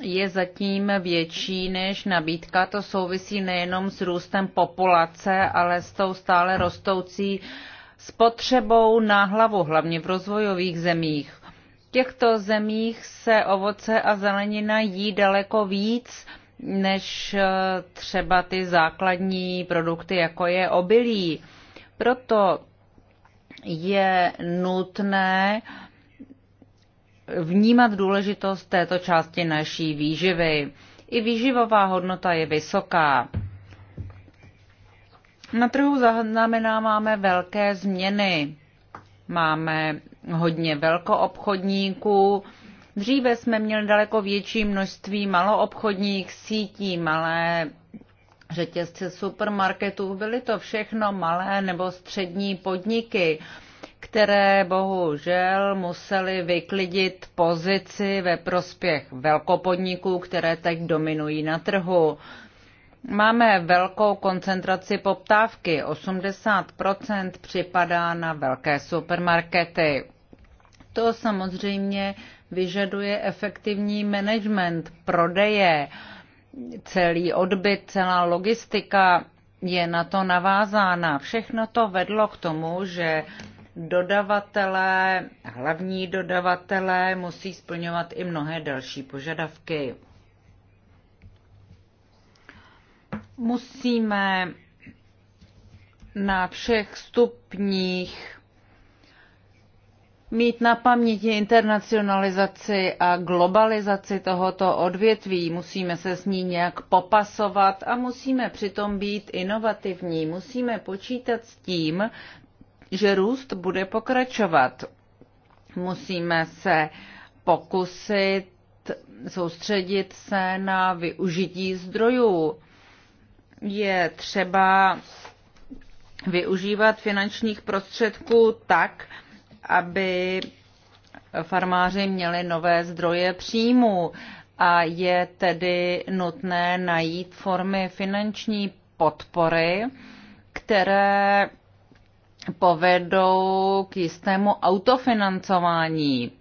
je zatím větší než nabídka. To souvisí nejenom s růstem populace, ale s tou stále rostoucí spotřebou na hlavu, hlavně v rozvojových zemích těchto zemích se ovoce a zelenina jí daleko víc než eh, třeba ty základní produkty, jako je obilí. Proto je nutné vnímat důležitost této části naší výživy. I výživová hodnota je vysoká. Na trhu zaznamenáváme velké změny. Máme hodně velkoobchodníků. Dříve jsme měli daleko větší množství maloobchodních sítí, malé řetězce supermarketů. Byly to všechno malé nebo střední podniky, které bohužel museli vyklidit pozici ve prospěch velkopodniků, které teď dominují na trhu. Máme velkou koncentraci poptávky. 80% připadá na velké supermarkety. To samozřejmě vyžaduje efektivní management prodeje. Celý odbyt, celá logistika je na to navázána. Všechno to vedlo k tomu, že dodavatelé, hlavní dodavatelé musí splňovat i mnohé další požadavky. Musíme na všech stupních mít na paměti internacionalizaci a globalizaci tohoto odvětví. Musíme se s ní nějak popasovat a musíme přitom být inovativní. Musíme počítat s tím, že růst bude pokračovat. Musíme se pokusit soustředit se na využití zdrojů je třeba využívat finančních prostředků tak, aby farmáři měli nové zdroje příjmů a je tedy nutné najít formy finanční podpory, které povedou k jistému autofinancování.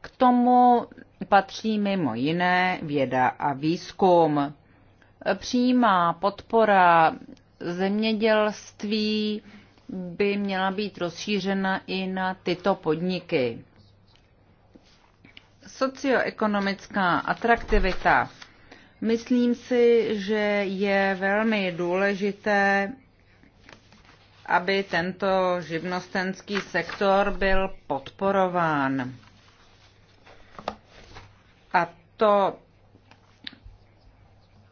K tomu patří mimo jiné věda a výzkum. Přímá podpora zemědělství by měla být rozšířena i na tyto podniky. Socioekonomická atraktivita. Myslím si, že je velmi důležité, aby tento živnostenský sektor byl podporován. A to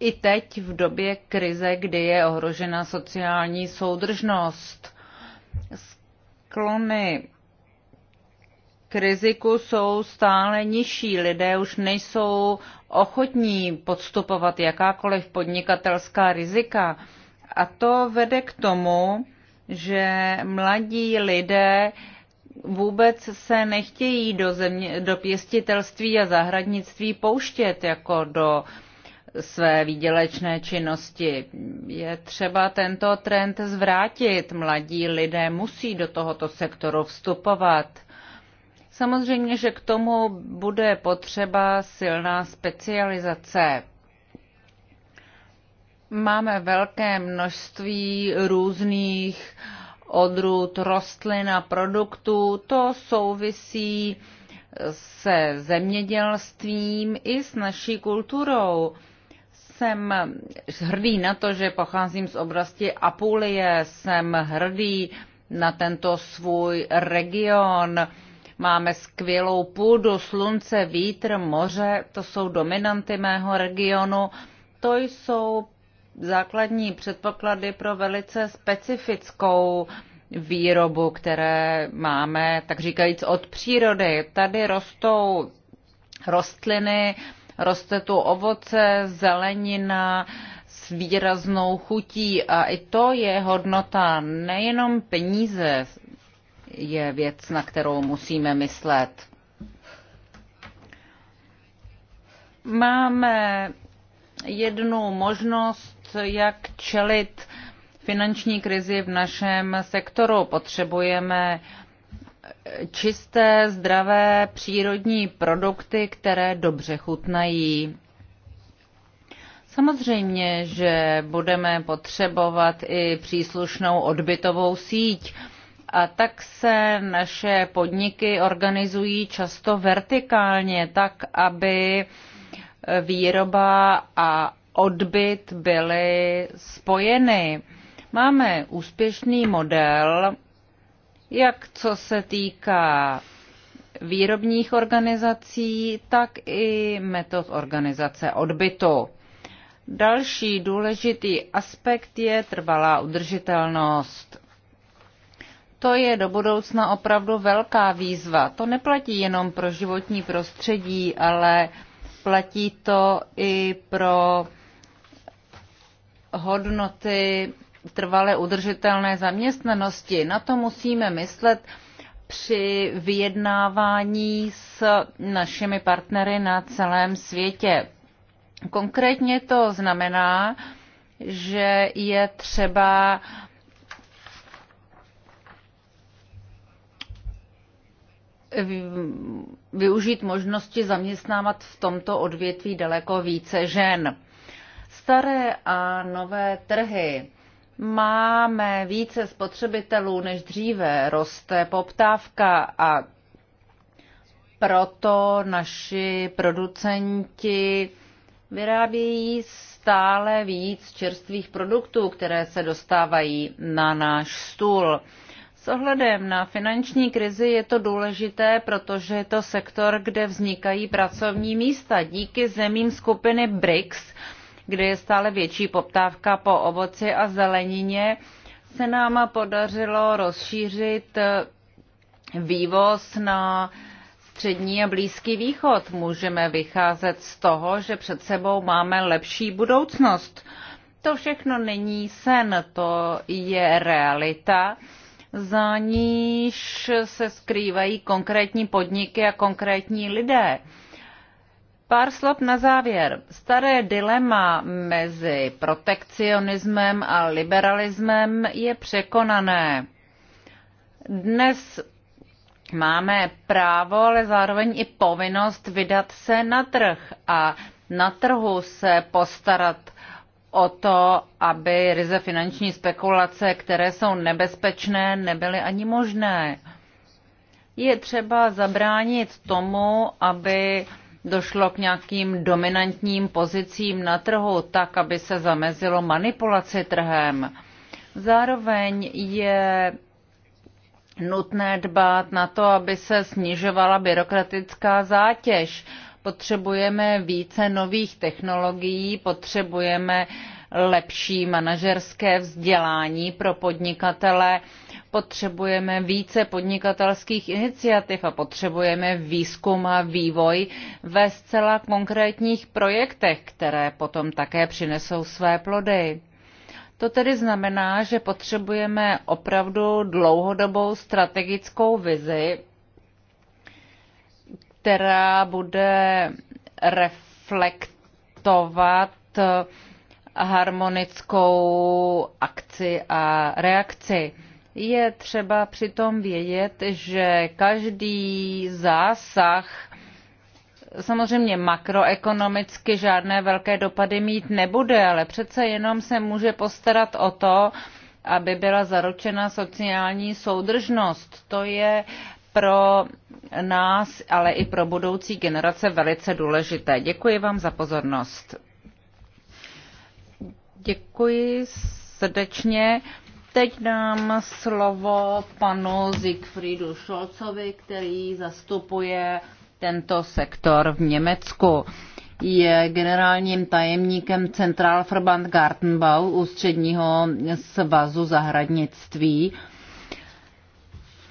i teď v době krize, kdy je ohrožena sociální soudržnost. Sklony k riziku jsou stále nižší. Lidé už nejsou ochotní podstupovat jakákoliv podnikatelská rizika. A to vede k tomu, že mladí lidé vůbec se nechtějí do, země, do pěstitelství a zahradnictví pouštět jako do uh, své výdělečné činnosti. Je třeba tento trend zvrátit. Mladí lidé musí do tohoto sektoru vstupovat. Samozřejmě, že k tomu bude potřeba silná specializace. Máme velké množství různých odrůd rostlin a produktů. To souvisí se zemědělstvím i s naší kulturou. Jsem hrdý na to, že pocházím z oblasti Apulie, jsem hrdý na tento svůj region. Máme skvělou půdu, slunce, vítr, moře, to jsou dominanty mého regionu. To jsou základní předpoklady pro velice specifickou výrobu, které máme, tak říkajíc, od přírody. Tady rostou rostliny, Roste tu ovoce, zelenina s výraznou chutí a i to je hodnota nejenom peníze, je věc, na kterou musíme myslet. Máme jednu možnost, jak čelit finanční krizi v našem sektoru. Potřebujeme čisté, zdravé, přírodní produkty, které dobře chutnají. Samozřejmě, že budeme potřebovat i příslušnou odbytovou síť. A tak se naše podniky organizují často vertikálně, tak aby výroba a odbyt byly spojeny. Máme úspěšný model, jak co se týká výrobních organizací, tak i metod organizace odbytu. Další důležitý aspekt je trvalá udržitelnost. To je do budoucna opravdu velká výzva. To neplatí jenom pro životní prostředí, ale platí to i pro hodnoty trvale udržitelné zaměstnanosti. Na to musíme myslet při vyjednávání s našimi partnery na celém světě. Konkrétně to znamená, že je třeba využít možnosti zaměstnávat v tomto odvětví daleko více žen. Staré a nové trhy máme více spotřebitelů než dříve, roste poptávka a proto naši producenti vyrábějí stále víc čerstvých produktů, které se dostávají na náš stůl. S ohledem na finanční krizi je to důležité, protože je to sektor, kde vznikají pracovní místa. Díky zemím skupiny BRICS kde je stále větší poptávka po ovoci a zelenině, se nám podařilo rozšířit eh, vývoz na střední a blízký východ. Můžeme vycházet z toho, že před sebou máme lepší budoucnost. To všechno není sen, to je realita. Za níž se skrývají konkrétní podniky a konkrétní lidé. Pár slov na závěr. Staré dilema mezi protekcionismem a liberalismem je překonané. Dnes máme právo, ale zároveň i povinnost vydat se na trh a na trhu se postarat o to, aby ryze finanční spekulace, které jsou nebezpečné, nebyly ani možné. Je třeba zabránit tomu, aby došlo k nějakým dominantním pozicím na trhu, tak aby se zamezilo manipulaci trhem. Zároveň je nutné dbát na to, aby se snižovala byrokratická zátěž. Potřebujeme více nových technologií, potřebujeme lepší manažerské vzdělání pro podnikatele, potřebujeme více podnikatelských iniciativ a potřebujeme výzkum a vývoj ve zcela konkrétních projektech, které potom také přinesou své plody. To tedy znamená, že potřebujeme opravdu dlouhodobou strategickou vizi, která bude reflektovat harmonickou akci a reakci je třeba přitom vědět, že každý zásah samozřejmě makroekonomicky žádné velké dopady mít nebude, ale přece jenom se může postarat o to, aby byla zaručena sociální soudržnost. To je pro nás, ale i pro budoucí generace velice důležité. Děkuji vám za pozornost. Děkuji srdečně teď dám slovo panu Siegfriedu Scholzovi, který zastupuje tento sektor v Německu. Je generálním tajemníkem Zentralverband Gartenbau ústředního svazu zahradnictví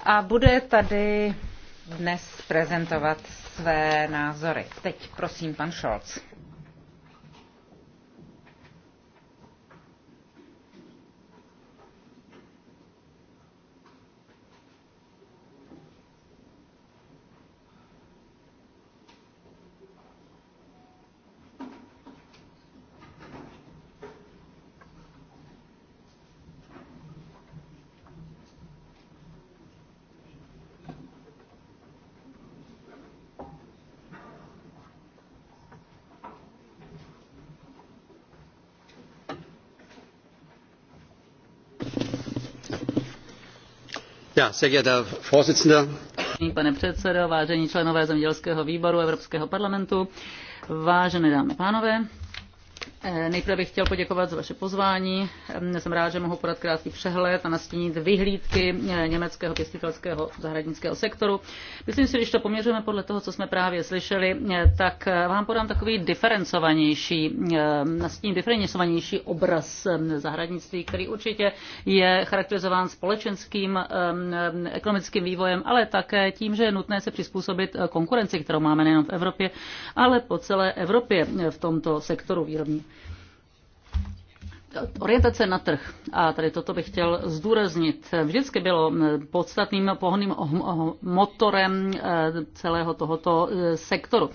a bude tady dnes prezentovat své názory. Teď prosím pan Scholz.
Pane předsedo, vážení členové zemědělského výboru Evropského parlamentu, vážené dámy a pánové, Eh, nejprve bych chtěl poděkovat za vaše pozvání. Eh, jsem rád, že mohu podat krátký přehled a nastínit vyhlídky eh, německého pěstitelského zahradnického sektoru. Myslím si, když to poměřujeme podle toho, co jsme právě slyšeli, tak vám podám takový diferencovanější, nastíním diferencovanější obraz zahradnictví, který určitě je charakterizován společenským ekonomickým vývojem, ale také tím, že je nutné se přizpůsobit konkurenci, kterou máme nejenom v Evropě, ale po celé Evropě v tomto sektoru výrobní orientace na trh, a tady toto bych chtěl zdůraznit, vždycky bylo podstatným pohonným motorem eh, celého tohoto eh, sektoru.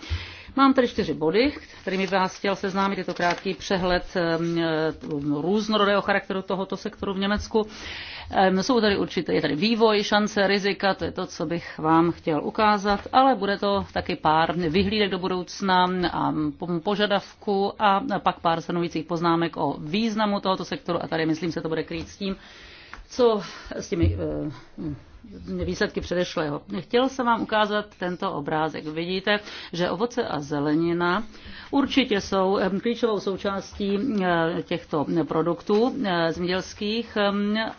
Mám tady čtyři body, kterými bych vás chtěl seznámit. Je to krátký přehled ehm, ehm, různorodého charakteru tohoto sektoru v Německu. Ehm, jsou tady určité, je tady vývoj, šance, rizika, to je to, co bych vám chtěl ukázat, ale bude to taky pár vyhlídek do budoucna a požadavku a pak pár stanovících poznámek o významu tohoto sektoru a tady myslím se to bude krýt s tím, co s těmi výsledky předešlého. Chtěl jsem vám ukázat tento obrázek. Vidíte, že ovoce a zelenina určitě jsou klíčovou součástí eh, těchto produktů eh, zemědělských,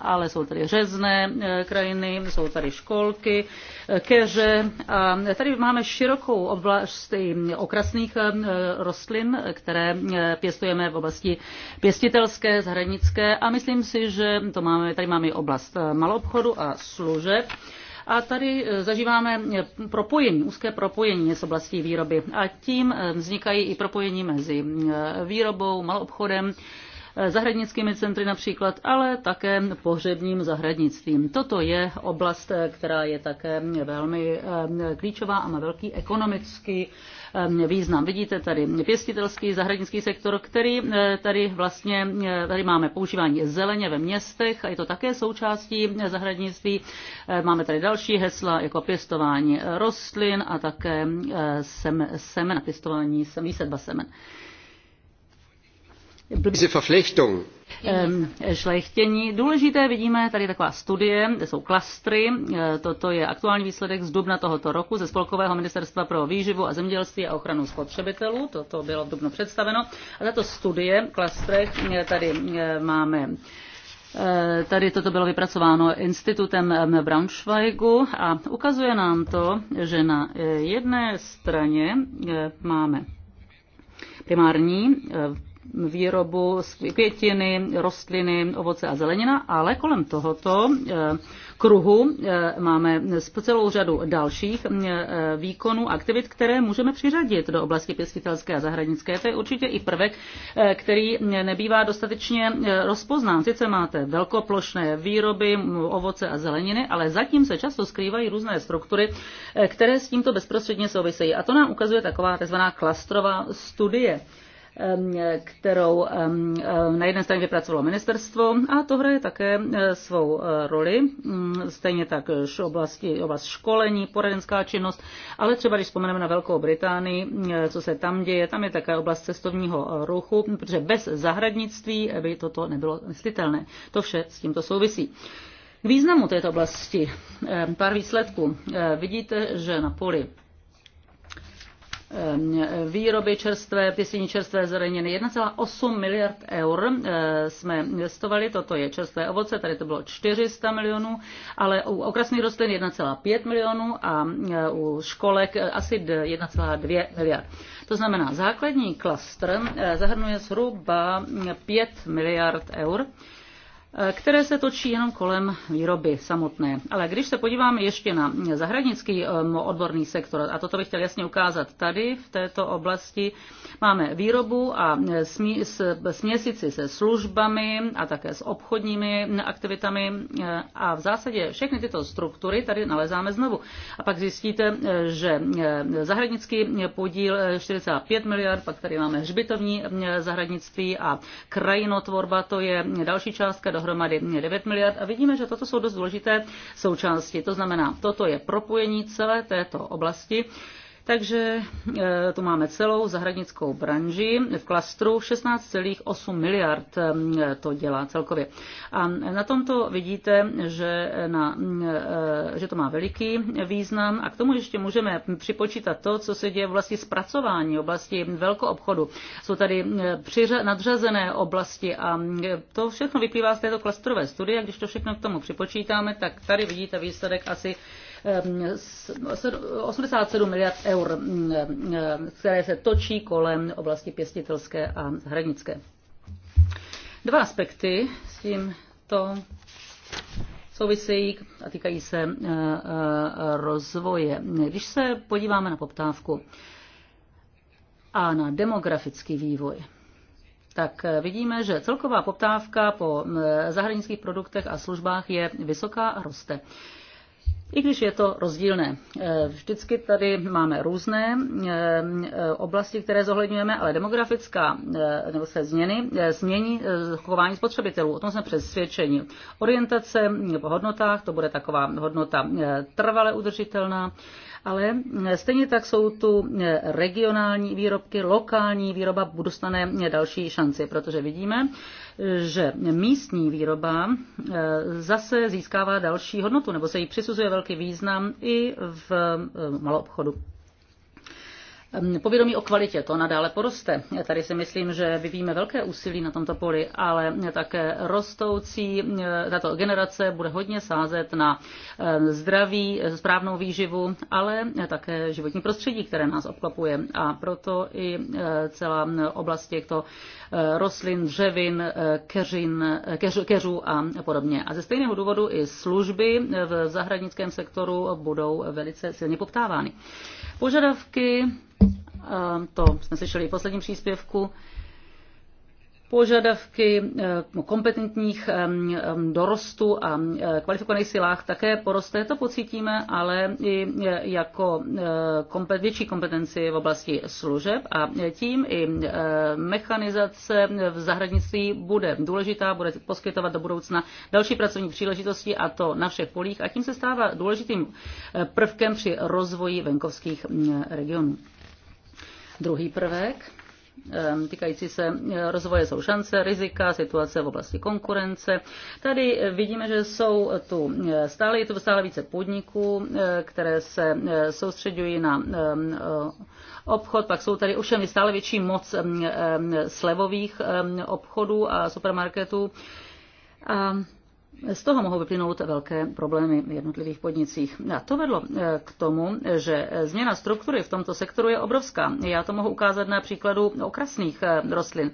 ale jsou tady řezné eh, krajiny, jsou tady školky, keře. A tady máme širokou oblast okrasných rostlin, které pěstujeme v oblasti pěstitelské, zahradnické a myslím si, že to máme, tady máme i oblast malobchodu a služeb služeb. A tady e, zažíváme e, propojení, úzké propojení s oblastí výroby. A tím e, vznikají i propojení mezi výrobou, malobchodem, zahradnickými centry například, ale také pohřebním zahradnictvím. Toto je oblast, která je také velmi klíčová a má velký ekonomický Ehm, význam. Vidíte tady pěstitelský zahradnický sektor, který eh, tady vlastně, eh, tady máme používání zeleně ve městech a je to také součástí zahradnictví. Eh, máme tady další hesla jako pěstování rostlin a také sem, semen pěstování výsadba semen šlechtění. Důležité vidíme tady taková studie, kde jsou klastry. E, toto je aktuální výsledek z dubna tohoto roku ze Spolkového ministerstva pro výživu a zemědělství a ochranu spotřebitelů. Toto bylo v dubnu představeno. A tato studie v klastrech tady e, máme e, Tady toto bylo vypracováno institutem Braunschweigu a ukazuje nám to, že na jedné straně máme primární výrobu z květiny, rostliny, ovoce a zelenina, ale kolem tohoto eh, kruhu eh, máme celou řadu dalších eh, výkonů, aktivit, které můžeme přiřadit do oblasti pěstitelské a zahradnické. To je určitě i prvek, který nebývá dostatečně rozpoznán. Sice máte velkoplošné výroby ovoce a zeleniny, ale zatím se často skrývají různé struktury, které s tímto bezprostředně souvisejí. A to nám ukazuje taková tzv. klastrová studie kterou na jedné straně vypracovalo ministerstvo a to hraje také eh, svou eh, roli, mm, stejně tak v eh, oblasti, oblast školení, poradenská činnost, ale třeba když vzpomeneme na Velkou Británii, co se tam děje, tam je také oblast cestovního ruchu, protože bez zahradnictví by toto nebylo myslitelné. To vše s tímto souvisí. K významu této oblasti pár výsledků. Vidíte, že na poli Ehm, výroby čerstvé, pěstění čerstvé zeleniny. 1,8 miliard eur ehm, jsme investovali, toto je čerstvé ovoce, tady to bylo 400 milionů, ale u okrasných rostlin 1,5 milionů a ehm, u školek eh, asi 1,2 miliard. To znamená, základní klastr eh, zahrnuje zhruba 5 miliard eur které se točí jenom kolem výroby samotné. Ale když se podíváme ještě na zahradnický um, odborný sektor, a toto bych chtěl jasně ukázat tady, v této oblasti, máme výrobu a e, směsici se službami a také s obchodními aktivitami e, a v zásadě všechny tyto struktury tady nalezáme znovu. A pak zjistíte, e, že zahradnický podíl 45 miliard, pak tady máme hřbitovní zahradnictví a krajinotvorba, to je další částka, do dohromady 9 miliard a vidíme, že toto jsou dost důležité součásti. To znamená, toto je propojení celé této oblasti takže e, tu máme celou zahradnickou branži v klastru 16,8 miliard e, to dělá celkově. A na tomto vidíte, že, na, e, že to má veliký význam a k tomu ještě můžeme připočítat to, co se děje v oblasti zpracování, oblasti oblasti velkoobchodu. Jsou tady nadřazené oblasti a to všechno vyplývá z této klastrové studie. Když to všechno k tomu připočítáme, tak tady vidíte výsledek asi 87 miliard eur, které se točí kolem oblasti pěstitelské a zahranické. Dva aspekty s to souvisejí a týkají se eh, eh, rozvoje. Když se podíváme na poptávku a na demografický vývoj, tak eh, vidíme, že celková poptávka po zahraničních produktech a službách je vysoká a roste. I když je to rozdílné. Eh, vždycky tady máme různé eh, eh, oblasti, které zohledňujeme, ale demografická nebo se změny změní chování spotřebitelů. O tom jsme přesvědčeni. Orientace po hodnotách, to bude taková hodnota trvale udržitelná, ale stejně tak jsou tu regionální výrobky, lokální výroba dostane další šanci, protože vidíme, že místní výroba eh, zase získává další hodnotu, nebo se jí přisuzuje velký význam i v eh, maloobchodu. Povědomí o kvalitě, to nadále poroste. Tady si myslím, že vyvíjíme velké úsilí na tomto poli, ale také rostoucí eh, tato generace bude hodně sázet na eh, zdraví, správnou výživu, ale také životní prostředí, které nás obklopuje. A proto i eh, celá oblast těchto rostlin, dřevin, keřin, keř, keřů a podobně. A ze stejného důvodu i služby v zahradnickém sektoru budou velice silně poptávány. Požadavky, to jsme slyšeli v posledním příspěvku, požadavky eh, kompetentních dorostů a eh, kvalifikovaných silách také poroste, to pocítíme, ale i eh, jako větší kompetenci v oblasti služeb a tím i mechanizace v zahradnictví bude důležitá, bude poskytovat do budoucna další pracovní příležitosti a to na všech polích a tím se stává důležitým prvkem při rozvoji venkovských mm, regionů. Druhý prvek týkající se e, rozvoje jsou šance, rizika, situace v oblasti konkurence. Tady e, vidíme, že jsou tu e, stále, je tu stále více podniků, které se soustředují na obchod, pak jsou tady ovšem stále větší moc slevových obchodů a supermarketů. A z toho mohou vyplynout velké problémy v jednotlivých podnicích. A to vedlo eh, k tomu, že změna struktury v tomto sektoru je obrovská. Já to mohu ukázat na příkladu okrasných eh, rostlin.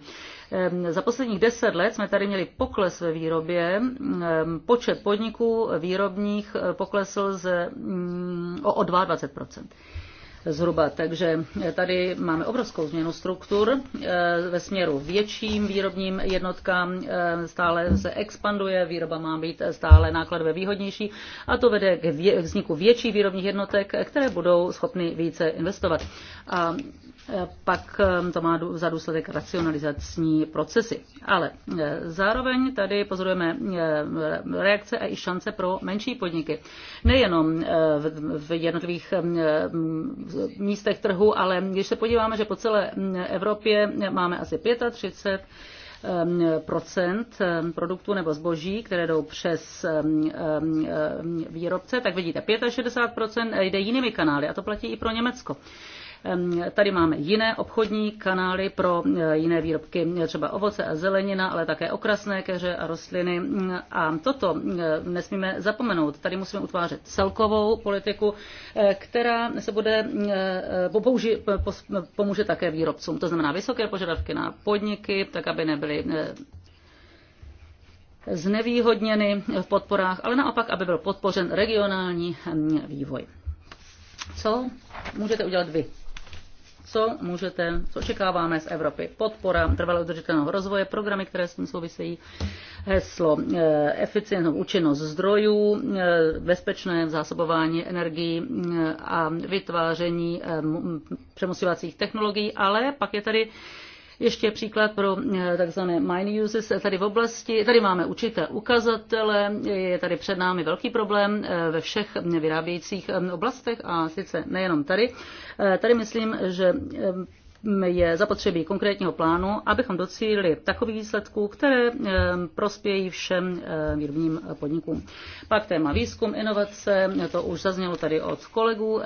Eh, za posledních deset let jsme tady měli pokles ve výrobě. Počet podniků výrobních poklesl z, mm, o, o 22 zhruba. Takže tady máme obrovskou změnu struktur eh, ve směru větším výrobním jednotkám. Eh, stále se expanduje, výroba má být stále nákladové výhodnější a to vede k vzniku větších výrobních jednotek, které budou schopny více investovat. A pak eh, to má za důsledek racionalizační procesy. Ale eh, zároveň tady pozorujeme eh, reakce a i šance pro menší podniky. Nejenom v jednotlivých místech trhu, ale když se podíváme, že po celé Evropě máme asi 35 procent produktů nebo zboží, které jdou přes výrobce, tak vidíte, 65% jde jinými kanály a to platí i pro Německo. Tady máme jiné obchodní kanály pro eh, jiné výrobky, třeba ovoce a zelenina, ale také okrasné keře a rostliny. A toto eh, nesmíme zapomenout. Tady musíme utvářet celkovou politiku, eh, která se bude použi, pomůže také výrobcům. To znamená vysoké požadavky na podniky, tak aby nebyly znevýhodněny v podporách, ale naopak, aby byl podpořen regionální vývoj. Co můžete udělat vy? co můžete, co očekáváme z Evropy. Podpora trvalého udržitelného rozvoje, programy, které s tím souvisejí, heslo eh, eficientnou účinnost zdrojů, eh, bezpečné zásobování energií eh, a vytváření přemusovacích technologií, ale pak je tady ještě příklad pro eh, takzvané mine uses. Tady v oblasti, tady máme určité ukazatele, je tady před námi velký problém eh, ve všech vyrábějících eh, oblastech a sice nejenom tady. Tady myslím, že je zapotřebí konkrétního plánu, abychom docílili takových výsledků, které prospějí všem výrobním podnikům. Pak téma výzkum, inovace, to už zaznělo tady od kolegů.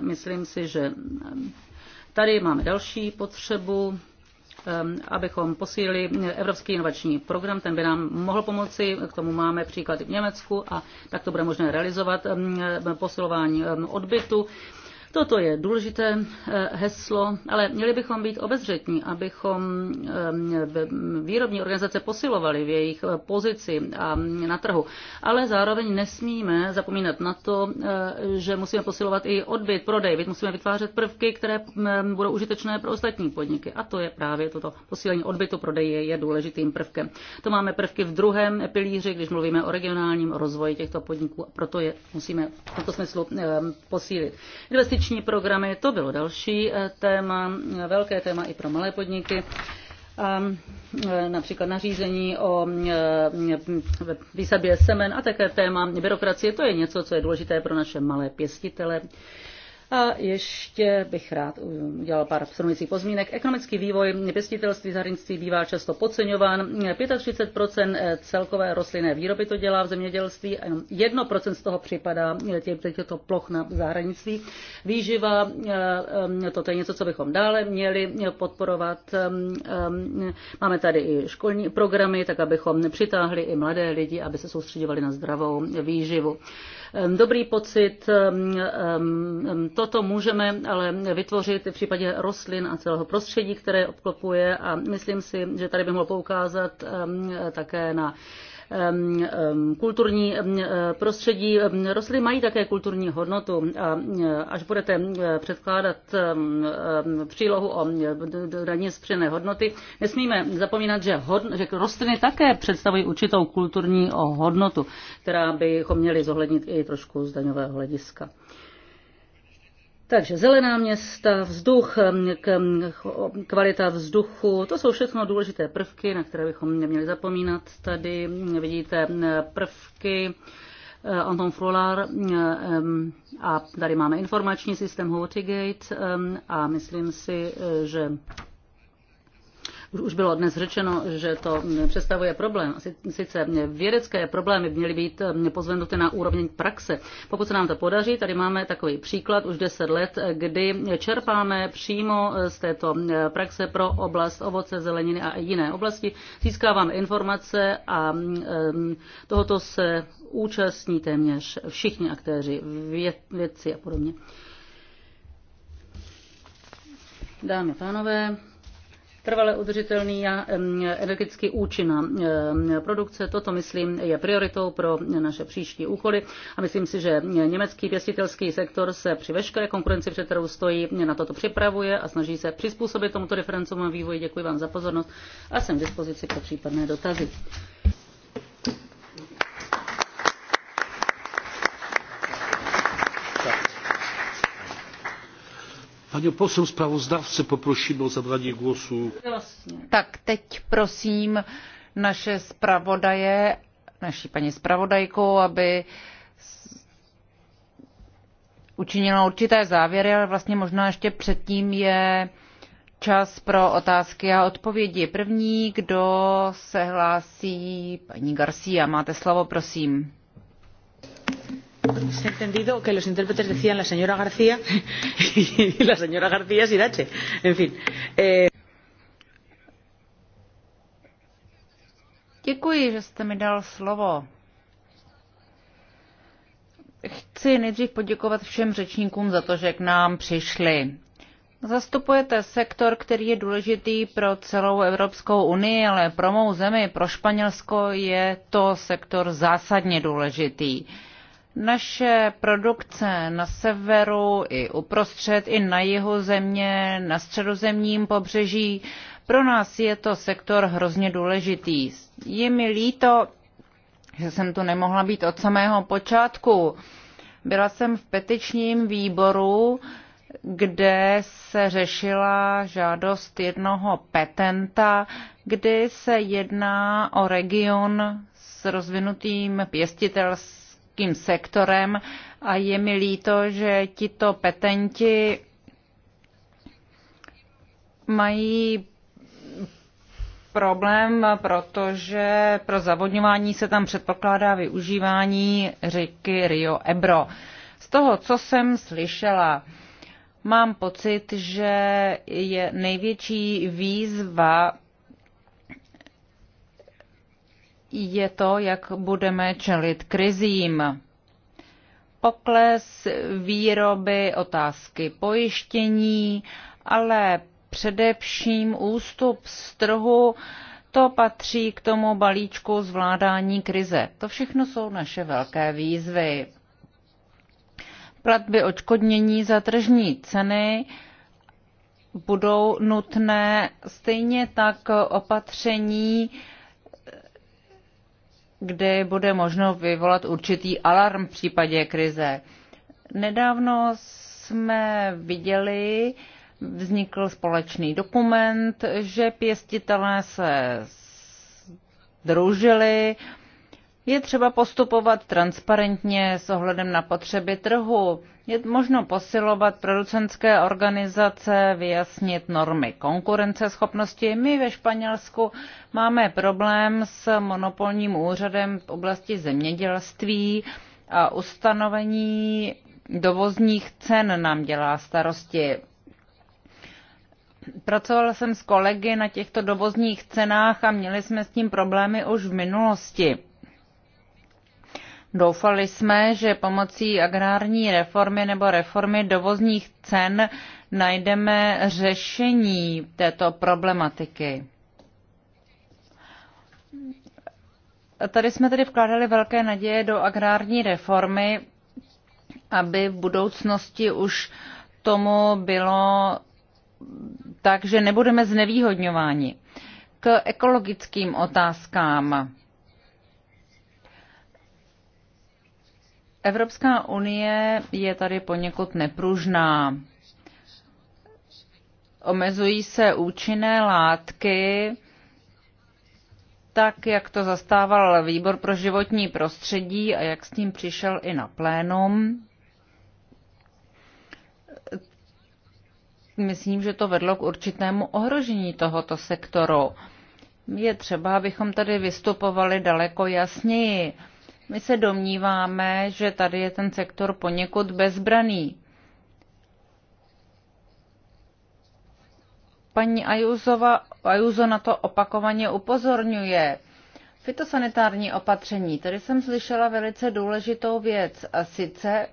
Myslím si, že tady máme další potřebu Ehm, abychom posílili Evropský inovační program, ten by nám mohl pomoci, k tomu máme příklady v Německu a tak to bude možné realizovat ehm, posilování ehm, odbytu Toto je důležité eh, heslo, ale měli bychom být obezřetní, abychom eh, výrobní organizace posilovali v jejich eh, pozici a na trhu. Ale zároveň nesmíme zapomínat na to, že musíme posilovat i odbyt, prodej. Musíme vytvářet prvky, které budou užitečné pro ostatní podniky. A to je právě toto posílení odbytu prodeje je důležitým prvkem. To máme prvky v druhém pilíři, když mluvíme o regionálním rozvoji těchto podniků. Proto je musíme v tomto smyslu posílit. Investiční dotační programy, to bylo další eh, téma, eh, velké téma i pro malé podniky. A ehm, eh, například nařízení o výsadbě semen a také téma byrokracie, to je něco, co je důležité pro naše malé pěstitele a ještě bych rád udělal pár srovnujících pozmínek. Ekonomický vývoj pěstitelství zahrnictví bývá často podceňován. 35 eh, celkové rostlinné výroby to dělá v zemědělství a 1 z toho připadá eh, těchto ploch na zahraničí. Výživa, eh, to je něco, co bychom dále měli podporovat. Máme tady i školní programy, tak abychom přitáhli i mladé lidi, aby se soustředovali na zdravou výživu dobrý pocit. Toto můžeme ale vytvořit v případě rostlin a celého prostředí, které obklopuje a myslím si, že tady bych mohl poukázat také na kulturní e, prostředí. Rostliny mají také kulturní hodnotu a e, až budete předkládat přílohu o e, daně z přené hodnoty, nesmíme zapomínat, že, hodno, že rostliny také představují určitou kulturní hodnotu, která bychom měli zohlednit i trošku z daňového hlediska. Takže zelená města, vzduch, mm, mm, kvalita vzduchu, to jsou všechno důležité prvky, na které bychom neměli zapomínat. Tady mm, vidíte prvky eh, Anton Frolar a tady máme informační systém Hotigate a myslím si, eh, že už bylo dnes řečeno, že to představuje problém. Sice vědecké problémy měly být eh, pozvednuty na úroveň praxe. Pokud se nám to podaří, tady máme takový příklad už 10 let, kdy čerpáme přímo eh, z této eh, praxe pro oblast ovoce, zeleniny a jiné oblasti. Získáváme informace a mm, tohoto se účastní téměř všichni aktéři, vědci a podobně. Dámy a pánové, trvale udržitelný a energeticky účinná produkce. Toto, myslím, je prioritou pro naše příští úkoly a myslím si, že německý pěstitelský sektor se při veškeré konkurenci, před kterou stojí, na toto připravuje a snaží se přizpůsobit tomuto diferencovému vývoji. Děkuji vám za pozornost a jsem k dispozici pro případné dotazy.
Panią poseł sprawozdawcę poprosimy o zabranie głosu.
Tak, teď prosím naše zpravodaje, naši paní zpravodajku, aby učinila určité závěry, ale vlastně možná ještě předtím je čas pro otázky a odpovědi. První, kdo se hlásí, paní Garcia, máte slovo, prosím. He entendido que los intérpretes
decían la señora García y la señora García En fin. Eh...
Děkuji, že jste mi dal slovo. Chci nejdřív poděkovat všem řečníkům za to, že k nám přišli. Zastupujete sektor, který je důležitý pro celou Evropskou unii, ale pro mou zemi, pro Španělsko, je to sektor zásadně důležitý. Naše produkce na severu i uprostřed, i na jihu země, na středozemním pobřeží, pro nás je to sektor hrozně důležitý. Je mi líto, že jsem tu nemohla být od samého počátku. Byla jsem v petičním výboru, kde se řešila žádost jednoho petenta, kdy se jedná o region s rozvinutým pěstitelstvím bankovním sektorem a je mi líto, že tito petenti mají problém, protože pro zavodňování se tam předpokládá využívání řeky Rio Ebro. Z toho, co jsem slyšela, mám pocit, že je největší výzva je to, jak budeme čelit krizím. Pokles výroby, otázky pojištění, ale především ústup z trhu, to patří k tomu balíčku zvládání krize. To všechno jsou naše velké výzvy. Platby očkodnění za tržní ceny budou nutné, stejně tak opatření, kdy bude možno vyvolat určitý alarm v případě krize. Nedávno jsme viděli, vznikl společný dokument, že pěstitelé se družili, je třeba postupovat transparentně s ohledem na potřeby trhu. Je možno posilovat producentské organizace, vyjasnit normy konkurenceschopnosti. My ve Španělsku máme problém s monopolním úřadem v oblasti zemědělství a ustanovení dovozních cen nám dělá starosti. Pracovala jsem s kolegy na těchto dovozních cenách a měli jsme s tím problémy už v minulosti Doufali jsme, že pomocí agrární reformy nebo reformy dovozních cen najdeme řešení této problematiky. Tady jsme tedy vkládali velké naděje do agrární reformy, aby v budoucnosti už tomu bylo tak, že nebudeme znevýhodňováni. K ekologickým otázkám. Evropská unie je tady poněkud nepružná. Omezují se účinné látky, tak jak to zastával výbor pro životní prostředí a jak s tím přišel i na plénum. Myslím, že to vedlo k určitému ohrožení tohoto sektoru. Je třeba, abychom tady vystupovali daleko jasněji my se domníváme, že tady je ten sektor poněkud bezbraný. Paní Ajuzova, Ajuzo na to opakovaně upozorňuje. Fitosanitární opatření. Tady jsem slyšela velice důležitou věc a sice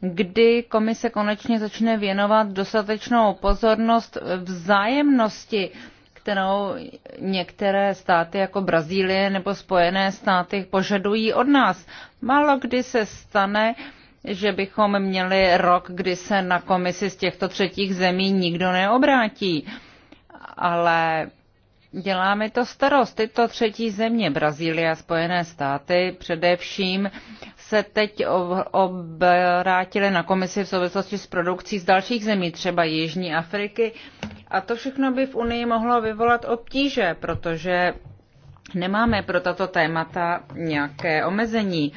kdy komise konečně začne věnovat dostatečnou pozornost vzájemnosti kterou některé státy jako Brazílie nebo Spojené státy požadují od nás. Málo kdy se stane, že bychom měli rok, kdy se na komisi z těchto třetích zemí nikdo neobrátí. Ale Děláme to starost. Tyto třetí země, Brazílie a Spojené státy, především se teď obrátily na komisi v souvislosti s produkcí z dalších zemí, třeba Jižní Afriky. A to všechno by v Unii mohlo vyvolat obtíže, protože nemáme pro tato témata nějaké omezení.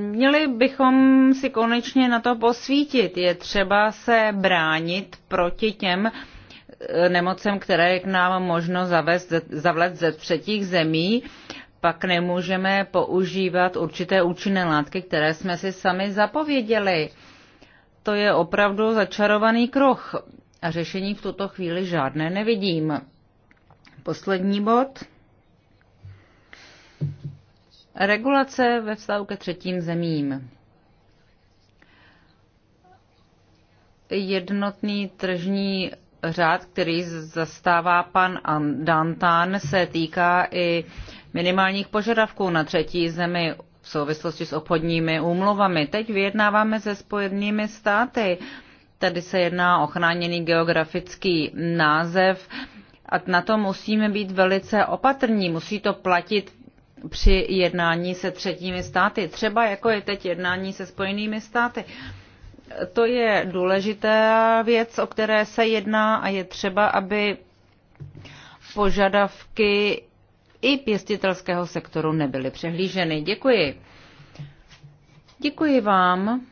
Měli bychom si konečně na to posvítit. Je třeba se bránit proti těm, nemocem, které je k nám možno zavést, zavlet ze třetích zemí, pak nemůžeme používat určité účinné látky, které jsme si sami zapověděli. To je opravdu začarovaný kruh a řešení v tuto chvíli žádné nevidím. Poslední bod. Regulace ve vztahu ke třetím zemím. Jednotný tržní řád, který zastává pan Dantan, se týká i minimálních požadavků na třetí zemi v souvislosti s obchodními úmluvami. Teď vyjednáváme se Spojenými státy. Tady se jedná o chráněný geografický název a na to musíme být velice opatrní. Musí to platit při jednání se třetími státy, třeba jako je teď jednání se Spojenými státy. To je důležitá věc, o které se jedná a je třeba, aby požadavky i pěstitelského sektoru nebyly přehlíženy. Děkuji. Děkuji vám.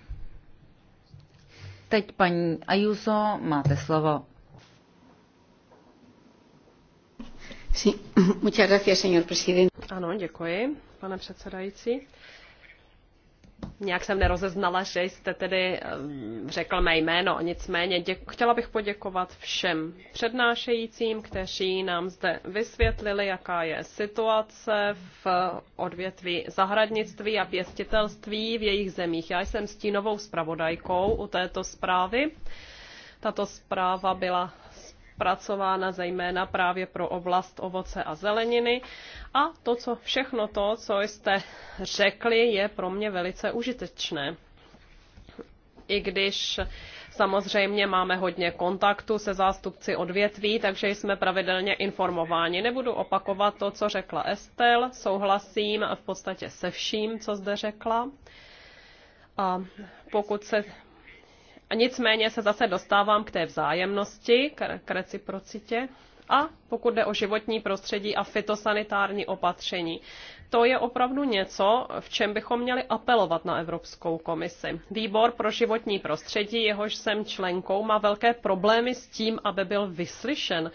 Teď paní Ajuso, máte slovo. Sí. Muchas gracias, señor presidente.
Ano, děkuji, pane předsedající nějak jsem nerozeznala, že jste tedy řekl mé jméno. Nicméně děku, chtěla bych poděkovat všem přednášejícím, kteří nám zde vysvětlili, jaká je situace v odvětví zahradnictví a pěstitelství v jejich zemích. Já jsem stínovou zpravodajkou u této zprávy. Tato zpráva byla zpracována zejména právě pro oblast ovoce a zeleniny. A to, co všechno to, co jste řekli, je pro mě velice užitečné. I když Samozřejmě máme hodně kontaktu se zástupci odvětví, takže jsme pravidelně informováni. Nebudu opakovat to, co řekla Estel, souhlasím v podstatě se vším, co zde řekla. A pokud se a nicméně se zase dostávám k té vzájemnosti, k reciprocitě. A pokud jde o životní prostředí a fitosanitární opatření, to je opravdu něco, v čem bychom měli apelovat na Evropskou komisi. Výbor pro životní prostředí, jehož jsem členkou, má velké problémy s tím, aby byl vyslyšen. Uh,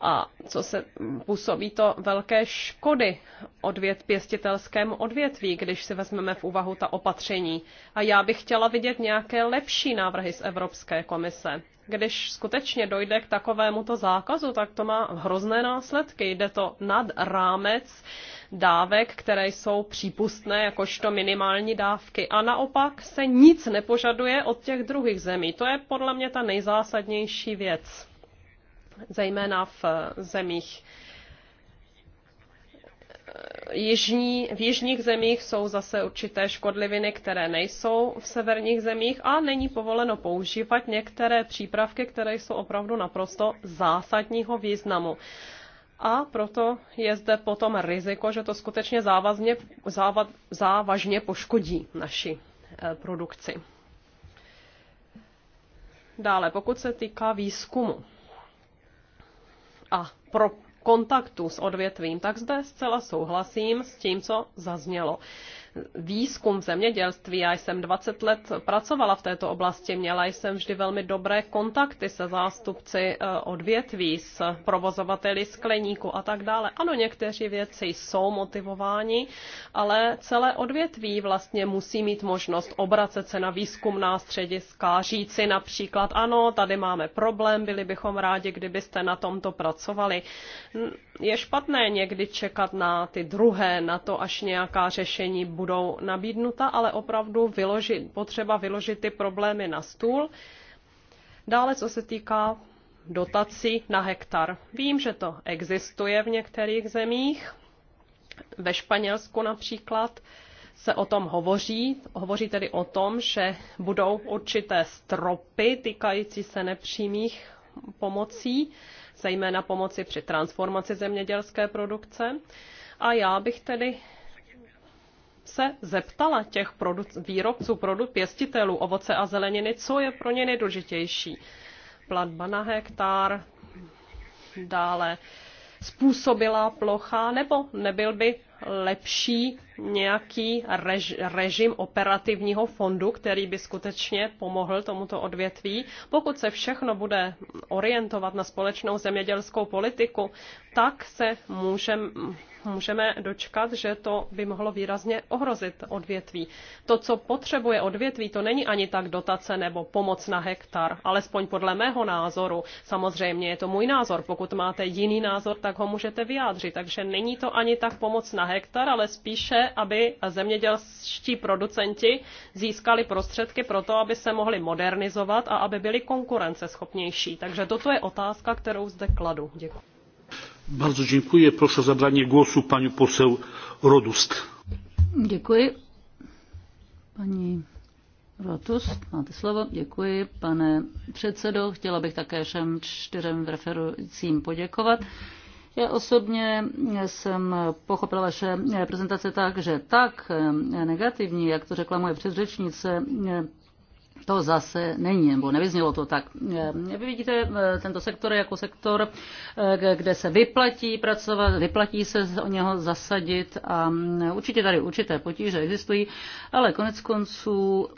a co se působí to velké škody odvět pěstitelskému odvětví, když si vezmeme v úvahu ta opatření. A já bych chtěla vidět nějaké lepší návrhy z Evropské komise. Když skutečně dojde k takovémuto zákazu, tak to má hrozné následky. Jde to nad rámec dávek, které jsou přípustné jakožto minimální dávky. A naopak se nic nepožaduje od těch druhých zemí. To je podle mě ta nejzásadnější věc zejména v eh, zemích eh, jižní, v jižních zemích jsou zase určité škodliviny, které nejsou v severních zemích a není povoleno používat některé přípravky, které jsou opravdu naprosto zásadního významu. A proto je zde potom riziko, že to skutečně závazně, záva, závažně poškodí naši eh, produkci. Dále, pokud se týká výzkumu a pro kontaktu s odvětvím, tak zde zcela souhlasím s tím, co zaznělo výzkum v zemědělství. Já jsem 20 let pracovala v této oblasti, měla jsem vždy velmi dobré kontakty se zástupci eh, odvětví, s provozovateli skleníku a tak dále. Ano, někteří věci jsou motivováni, ale celé odvětví vlastně musí mít možnost obracet se na výzkumná střediska, říci například, ano, tady máme problém, byli bychom rádi, kdybyste na tomto pracovali. Je špatné někdy čekat na ty druhé, na to, až nějaká řešení budou budou nabídnuta, ale opravdu vyložit, potřeba vyložit ty problémy na stůl. Dále, co se týká dotací na hektar. Vím, že to existuje v některých zemích, ve Španělsku například se o tom hovoří. Hovoří tedy o tom, že budou určité stropy týkající se nepřímých pomocí, zejména pomoci při transformaci zemědělské produkce. A já bych tedy se zeptala těch produc- výrobců, produ- pěstitelů ovoce a zeleniny, co je pro ně nejdůležitější. Platba na hektar, dále způsobila plocha, nebo nebyl by lepší nějaký rež, režim operativního fondu, který by skutečně pomohl tomuto odvětví. Pokud se všechno bude orientovat na společnou zemědělskou politiku, tak se můžeme můžeme dočkat, že to by mohlo výrazně ohrozit odvětví. To, co potřebuje odvětví, to není ani tak dotace nebo pomoc na hektar, alespoň podle mého názoru. Samozřejmě je to můj názor, pokud máte jiný názor, tak ho můžete vyjádřit, takže není to ani tak pomoc na hektar, hektar, ale spíše, aby zemědělští producenti získali prostředky pro to, aby se mohli modernizovat a aby byli konkurenceschopnější. Takže toto je otázka, kterou zde kladu. Děkuji.
Bardzo dziękuję. Proszę o zabranie głosu panią poseł Rodust.
Děkuji.
Paní Rodust, máte slovo. Děkuji, pane předsedo. Chciałabym bych také všem čtyřem poděkovat. Já osobně jsem pochopila vaše prezentace tak, že tak negativní, jak to řekla moje předřečnice, to zase není, nebo nevyznělo to tak. Eh, vy vidíte eh, tento sektor jako sektor, eh, kde se vyplatí pracovat, vyplatí se o něho zasadit a určitě tady určité potíže existují, ale konec konců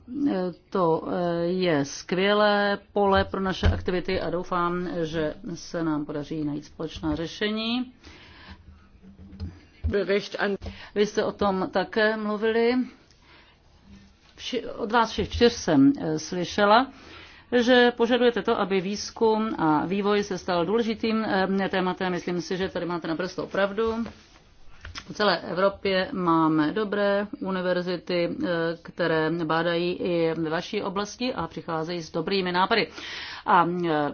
to je skvělé pole pro naše aktivity a doufám, že se nám podaří najít společná řešení. Vy jste o tom také mluvili od vás všech čtyř jsem eh, slyšela, že požadujete to, aby výzkum a vývoj se stal důležitým eh, tématem. Myslím si, že tady máte naprosto pravdu. V celé Evropě máme dobré univerzity, eh, které bádají i ve vaší oblasti a přicházejí s dobrými nápady. A eh,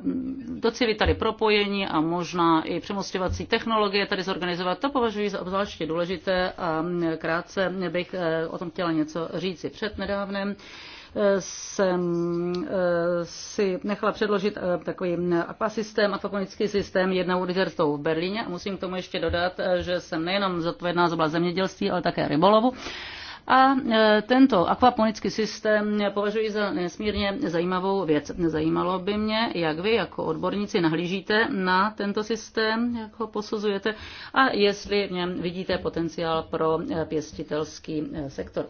docílit tady propojení a možná i přemostěvací technologie tady zorganizovat, to považuji za obzvláště důležité a eh, krátce bych o tom chtěla něco říci. Před nedávnem jsem eh, si nechala předložit eh, takový mm, systém, akvaponický systém jednou univerzitou v Berlíně a musím k tomu ještě dodat, eh, že jsem nejenom zodpovědná za oblast zemědělství, ale také rybolovu. A tento akvaponický systém považuji za nesmírně zajímavou věc. Zajímalo by mě, jak vy jako odborníci nahlížíte na tento systém, jak ho posuzujete a jestli v něm vidíte potenciál pro pěstitelský sektor.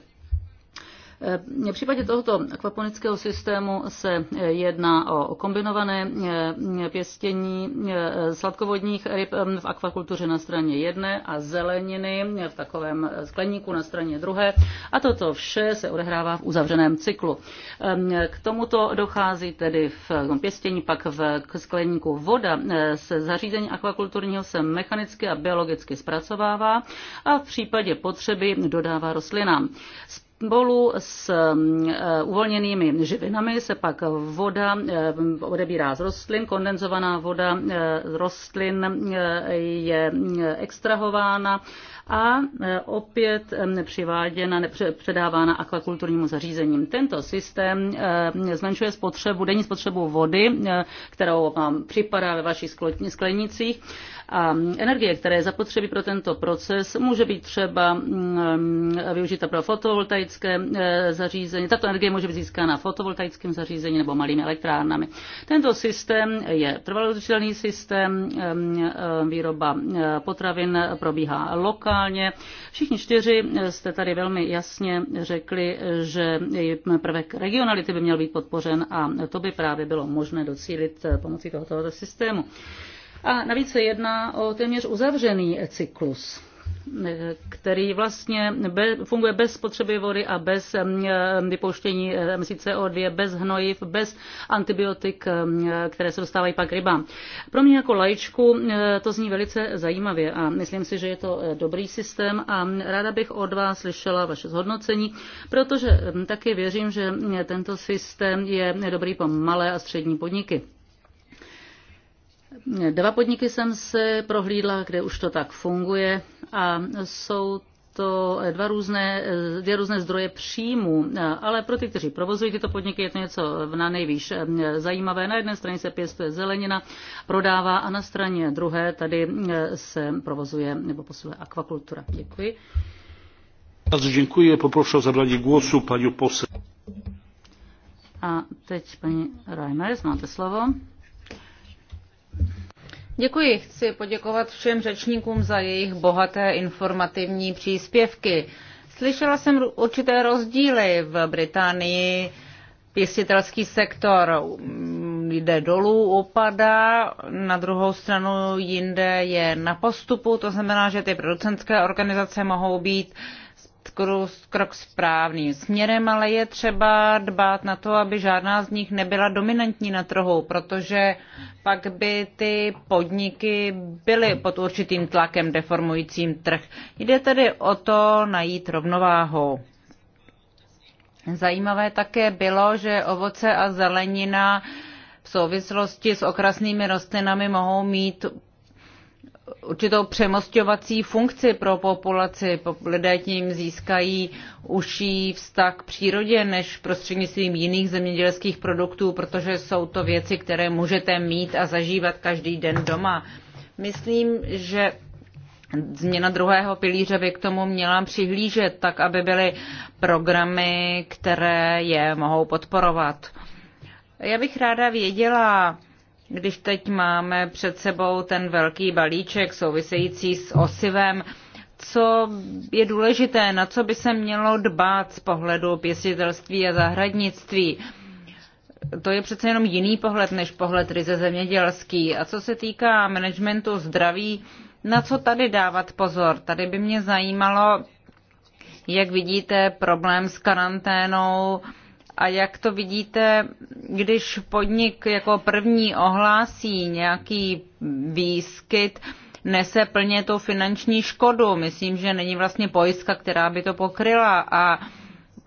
V případě tohoto akvaponického systému se jedná o kombinované eh, pěstění eh, sladkovodních ryb eh, v akvakultuře na straně jedné a zeleniny v takovém skleníku na straně druhé. A toto vše se odehrává v uzavřeném cyklu. K tomuto dochází tedy v pěstění, pak v skleníku voda se zařízení akvakulturního se mechanicky a biologicky zpracovává a v případě potřeby dodává rostlinám bolu s mm, eh, uvolněnými živinami se pak voda eh, odebírá z rostlin, kondenzovaná voda eh, z rostlin je extrahována a opět přiváděna, předávána akvakulturnímu zařízením. Tento systém zmenšuje spotřebu, denní spotřebu vody, kterou vám připadá ve vašich sklenicích a energie, které je zapotřebí pro tento proces, může být třeba mm, eh, využita pro fotovoltaické eh, zařízení. Tato energie může být získána fotovoltaickým zařízením nebo malými elektrárnami. Tento systém je trvalodržitelný systém, mm, eh, výroba potravin probíhá lokálně. Všichni čtyři jste tady velmi jasně řekli, že prvek regionality by měl být podpořen a to by právě bylo možné docílit pomocí tohoto systému. A navíc se jedná o téměř uzavřený cyklus který vlastně funguje bez potřeby vody a bez vypouštění CO2, bez hnojiv, bez antibiotik, které se dostávají pak rybám. Pro mě jako lajčku to zní velice zajímavě a myslím si, že je to e, dobrý systém a ráda bych od vás slyšela vaše zhodnocení, protože taky věřím, že tento systém je dobrý pro malé a střední podniky. Dva podniky jsem se prohlídla, kde už to tak funguje a jsou to dva různé, dvě různé zdroje příjmů, ale pro ty, kteří provozují tyto podniky, je to něco na nejvýš zajímavé. Na jedné straně se pěstuje zelenina, prodává a na straně druhé tady se provozuje nebo posiluje akvakultura. Děkuji.
Bardzo dziękuję. Poproszę o zabranie głosu panią poseł.
A teď paní Reimers, máte slovo.
Děkuji. Chci poděkovat všem řečníkům za jejich bohaté informativní příspěvky. Slyšela jsem určité rozdíly v Británii. Pěstitelský sektor mm, jde dolů, upadá, na druhou stranu jinde je na postupu, to znamená, že ty producentské organizace mohou být uh, krok správným směrem, ale je třeba dbát na to, aby žádná z nich nebyla dominantní na trhu, protože pak by ty podniky byly pod určitým tlakem deformujícím trh. Jde tedy o to najít rovnováhu. Zajímavé také bylo, že ovoce a zelenina v souvislosti s okrasnými rostlinami mohou mít určitou přemostovací funkci pro populaci. Lidé tím získají užší vztah k přírodě než prostřednictvím jiných zemědělských produktů, protože jsou to věci, které můžete mít a zažívat každý den doma. Myslím, že změna druhého pilíře by k tomu měla přihlížet, tak aby byly programy, které je mohou podporovat. Já bych ráda věděla, když teď máme před sebou ten velký balíček související s osivem, co je důležité, na co by se mělo dbát z pohledu pěstitelství a zahradnictví. To je přece jenom jiný pohled než pohled ryze zemědělský. A co se týká managementu zdraví, na co tady dávat pozor? Tady by mě zajímalo, jak vidíte problém s karanténou, a jak to vidíte, když podnik jako první ohlásí nějaký výskyt, nese plně tu finanční škodu. Myslím, že není vlastně pojistka, která by to pokryla. A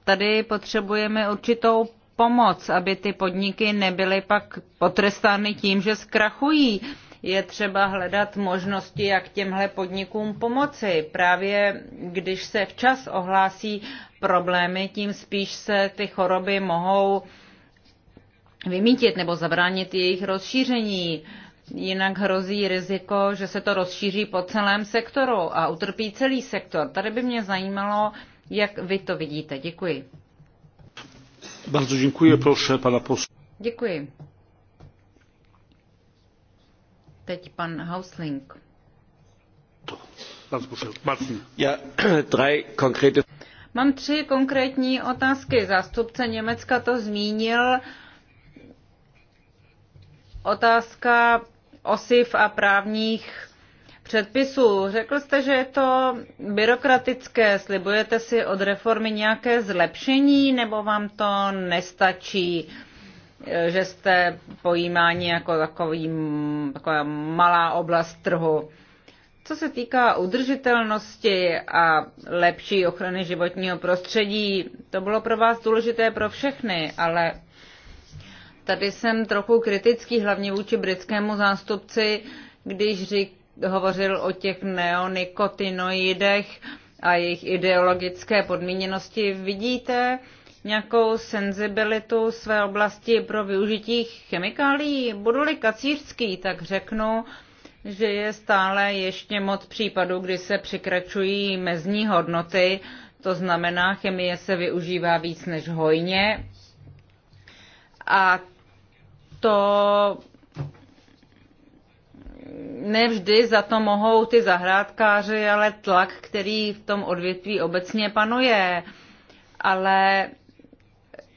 tady potřebujeme určitou pomoc, aby ty podniky nebyly pak potrestány tím, že zkrachují. Je třeba hledat možnosti, jak těmhle podnikům pomoci. Právě když se včas ohlásí problémy, tím spíš se ty choroby mohou vymítit nebo zabránit jejich rozšíření. Jinak hrozí riziko, že se to rozšíří po celém sektoru a utrpí celý sektor. Tady by mě zajímalo, jak vy to vidíte. Děkuji.
Bardzo děkuji, prosím, pana posl.
Děkuji. Teď pan Hausling.
Já, tři konkrétně.
Mám tři konkrétní otázky. Zástupce Německa to zmínil. Otázka osiv a právních předpisů. Řekl jste, že je to byrokratické. Slibujete si od reformy nějaké zlepšení nebo vám to nestačí, že jste pojímáni jako takový, taková malá oblast trhu? Co se týká udržitelnosti a lepší ochrany životního prostředí, to bylo pro vás důležité pro všechny, ale tady jsem trochu kritický, hlavně vůči britskému zástupci, když řík, hovořil o těch neonikotinoidech a jejich ideologické podmíněnosti. Vidíte nějakou senzibilitu své oblasti pro využití chemikálií? Budu-li kacířský, tak řeknu, že je stále ještě moc případů, kdy se překračují mezní hodnoty, to znamená, chemie se využívá víc než hojně. A to nevždy za to mohou ty zahrádkáři, ale tlak, který v tom odvětví obecně panuje. Ale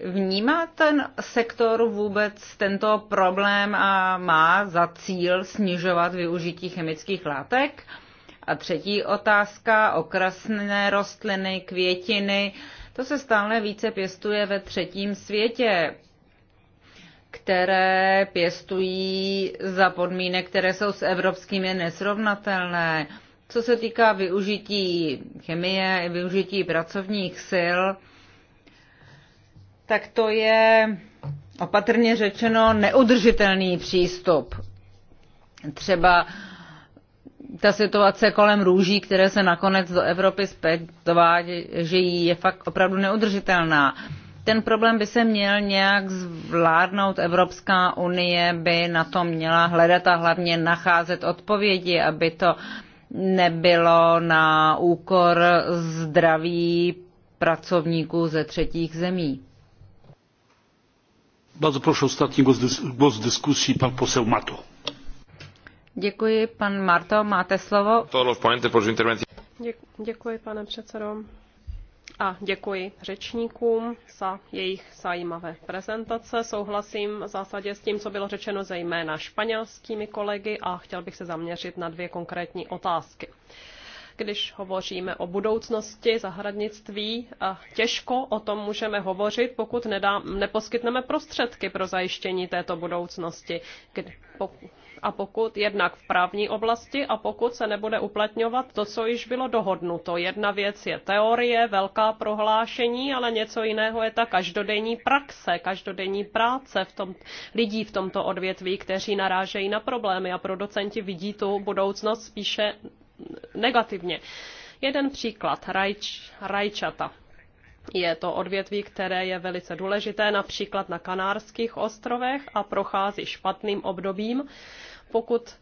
Vnímá ten sektor vůbec tento problém a má za cíl snižovat využití chemických látek? A třetí otázka, okrasné rostliny, květiny, to se stále více pěstuje ve třetím světě které pěstují za podmínek, které jsou s evropskými nesrovnatelné. Co se týká využití chemie, využití pracovních sil, tak to je opatrně řečeno neudržitelný přístup. Třeba ta situace kolem růží, které se nakonec do Evropy zpět je fakt opravdu neudržitelná. Ten problém by se měl nějak zvládnout. Evropská unie by na to měla hledat a hlavně nacházet odpovědi, aby to nebylo na úkor zdraví pracovníků ze třetích zemí.
Bardzo proszę, pan
Děkuji, pan Marto, máte slovo.
Děkuji, pane předsedo. A děkuji řečníkům za jejich zajímavé prezentace. Souhlasím v zásadě s tím, co bylo řečeno zejména španělskými kolegy a chtěl bych se zaměřit na dvě konkrétní otázky když hovoříme o budoucnosti zahradnictví, a těžko o tom můžeme hovořit, pokud nedá, neposkytneme prostředky pro zajištění této budoucnosti. Kdy, pokud, a pokud jednak v právní oblasti a pokud se nebude uplatňovat to, co již bylo dohodnuto. Jedna věc je teorie, velká prohlášení, ale něco jiného je ta každodenní praxe, každodenní práce v tom, lidí v tomto odvětví, kteří narážejí na problémy a producenti vidí tu budoucnost spíše negativně. Jeden příklad, rajč, rajčata. Je to odvětví, které je velice důležité například na Kanárských ostrovech a prochází špatným obdobím. Pokud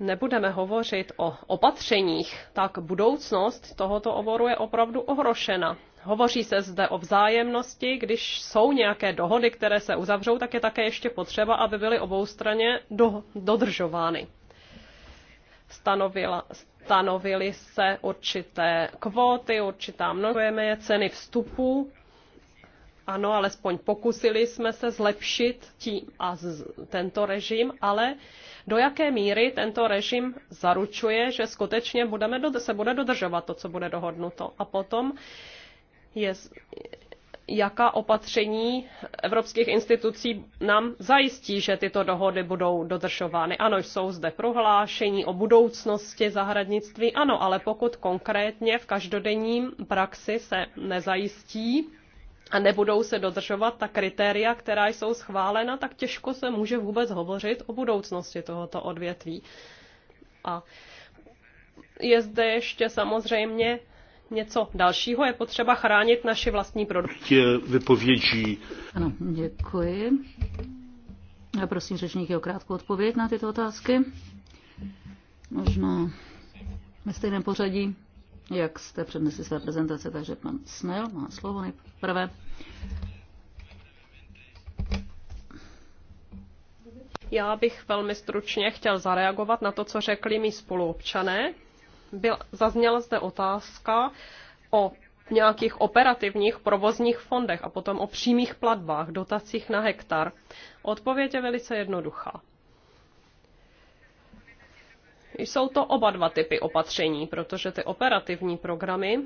nebudeme hovořit o opatřeních, tak budoucnost tohoto oboru je opravdu ohrošena. Hovoří se zde o vzájemnosti, když jsou nějaké dohody, které se uzavřou, tak je také ještě potřeba, aby byly oboustranně do, dodržovány stanovila, stanovily se určité kvóty, určitá množujeme je ceny vstupu. Ano, alespoň pokusili jsme se zlepšit tím a z, tento režim, ale do jaké míry tento režim zaručuje, že skutečně budeme, se bude dodržovat to, co bude dohodnuto. A potom je, jaká opatření evropských institucí nám zajistí, že tyto dohody budou dodržovány. Ano, jsou zde prohlášení o budoucnosti zahradnictví, ano, ale pokud konkrétně v každodenním praxi se nezajistí a nebudou se dodržovat ta kritéria, která jsou schválena, tak těžko se může vůbec hovořit o budoucnosti tohoto odvětví. A je zde ještě samozřejmě něco dalšího, je potřeba chránit naši vlastní produkty.
Vypovědí.
Ano, děkuji. Já prosím řečníky o krátkou odpověď na tyto otázky. Možná ve stejném pořadí, jak jste přednesli své prezentace, takže pan Snell má slovo nejprve.
Já bych velmi stručně chtěl zareagovat na to, co řekli mi spoluobčané byl, zazněla zde otázka o nějakých operativních provozních fondech a potom o přímých platbách, dotacích na hektar. Odpověď je velice jednoduchá. Jsou to oba dva typy opatření, protože ty operativní programy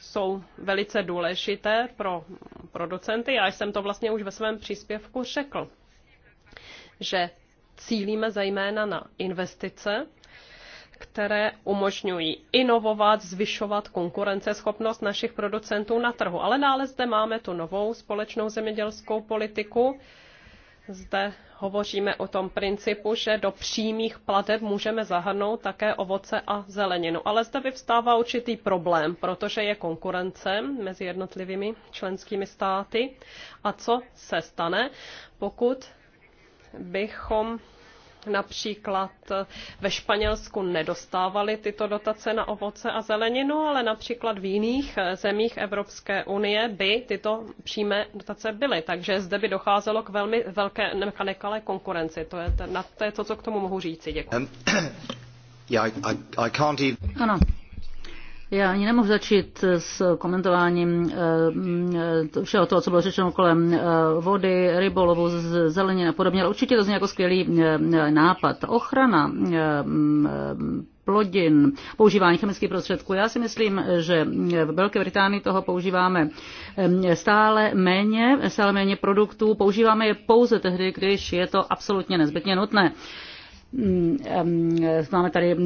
jsou velice důležité pro producenty. Já jsem to vlastně už ve svém příspěvku řekl, že cílíme zejména na investice, které umožňují inovovat, zvyšovat konkurenceschopnost našich producentů na trhu. Ale dále zde máme tu novou společnou zemědělskou politiku. Zde hovoříme o tom principu, že do přímých plateb můžeme zahrnout také ovoce a zeleninu. Ale zde vyvstává určitý problém, protože je konkurence mezi jednotlivými členskými státy. A co se stane, pokud bychom Například eh, ve Španělsku nedostávali tyto dotace na ovoce a zeleninu, ale například v jiných eh, zemích Evropské unie by tyto přímé dotace byly. Takže zde by docházelo k velmi velké nekalé konkurenci. To je, ten, to je to, co k tomu mohu říci. Děkuji. Um,
ano, já ani nemohu začít s komentováním eh, mm, eh, všeho toho, co bylo řečeno kolem eh, vody, rybolovu, zeleniny a podobně, ale určitě to zní jako skvělý nápad. Ochrana mm, plodin, používání chemických prostředků. Já si myslím, že v Velké Británii toho používáme stále méně, stále méně produktů. Používáme je pouze tehdy, když je to absolutně nezbytně nutné. Mm, máme tady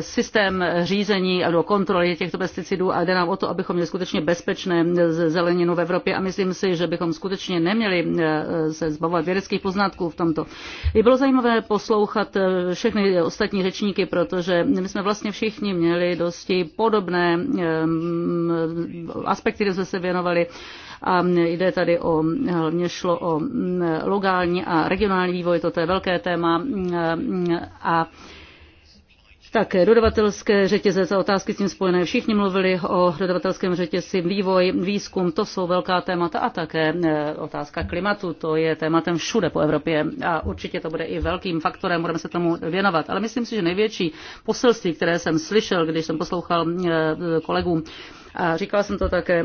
systém řízení a do kontroly těchto pesticidů a jde nám o to, abychom měli skutečně bezpečné zeleninu v Evropě a myslím si, že bychom skutečně neměli eh, se zbavovat vědeckých poznatků v tomto. Je bylo zajímavé poslouchat eh, všechny ostatní řečníky, protože my jsme vlastně všichni měli dosti podobné aspekty, kde jsme se věnovali a jde tady o, hlavně šlo o lokální a regionální vývoj, toto je velké téma a také dodavatelské řetězce za otázky s tím spojené. Všichni mluvili o dodavatelském řetězci, vývoj, výzkum, to jsou velká témata a také e, otázka klimatu, to je tématem všude po Evropě a určitě to bude i velkým faktorem, budeme se tomu věnovat. Ale myslím si, že největší poselství, které jsem slyšel, když jsem poslouchal e, kolegům, a říkal jsem to také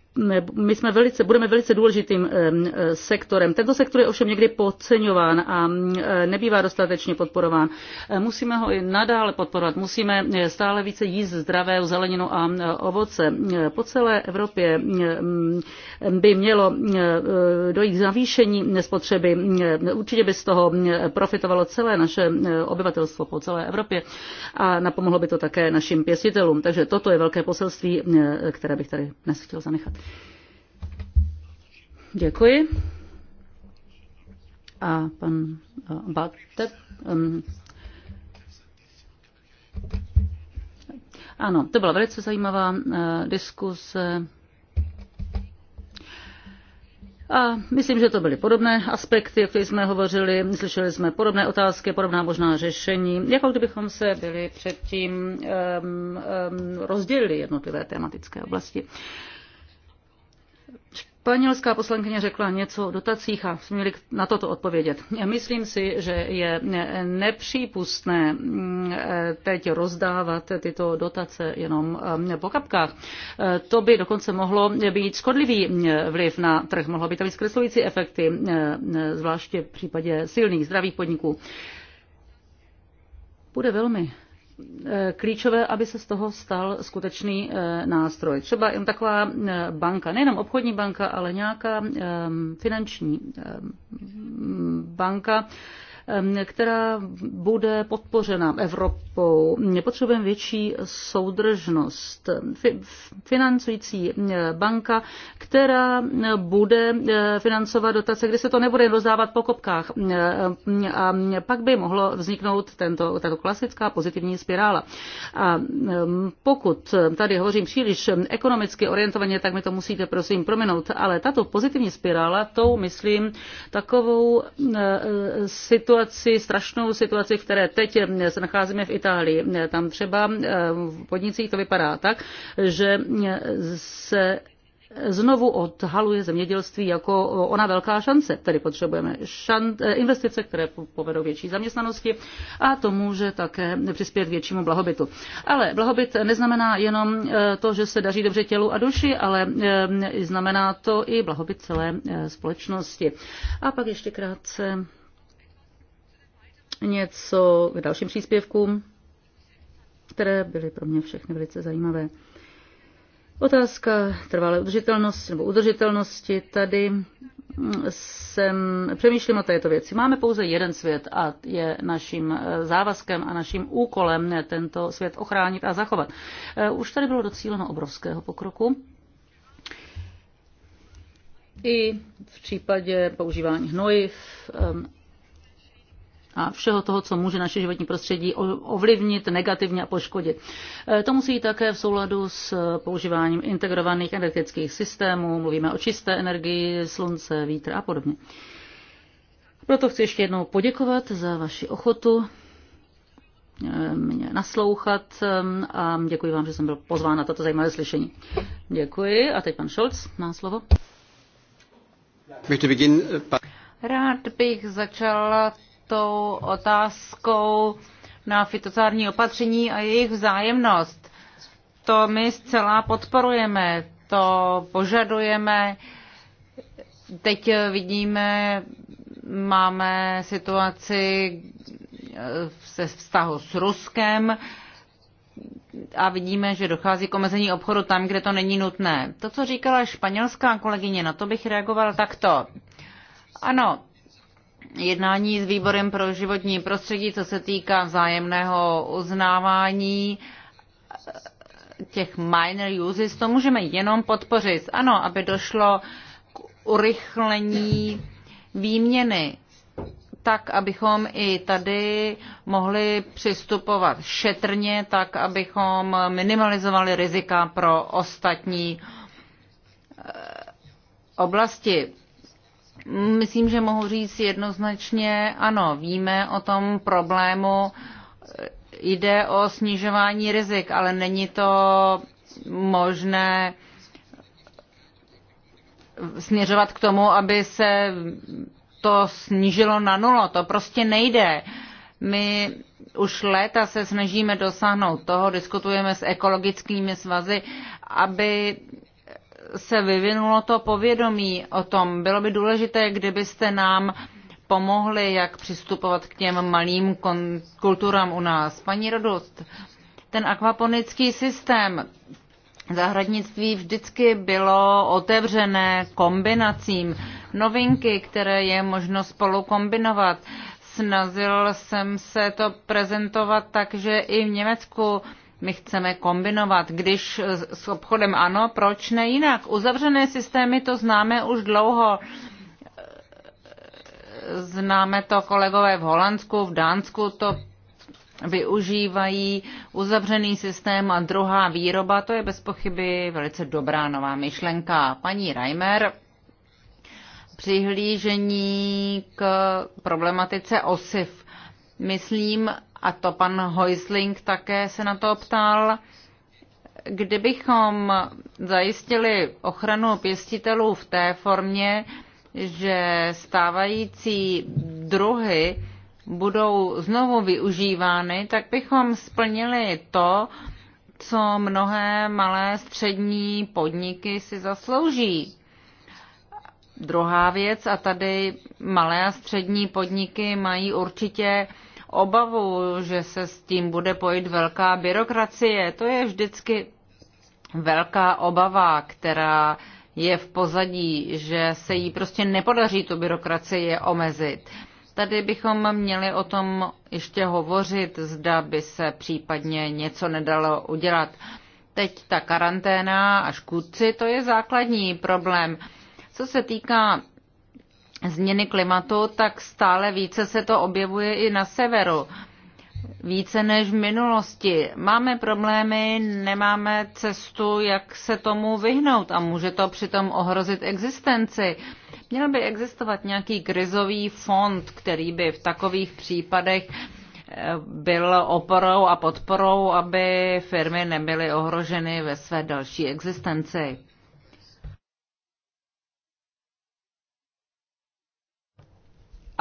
my jsme velice, budeme velice důležitým eh, sektorem. Tento sektor je ovšem někdy podceňován a mm, eh, nebývá dostatečně podporován. Eh, musíme ho i nadále podporovat. Musíme stále více jíst zdravé zeleninu a mm, ovoce. Po celé Evropě mm, by mělo dojít k zavýšení nespotřeby. Určitě by z toho profitovalo celé naše obyvatelstvo po celé Evropě a napomohlo by to také našim pěstitelům. Takže toto je velké poselství, které bych tady dnes chtěl zanechat. Děkuji. A pan eh, Batte. Um, ano, to byla velice zajímavá uh, diskuse. A myslím, že to byly podobné aspekty, o kterých jsme hovořili. Slyšeli jsme podobné otázky, podobná možná řešení, jako kdybychom se byli předtím um, um, rozdělili jednotlivé tematické oblasti. Uh, Španělská poslankyně řekla něco o dotacích a měli na toto odpovědět. Myslím si, že je nepřípustné mm, teď rozdávat tyto dotace jenom mm, po kapkách. To by dokonce mohlo být škodlivý mm, vliv na trh, mohlo by to být zkreslující efekty, zvláště v případě silných, zdravých podniků. Bude velmi E, klíčové, aby se z toho stal skutečný e, nástroj. Třeba jen taková e, banka, nejenom obchodní banka, ale nějaká finanční banka, která bude podpořena Evropou. Potřebujeme větší soudržnost. Financující banka, která bude financovat dotace, kde se to nebude rozdávat po kopkách. A pak by mohlo vzniknout tento, tato klasická pozitivní spirála. A pokud tady hovořím příliš ekonomicky orientovaně, tak mi to musíte prosím prominout, ale tato pozitivní spirála, tou myslím takovou situaci, situaci, strašnou situaci, v které teď eh, se nacházíme v Itálii. Eh, tam třeba eh, v podnicích to vypadá tak, že se znovu odhaluje zemědělství jako ona velká šance. Tady potřebujeme šan, investice, které povedou větší zaměstnanosti a to může také přispět většímu blahobytu. Ale blahobyt neznamená jenom to, že se daří dobře tělu a duši, ale znamená to i blahobyt celé společnosti. A pak ještě krátce něco k dalším příspěvkům, které byly pro mě všechny velice zajímavé. Otázka trvalé udržitelnosti nebo udržitelnosti. Tady jsem, přemýšlím o této věci. Máme pouze jeden svět a je naším eh, závazkem a naším úkolem eh, tento svět ochránit a zachovat. Eh, už tady bylo docíleno obrovského pokroku. I v případě používání hnojiv a všeho toho, co může naše životní prostředí ovlivnit negativně a poškodit. E, to musí také v souladu s používáním integrovaných energetických systémů, mluvíme o čisté energii, slunce, vítr a podobně. Proto chci ještě jednou poděkovat za vaši ochotu e, mě naslouchat e, a děkuji vám, že jsem byl pozván na toto zajímavé slyšení. Děkuji a teď pan Scholz má slovo.
Äh,
Rád
bych začal tou otázkou na fitocární opatření a jejich vzájemnost. To my zcela podporujeme, to požadujeme. Teď vidíme, máme situaci eh, se vztahu s Ruskem a vidíme, že dochází k omezení obchodu tam, kde to není nutné. To, co říkala španělská kolegyně, na to bych reagoval takto. Ano, jednání s výborem pro životní prostředí, co se týká vzájemného uznávání těch minor uses, to můžeme jenom podpořit. Ano, aby došlo k urychlení výměny, tak abychom i tady mohli přistupovat šetrně, tak abychom minimalizovali rizika pro ostatní eh, oblasti Myslím, že mohu říct jednoznačně ano, víme o tom problému, jde o snižování rizik, ale není to možné směřovat k tomu, aby se to snížilo na nulo. To prostě nejde. My už léta se snažíme dosáhnout toho, diskutujeme s ekologickými svazy, aby se vyvinulo to povědomí o tom. Bylo by důležité, kdybyste nám pomohli, jak přistupovat k těm malým kulturám u nás. Paní Rodost, ten akvaponický systém zahradnictví vždycky bylo otevřené kombinacím. Novinky, které je možno spolu kombinovat. Snazil jsem se to prezentovat tak, že i v Německu my chceme kombinovat. Když s obchodem ano, proč ne jinak? Uzavřené systémy to známe už dlouho. Známe to kolegové v Holandsku, v Dánsku to využívají uzavřený systém a druhá výroba, to je bez pochyby velice dobrá nová myšlenka. Paní Reimer, přihlížení k problematice OSIF. Myslím, a to pan Heusling také se na to ptal, kdybychom zajistili ochranu pěstitelů v té formě, že stávající druhy budou znovu využívány, tak bychom splnili to, co mnohé malé střední podniky si zaslouží. Druhá věc, a tady malé a střední podniky mají určitě obavu, že se s tím bude pojít velká byrokracie. To je vždycky velká obava, která je v pozadí, že se jí prostě nepodaří tu byrokracie omezit. Tady bychom měli o tom ještě hovořit, zda by se případně něco nedalo udělat. Teď ta karanténa a škůdci, to je základní problém. Co se týká změny klimatu, tak stále více se to objevuje i na severu. Více než v minulosti. Máme problémy, nemáme cestu, jak se tomu vyhnout a může to přitom ohrozit existenci. Měl by existovat nějaký krizový fond, který by v takových případech eh, byl oporou a podporou, aby firmy nebyly ohroženy ve své další existenci.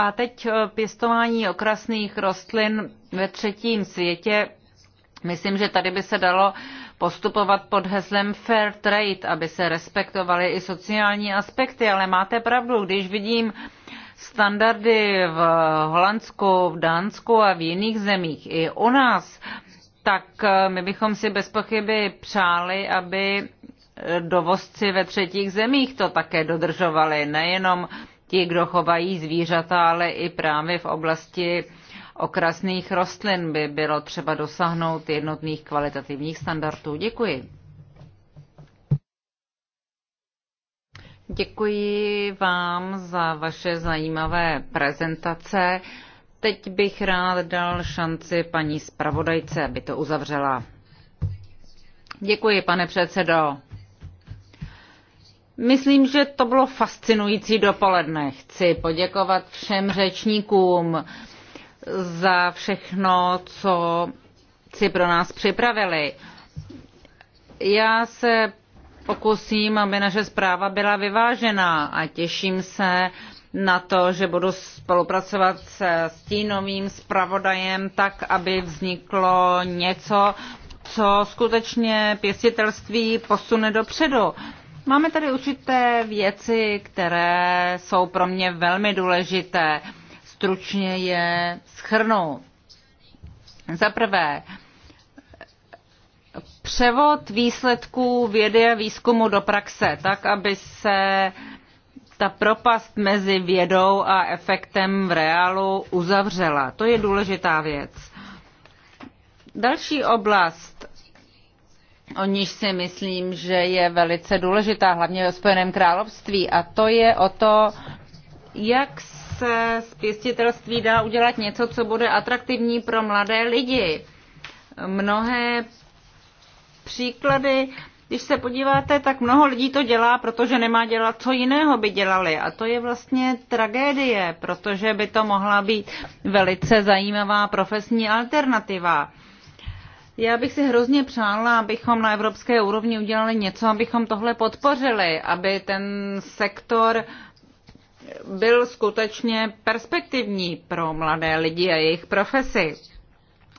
A teď eh, pěstování okrasných rostlin ve třetím světě. Myslím, že tady by se dalo postupovat pod heslem fair trade, aby se respektovaly i sociální aspekty, ale máte pravdu, když vidím standardy v Holandsku, v Dánsku a v jiných zemích, i u nás, tak eh, my bychom si bez pochyby přáli, aby dovozci ve třetích zemích to také dodržovali, nejenom ti, kdo chovají zvířata, ale i právě v oblasti okrasných rostlin by bylo třeba dosáhnout jednotných kvalitativních standardů. Děkuji. Děkuji vám za vaše zajímavé prezentace. Teď bych rád dal šanci paní zpravodajce, aby to uzavřela. Děkuji, pane předsedo. Myslím, že to bylo fascinující dopoledne. Chci poděkovat všem řečníkům za všechno, co si pro nás připravili. Já se pokusím, aby naše zpráva byla vyvážená a těším se na to, že budu spolupracovat s stínovým zpravodajem tak, aby vzniklo něco, co skutečně pěstitelství posune dopředu. Máme tady určité věci, které jsou pro mě velmi důležité. Stručně je schrnu. Za prvé, převod výsledků vědy a výzkumu do praxe, tak aby se ta propast mezi vědou a efektem v reálu uzavřela. To je důležitá věc. Další oblast o níž si myslím, že je velice důležitá, hlavně ve Spojeném království, a to je o to, jak se z pěstitelství dá udělat něco, co bude atraktivní pro mladé lidi. Mnohé příklady, když se podíváte, tak mnoho lidí to dělá, protože nemá dělat, co jiného by dělali. A to je vlastně tragédie, protože by to mohla být velice zajímavá profesní alternativa. Já bych si hrozně přála, abychom na evropské úrovni udělali něco, abychom tohle podpořili, aby ten sektor byl skutečně perspektivní pro mladé lidi a jejich profesi.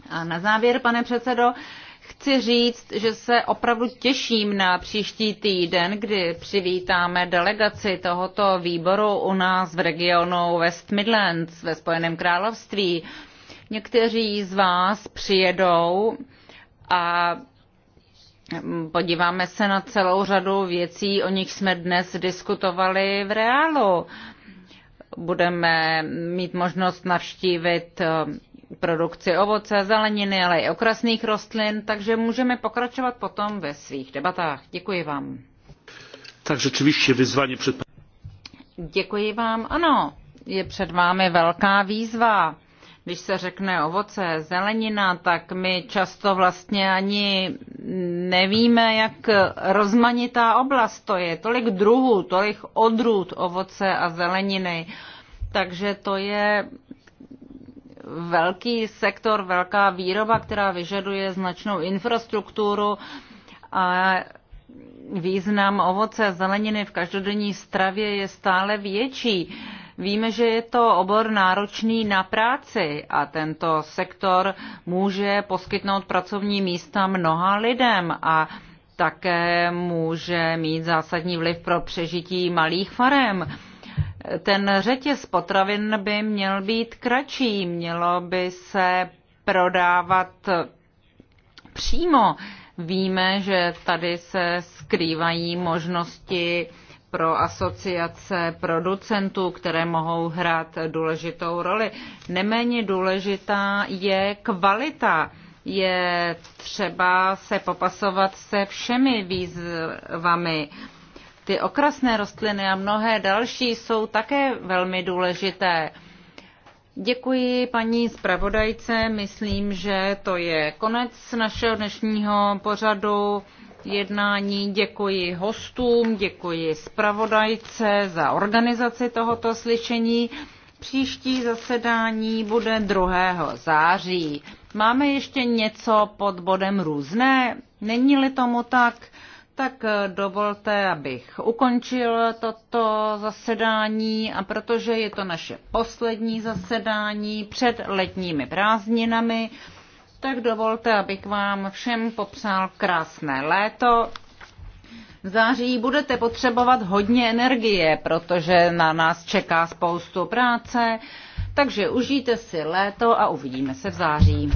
A na závěr, pane předsedo, chci říct, že se opravdu těším na příští týden, kdy přivítáme delegaci tohoto výboru u nás v regionu West Midlands ve Spojeném království. Někteří z vás přijedou a podíváme se na celou řadu věcí, o nich jsme dnes diskutovali v reálu. Budeme mít možnost navštívit eh, produkci ovoce, zeleniny, ale i okrasných rostlin, takže můžeme pokračovat potom ve svých debatách. Děkuji vám.
Tak rzeczywiście vyzvání před...
Děkuji vám. Ano, je před vámi velká výzva když se řekne ovoce, zelenina, tak my často vlastně ani nevíme, jak rozmanitá oblast to je. Tolik druhů, tolik odrůd ovoce a zeleniny. Takže to je velký sektor, velká výroba, která vyžaduje značnou infrastrukturu a význam ovoce a zeleniny v každodenní stravě je stále větší Víme, že je to obor náročný na práci a tento sektor může poskytnout pracovní místa mnoha lidem a také může mít zásadní vliv pro přežití malých farem. Ten řetěz potravin by měl být kratší, mělo by se prodávat přímo. Víme, že tady se skrývají možnosti pro asociace producentů, které mohou hrát důležitou roli. Neméně důležitá je kvalita. Je třeba se popasovat se všemi výzvami. Ty okrasné rostliny a mnohé další jsou také velmi důležité. Děkuji paní zpravodajce. Myslím, že to je konec našeho dnešního pořadu jednání. Děkuji hostům, děkuji zpravodajce za organizaci tohoto slyšení. Příští zasedání bude 2. září. Máme ještě něco pod bodem různé? Není-li tomu tak, tak dovolte, abych ukončil toto zasedání a protože je to naše poslední zasedání před letními prázdninami, tak dovolte, abych vám všem popsal krásné léto. V září budete potřebovat hodně energie, protože na nás čeká spoustu práce, takže užijte si léto a uvidíme se v září.